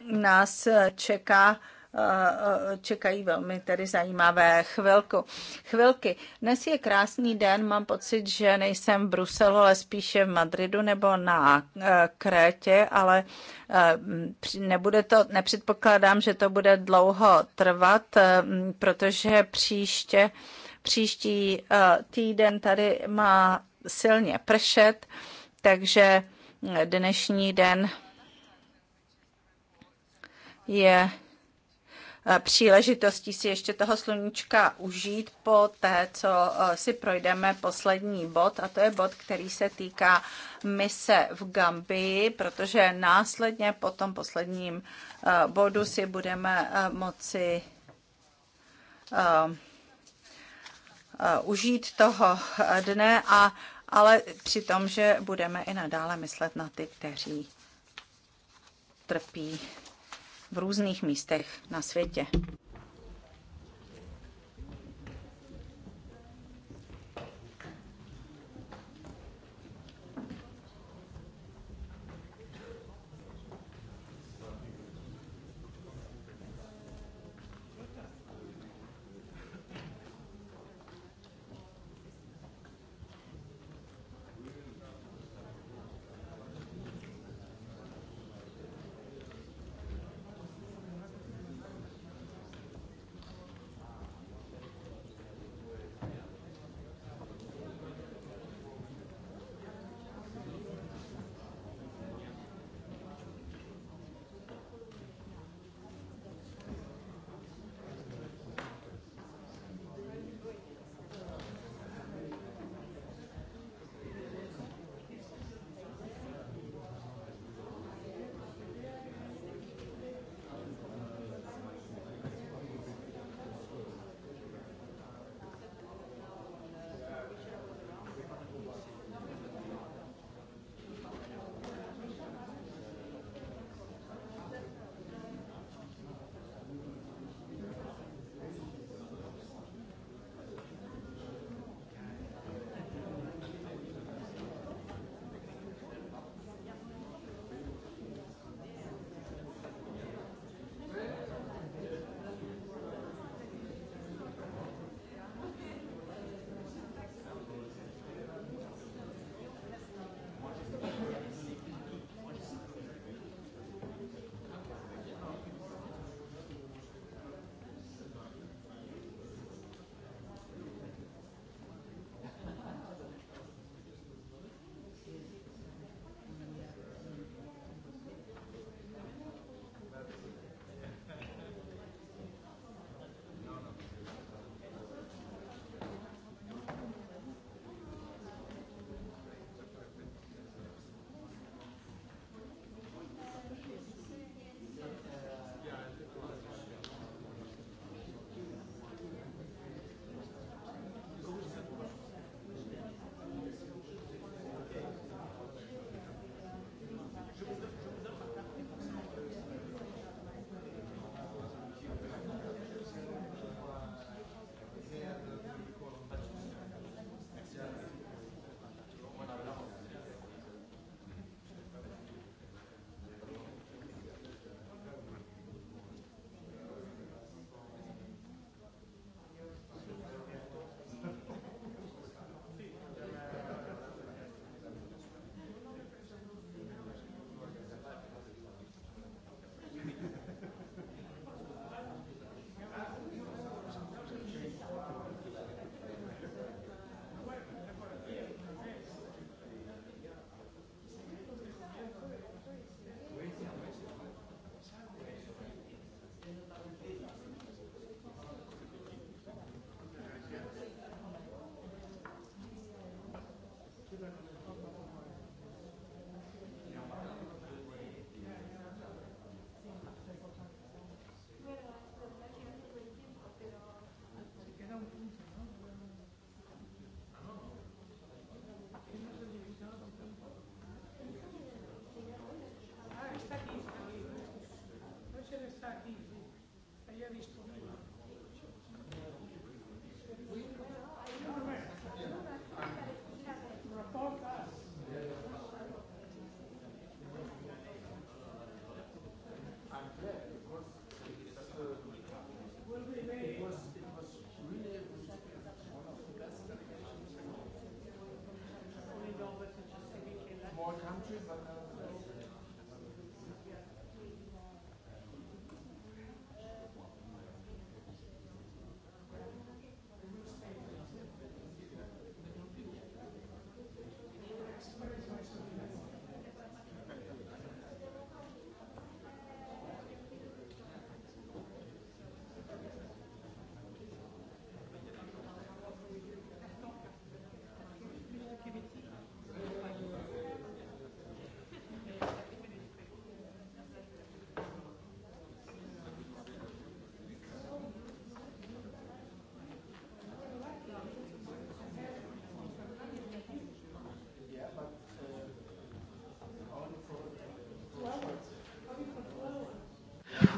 nás eh, čeká eh, eh, čekají velmi tedy zajímavé chvilku. chvilky. Dnes je krásný den, mám pocit, že nejsem v Bruselu, ale spíše v Madridu nebo na Krétě, ale nebude to, nepředpokládám, že to bude dlouho trvat, protože příště, příští týden tady má silně pršet, takže dnešní den je eh, příležitostí si ještě toho sluníčka užít po té, co eh, si projdeme poslední bod, a to je bod, který se týká mise v Gambii, protože následně po tom posledním eh, bodu si budeme moci užít toho dne, a, ale při tom, že budeme i nadále myslet na ty, kteří trpí v různých místech na světě. all countries, but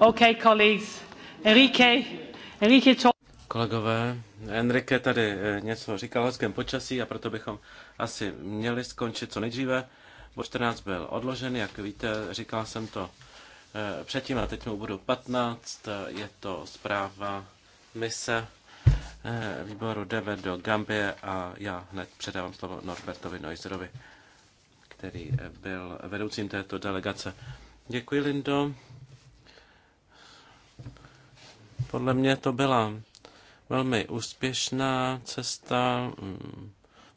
Okay, colleagues. Enrique, Enrique Kolegové, Enrique tady eh, něco říkal o hezkém počasí a proto bychom asi měli skončit co nejdříve. Bo 14 byl odložen, jak víte, říkal jsem to eh, předtím a teď mu budu 15. Je to zpráva mise eh, výboru 9 do Gambie a já hned předávám slovo Norbertovi Noiserovi, který byl vedoucím této delegace. Děkuji, Lindo. Podle mě to byla velmi úspěšná cesta,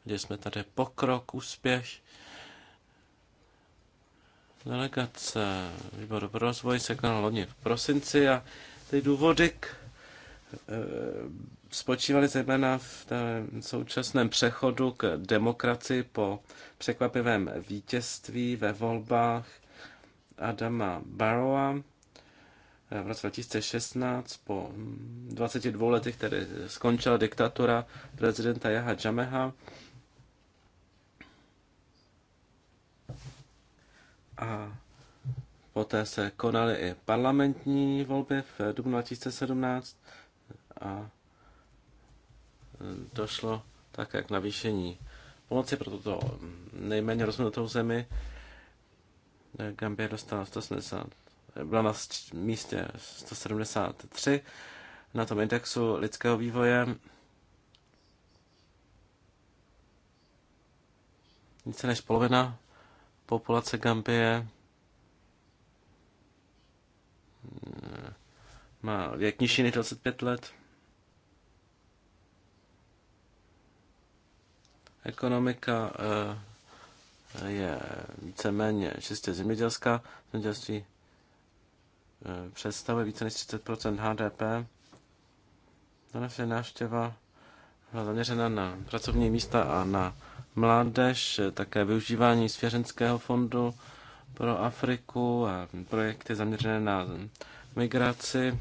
kde mm, jsme tady pokrok, úspěch. Delegace výboru pro rozvoj se konala loni v prosinci a ty důvody k, eh, spočívaly zejména v současném přechodu k demokracii po překvapivém vítězství ve volbách Adama Barrowa v roce 2016 po 22 letech které skončila diktatura prezidenta Jaha Jameha. A poté se konaly i parlamentní volby v dubnu 2017 a došlo také k navýšení pomoci pro tuto nejméně rozvinutou zemi. Gambia dostala 170 byla na místě 173 na tom indexu lidského vývoje. Více než polovina populace Gambie mm, má věk nižší než 25 let. Ekonomika eh, je víceméně čistě zemědělská. Zemědělství Eh, představuje více než 30 HDP. Ta naše návštěva byla zaměřena na pracovní místa a na mládež, také využívání svěřenského fondu pro Afriku a projekty zaměřené na migraci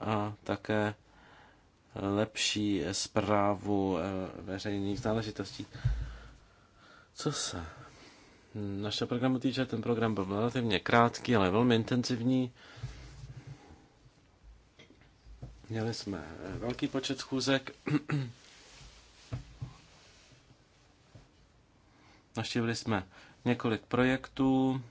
a také lepší zprávu eh, veřejných záležitostí. Co se naše programu týče, ten program byl relativně krátký, ale velmi intenzivní. Měli jsme eh, velký počet schůzek. Naštívili jsme několik projektů.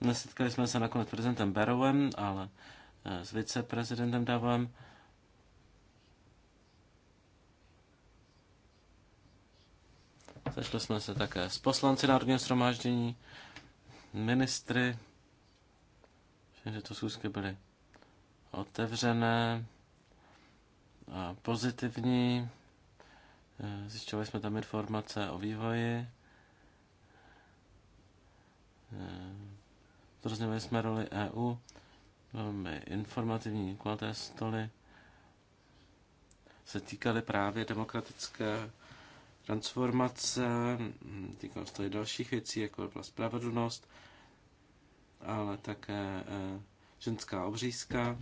Nesetkali jsme se nakonec prezidentem Berovem, ale eh, s viceprezidentem Davem. Sešli jsme se také s poslanci Národního shromáždění, ministry. Všechny tyto schůzky byly otevřené a pozitivní. Eh, zjišťovali jsme tam informace o vývoji. Eh, Zrozuměli jsme roli EU, velmi informativní kvalité stoly se týkaly právě demokratické transformace, týká se to i dalších věcí, jako byla spravedlnost, ale také eh, ženská obřízka.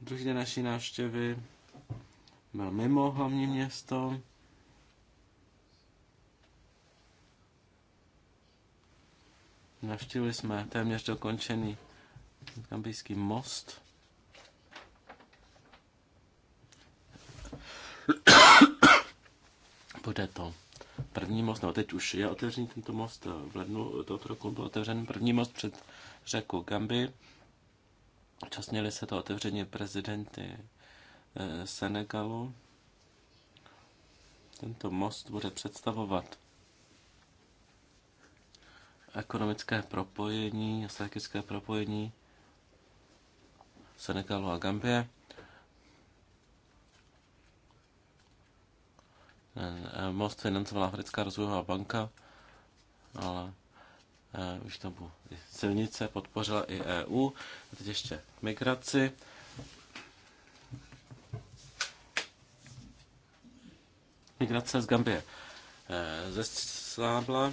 Druhý den naší návštěvy byl mimo hlavní město. Navštívili jsme téměř dokončený Kambijský most. Bude to první most, no teď už je otevřený tento most, eh, v lednu tohoto roku byl otevřen první most před řekou Gamby. Učastnili se to otevření prezidenty eh, Senegalu. Tento most bude představovat ekonomické propojení, strategické propojení Senegalu a Gambie. Eh, eh, most financovala Africká rozvojová banka, ale eh, už tam bylo silnice, podpořila i EU. A teď ještě migraci. Migrace z Gambie zeslábla.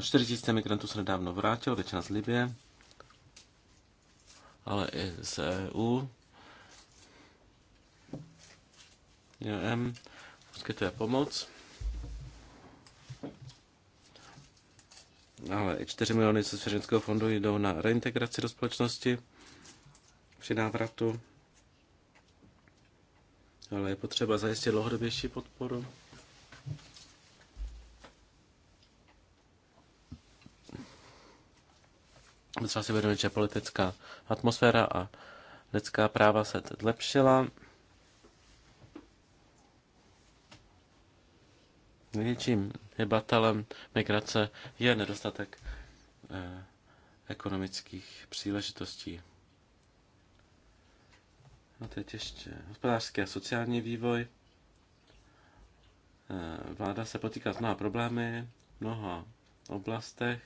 Čtyři tisíce migrantů se nedávno vrátilo, většina z Libie, ale i z EU. M, poskytuje pomoc. Ale i 4 miliony z Svěřenského fondu jdou na reintegraci do společnosti při návratu. Ale je potřeba zajistit dlouhodobější podporu. Třeba si vědomit, že politická atmosféra a lidská práva se zlepšila. Největším hebatelem migrace je nedostatek eh, ekonomických příležitostí. A teď ještě hospodářský a sociální vývoj. Eh, vláda se potýká s mnoha problémy, mnoha oblastech,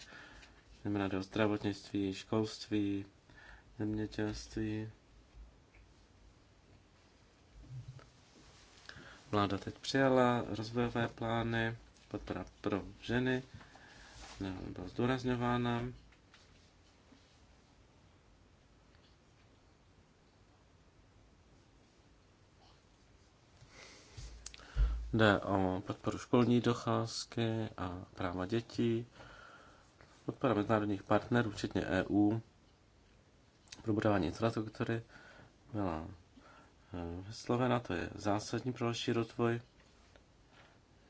znamená do zdravotnictví, školství, zemědělství, Vláda teď přijala rozvojové plány, podpora pro ženy, byla zdůrazňována. Jde o podporu školní docházky a práva dětí, podpora mezinárodních partnerů, včetně EU, pro budování infrastruktury byla Slovena to je zásadní pro další rozvoj.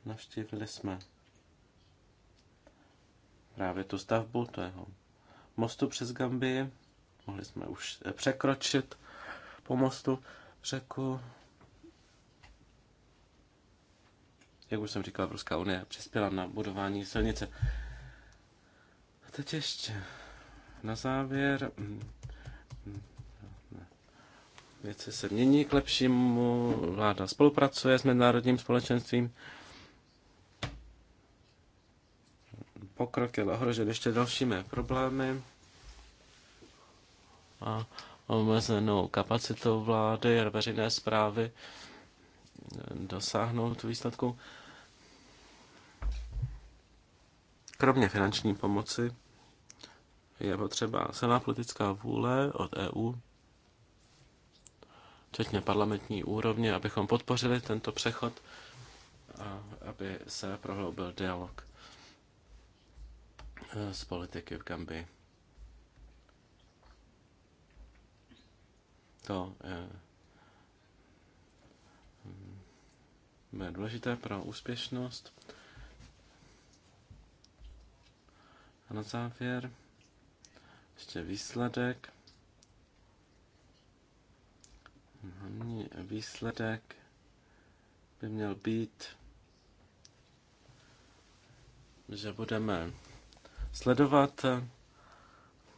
Navštívili jsme právě tu stavbu toho mostu přes Gambii. Mohli jsme už eh, překročit po mostu řeku. Jak už jsem říkal, Evropská unie přispěla na budování silnice. A teď ještě na závěr Věci se mění k lepšímu, vláda spolupracuje s mezinárodním společenstvím. Pokrok je ohrožen ještě dalšími problémy a omezenou kapacitou vlády a veřejné zprávy dosáhnout výsledku. Kromě finanční pomoci je potřeba silná politická vůle od EU včetně parlamentní úrovně, abychom podpořili tento přechod a aby se prohloubil dialog eh, s politiky v Gambii. To eh, mm, je důležité pro úspěšnost. A na závěr ještě výsledek. Hlavní výsledek by měl být, že budeme sledovat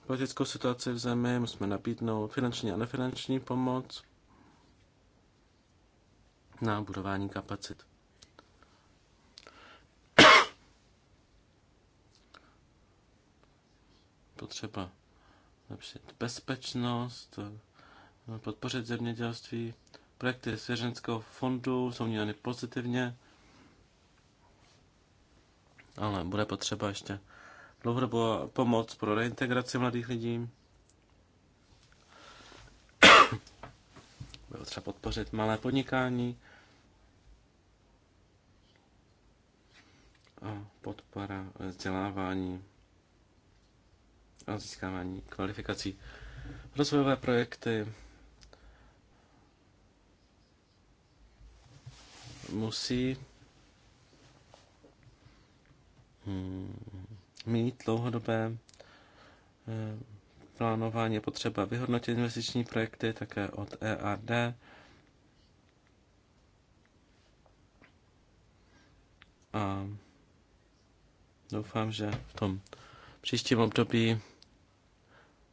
politickou situaci v zemi, musíme nabídnout finanční a nefinanční pomoc na budování kapacit. Potřeba lepšit bezpečnost, podpořit zemědělství. Projekty svěřenského fondu jsou měny pozitivně, ale bude potřeba ještě dlouhodobá pomoc pro reintegraci mladých lidí. Bylo třeba podpořit malé podnikání a podpora vzdělávání a získávání kvalifikací. Rozvojové projekty musí hm, mít dlouhodobé eh, plánování potřeba vyhodnotit investiční projekty také od EAD. A doufám, že v tom příštím období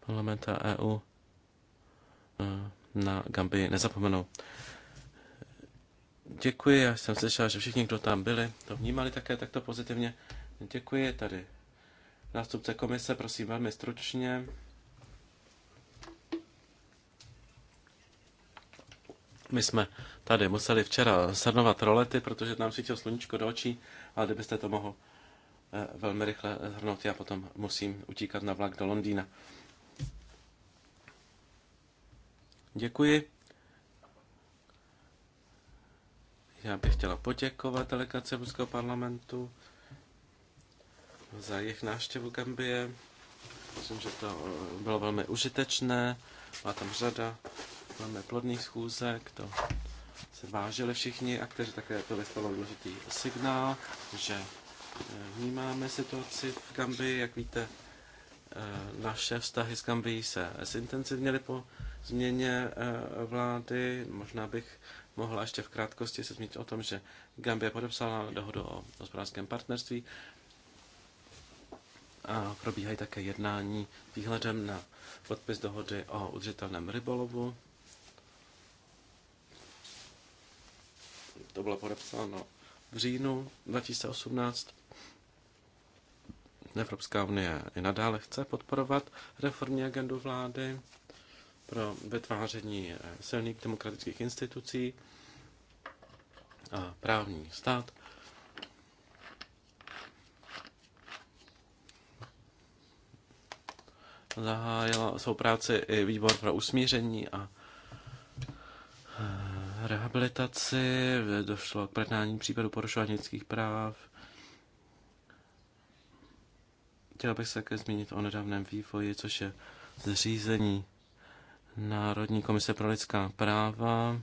parlamenta EU eh, na Gambii nezapomenou. Děkuji, já jsem slyšel, že všichni, kdo tam byli, to vnímali také takto pozitivně. Děkuji, tady nástupce komise, prosím velmi stručně. My jsme tady museli včera srnovat rolety, protože nám svítilo sluníčko do očí, ale kdybyste to mohl eh, velmi rychle zhrnout, já potom musím utíkat na vlak do Londýna. Děkuji. Já bych chtěla poděkovat delegaci Evropského parlamentu za jejich návštěvu Gambie. Myslím, že to eh, bylo velmi užitečné. Má tam řada velmi plodných schůzek. To se vážili všichni a kteří také to vyslalo důležitý signál, že eh, vnímáme situaci v Gambii. Jak víte, eh, naše vztahy s Gambií se zintenzivněly po změně vlády. Možná bych mohla ještě v krátkosti se zmínit o tom, že Gambia podepsala dohodu o hospodářském partnerství a probíhají také jednání výhledem na podpis dohody o udržitelném rybolovu. To bylo podepsáno v říjnu 2018. Evropská unie i nadále chce podporovat reformní agendu vlády pro vytváření eh, silných demokratických institucí a právní stát. Zahájila svou práci i výbor pro usmíření a eh, rehabilitaci, došlo k prednání případu porušování lidských práv. Chtěla bych se také zmínit o nedávném vývoji, což je zřízení Národní komise pro lidská práva.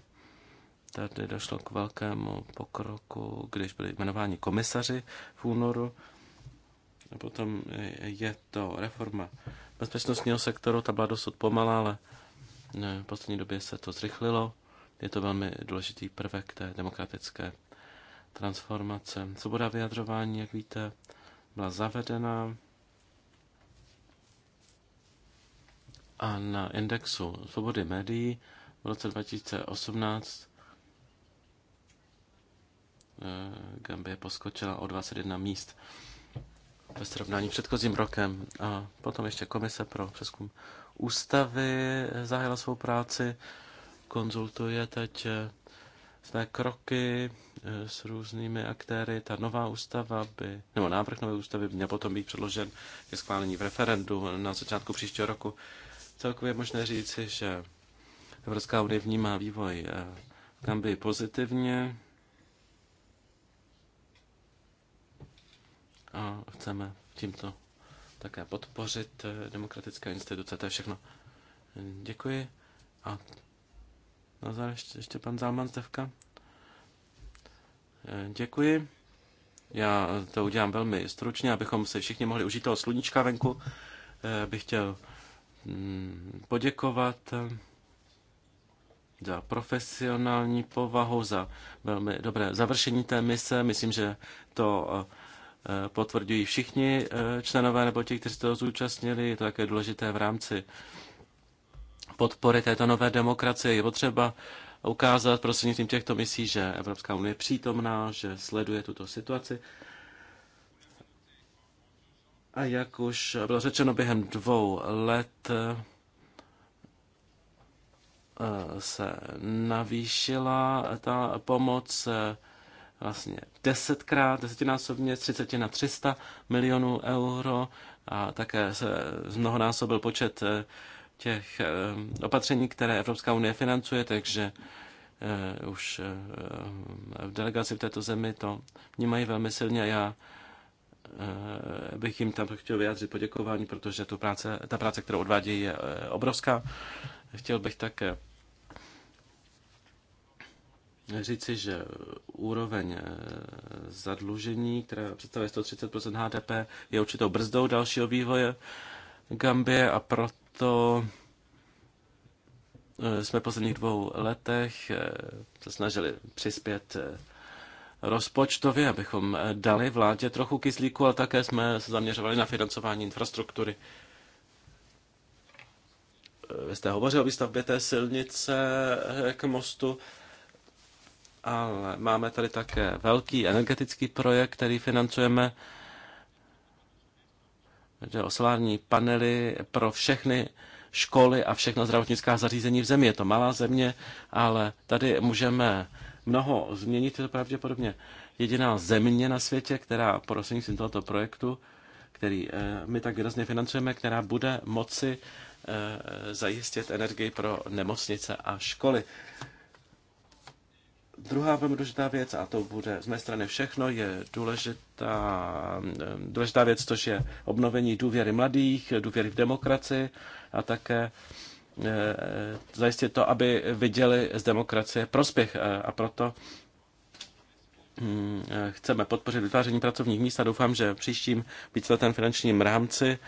Tady došlo k velkému pokroku, když byli jmenováni komisaři v únoru. A potom je to reforma bezpečnostního sektoru, ta byla dosud pomalá, ale eh, v poslední době se to zrychlilo. Je to velmi důležitý prvek té demokratické transformace. Svoboda vyjadřování, jak víte, byla zavedena a na indexu svobody médií v roce 2018 eh, Gambie poskočila o 21 míst ve srovnání předchozím rokem. A potom ještě Komise pro přeskum ústavy eh, zahájila svou práci, konzultuje teď eh, své kroky s různými aktéry. Ta nová ústava by, nebo návrh nové ústavy by měl potom být předložen ke schválení v referendu na začátku příštího roku. Celkově je možné říci, že Evropská unie vnímá vývoj eh, v Gambii pozitivně a chceme tímto také podpořit eh, demokratické instituce. To je všechno. Děkuji. A na závěr ještě, ještě pan Zalman Zdevka. Eh, děkuji. Já to udělám velmi stručně, abychom se všichni mohli užít toho sluníčka venku. Bych chtěl Hmm, poděkovat eh, za profesionální povahu, za velmi dobré završení té mise. Myslím, že to eh, eh, potvrdují všichni členové nebo ti, kteří to zúčastnili. Je to také důležité v rámci podpory této nové demokracie. Je potřeba ukázat prostřednictvím těchto misí, že Evropská unie je přítomná, že sleduje tuto situaci a jak už bylo řečeno během dvou let, eh, se navýšila ta pomoc eh, vlastně desetkrát, desetinásobně, 30 na 300 milionů euro a také se zmnohonásobil počet eh, těch opatření, které Evropská unie financuje, takže už v delegaci v této zemi to vnímají velmi silně. Já Eh, bych jim tam chtěl vyjádřit poděkování, protože tu práce, ta práce, kterou odvádějí, je eh, obrovská. Chtěl bych také říci, že úroveň eh, zadlužení, která představuje 130 HDP, je určitou brzdou dalšího vývoje Gambie a proto jsme v posledních dvou letech se snažili přispět rozpočtově, abychom eh, dali vládě trochu kyslíku, ale také jsme se zaměřovali na financování infrastruktury. Eh, vy jste hovořil o výstavbě té silnice eh, k mostu, ale máme tady také velký energetický projekt, který financujeme. že o solární panely pro všechny školy a všechna zdravotnická zařízení v zemi. Je to malá země, ale tady můžeme mnoho změnit. Je to pravděpodobně jediná země na světě, která prostřednictvím tohoto projektu, který eh, my tak výrazně financujeme, která bude moci eh, zajistit energii pro nemocnice a školy. Druhá velmi důležitá věc, a to bude z mé strany všechno, je důležitá, eh, důležitá věc, což je obnovení důvěry mladých, důvěry v demokracii a také Eh, zajistit to, aby viděli z demokracie prospěch eh, a proto hm, eh, chceme podpořit vytváření pracovních míst a doufám, že v příštím víceletém finančním rámci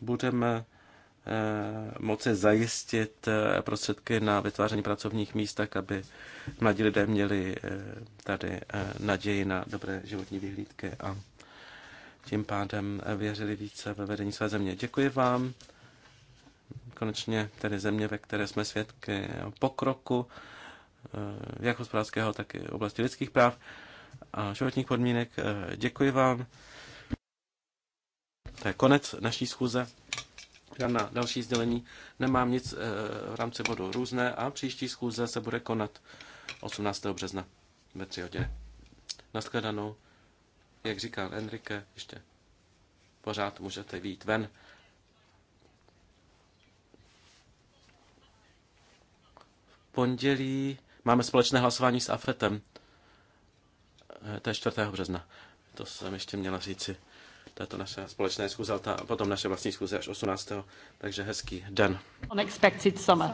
budeme moci zajistit prostředky na vytváření pracovních míst, tak aby mladí lidé měli tady naději na dobré životní vyhlídky a tím pádem eh, věřili více ve vedení své země. Děkuji vám. Konečně tedy země, ve které jsme svědky pokroku, eh, jak hospodářského, tak i oblasti lidských práv a životních podmínek. Eh, děkuji vám. To je konec naší schůze. Já na další sdělení nemám nic v rámci bodu různé a příští schůze se bude konat 18. března ve 3 hodiny. Naschledanou. Jak říkal Enrique, ještě pořád můžete výjít ven. V pondělí máme společné hlasování s AFETem. Eh, to je 4. března. To jsem ještě měla říci. To je to naše společné schůze, a potom naše vlastní schůze až 18. Takže hezký den. Unexpected summer.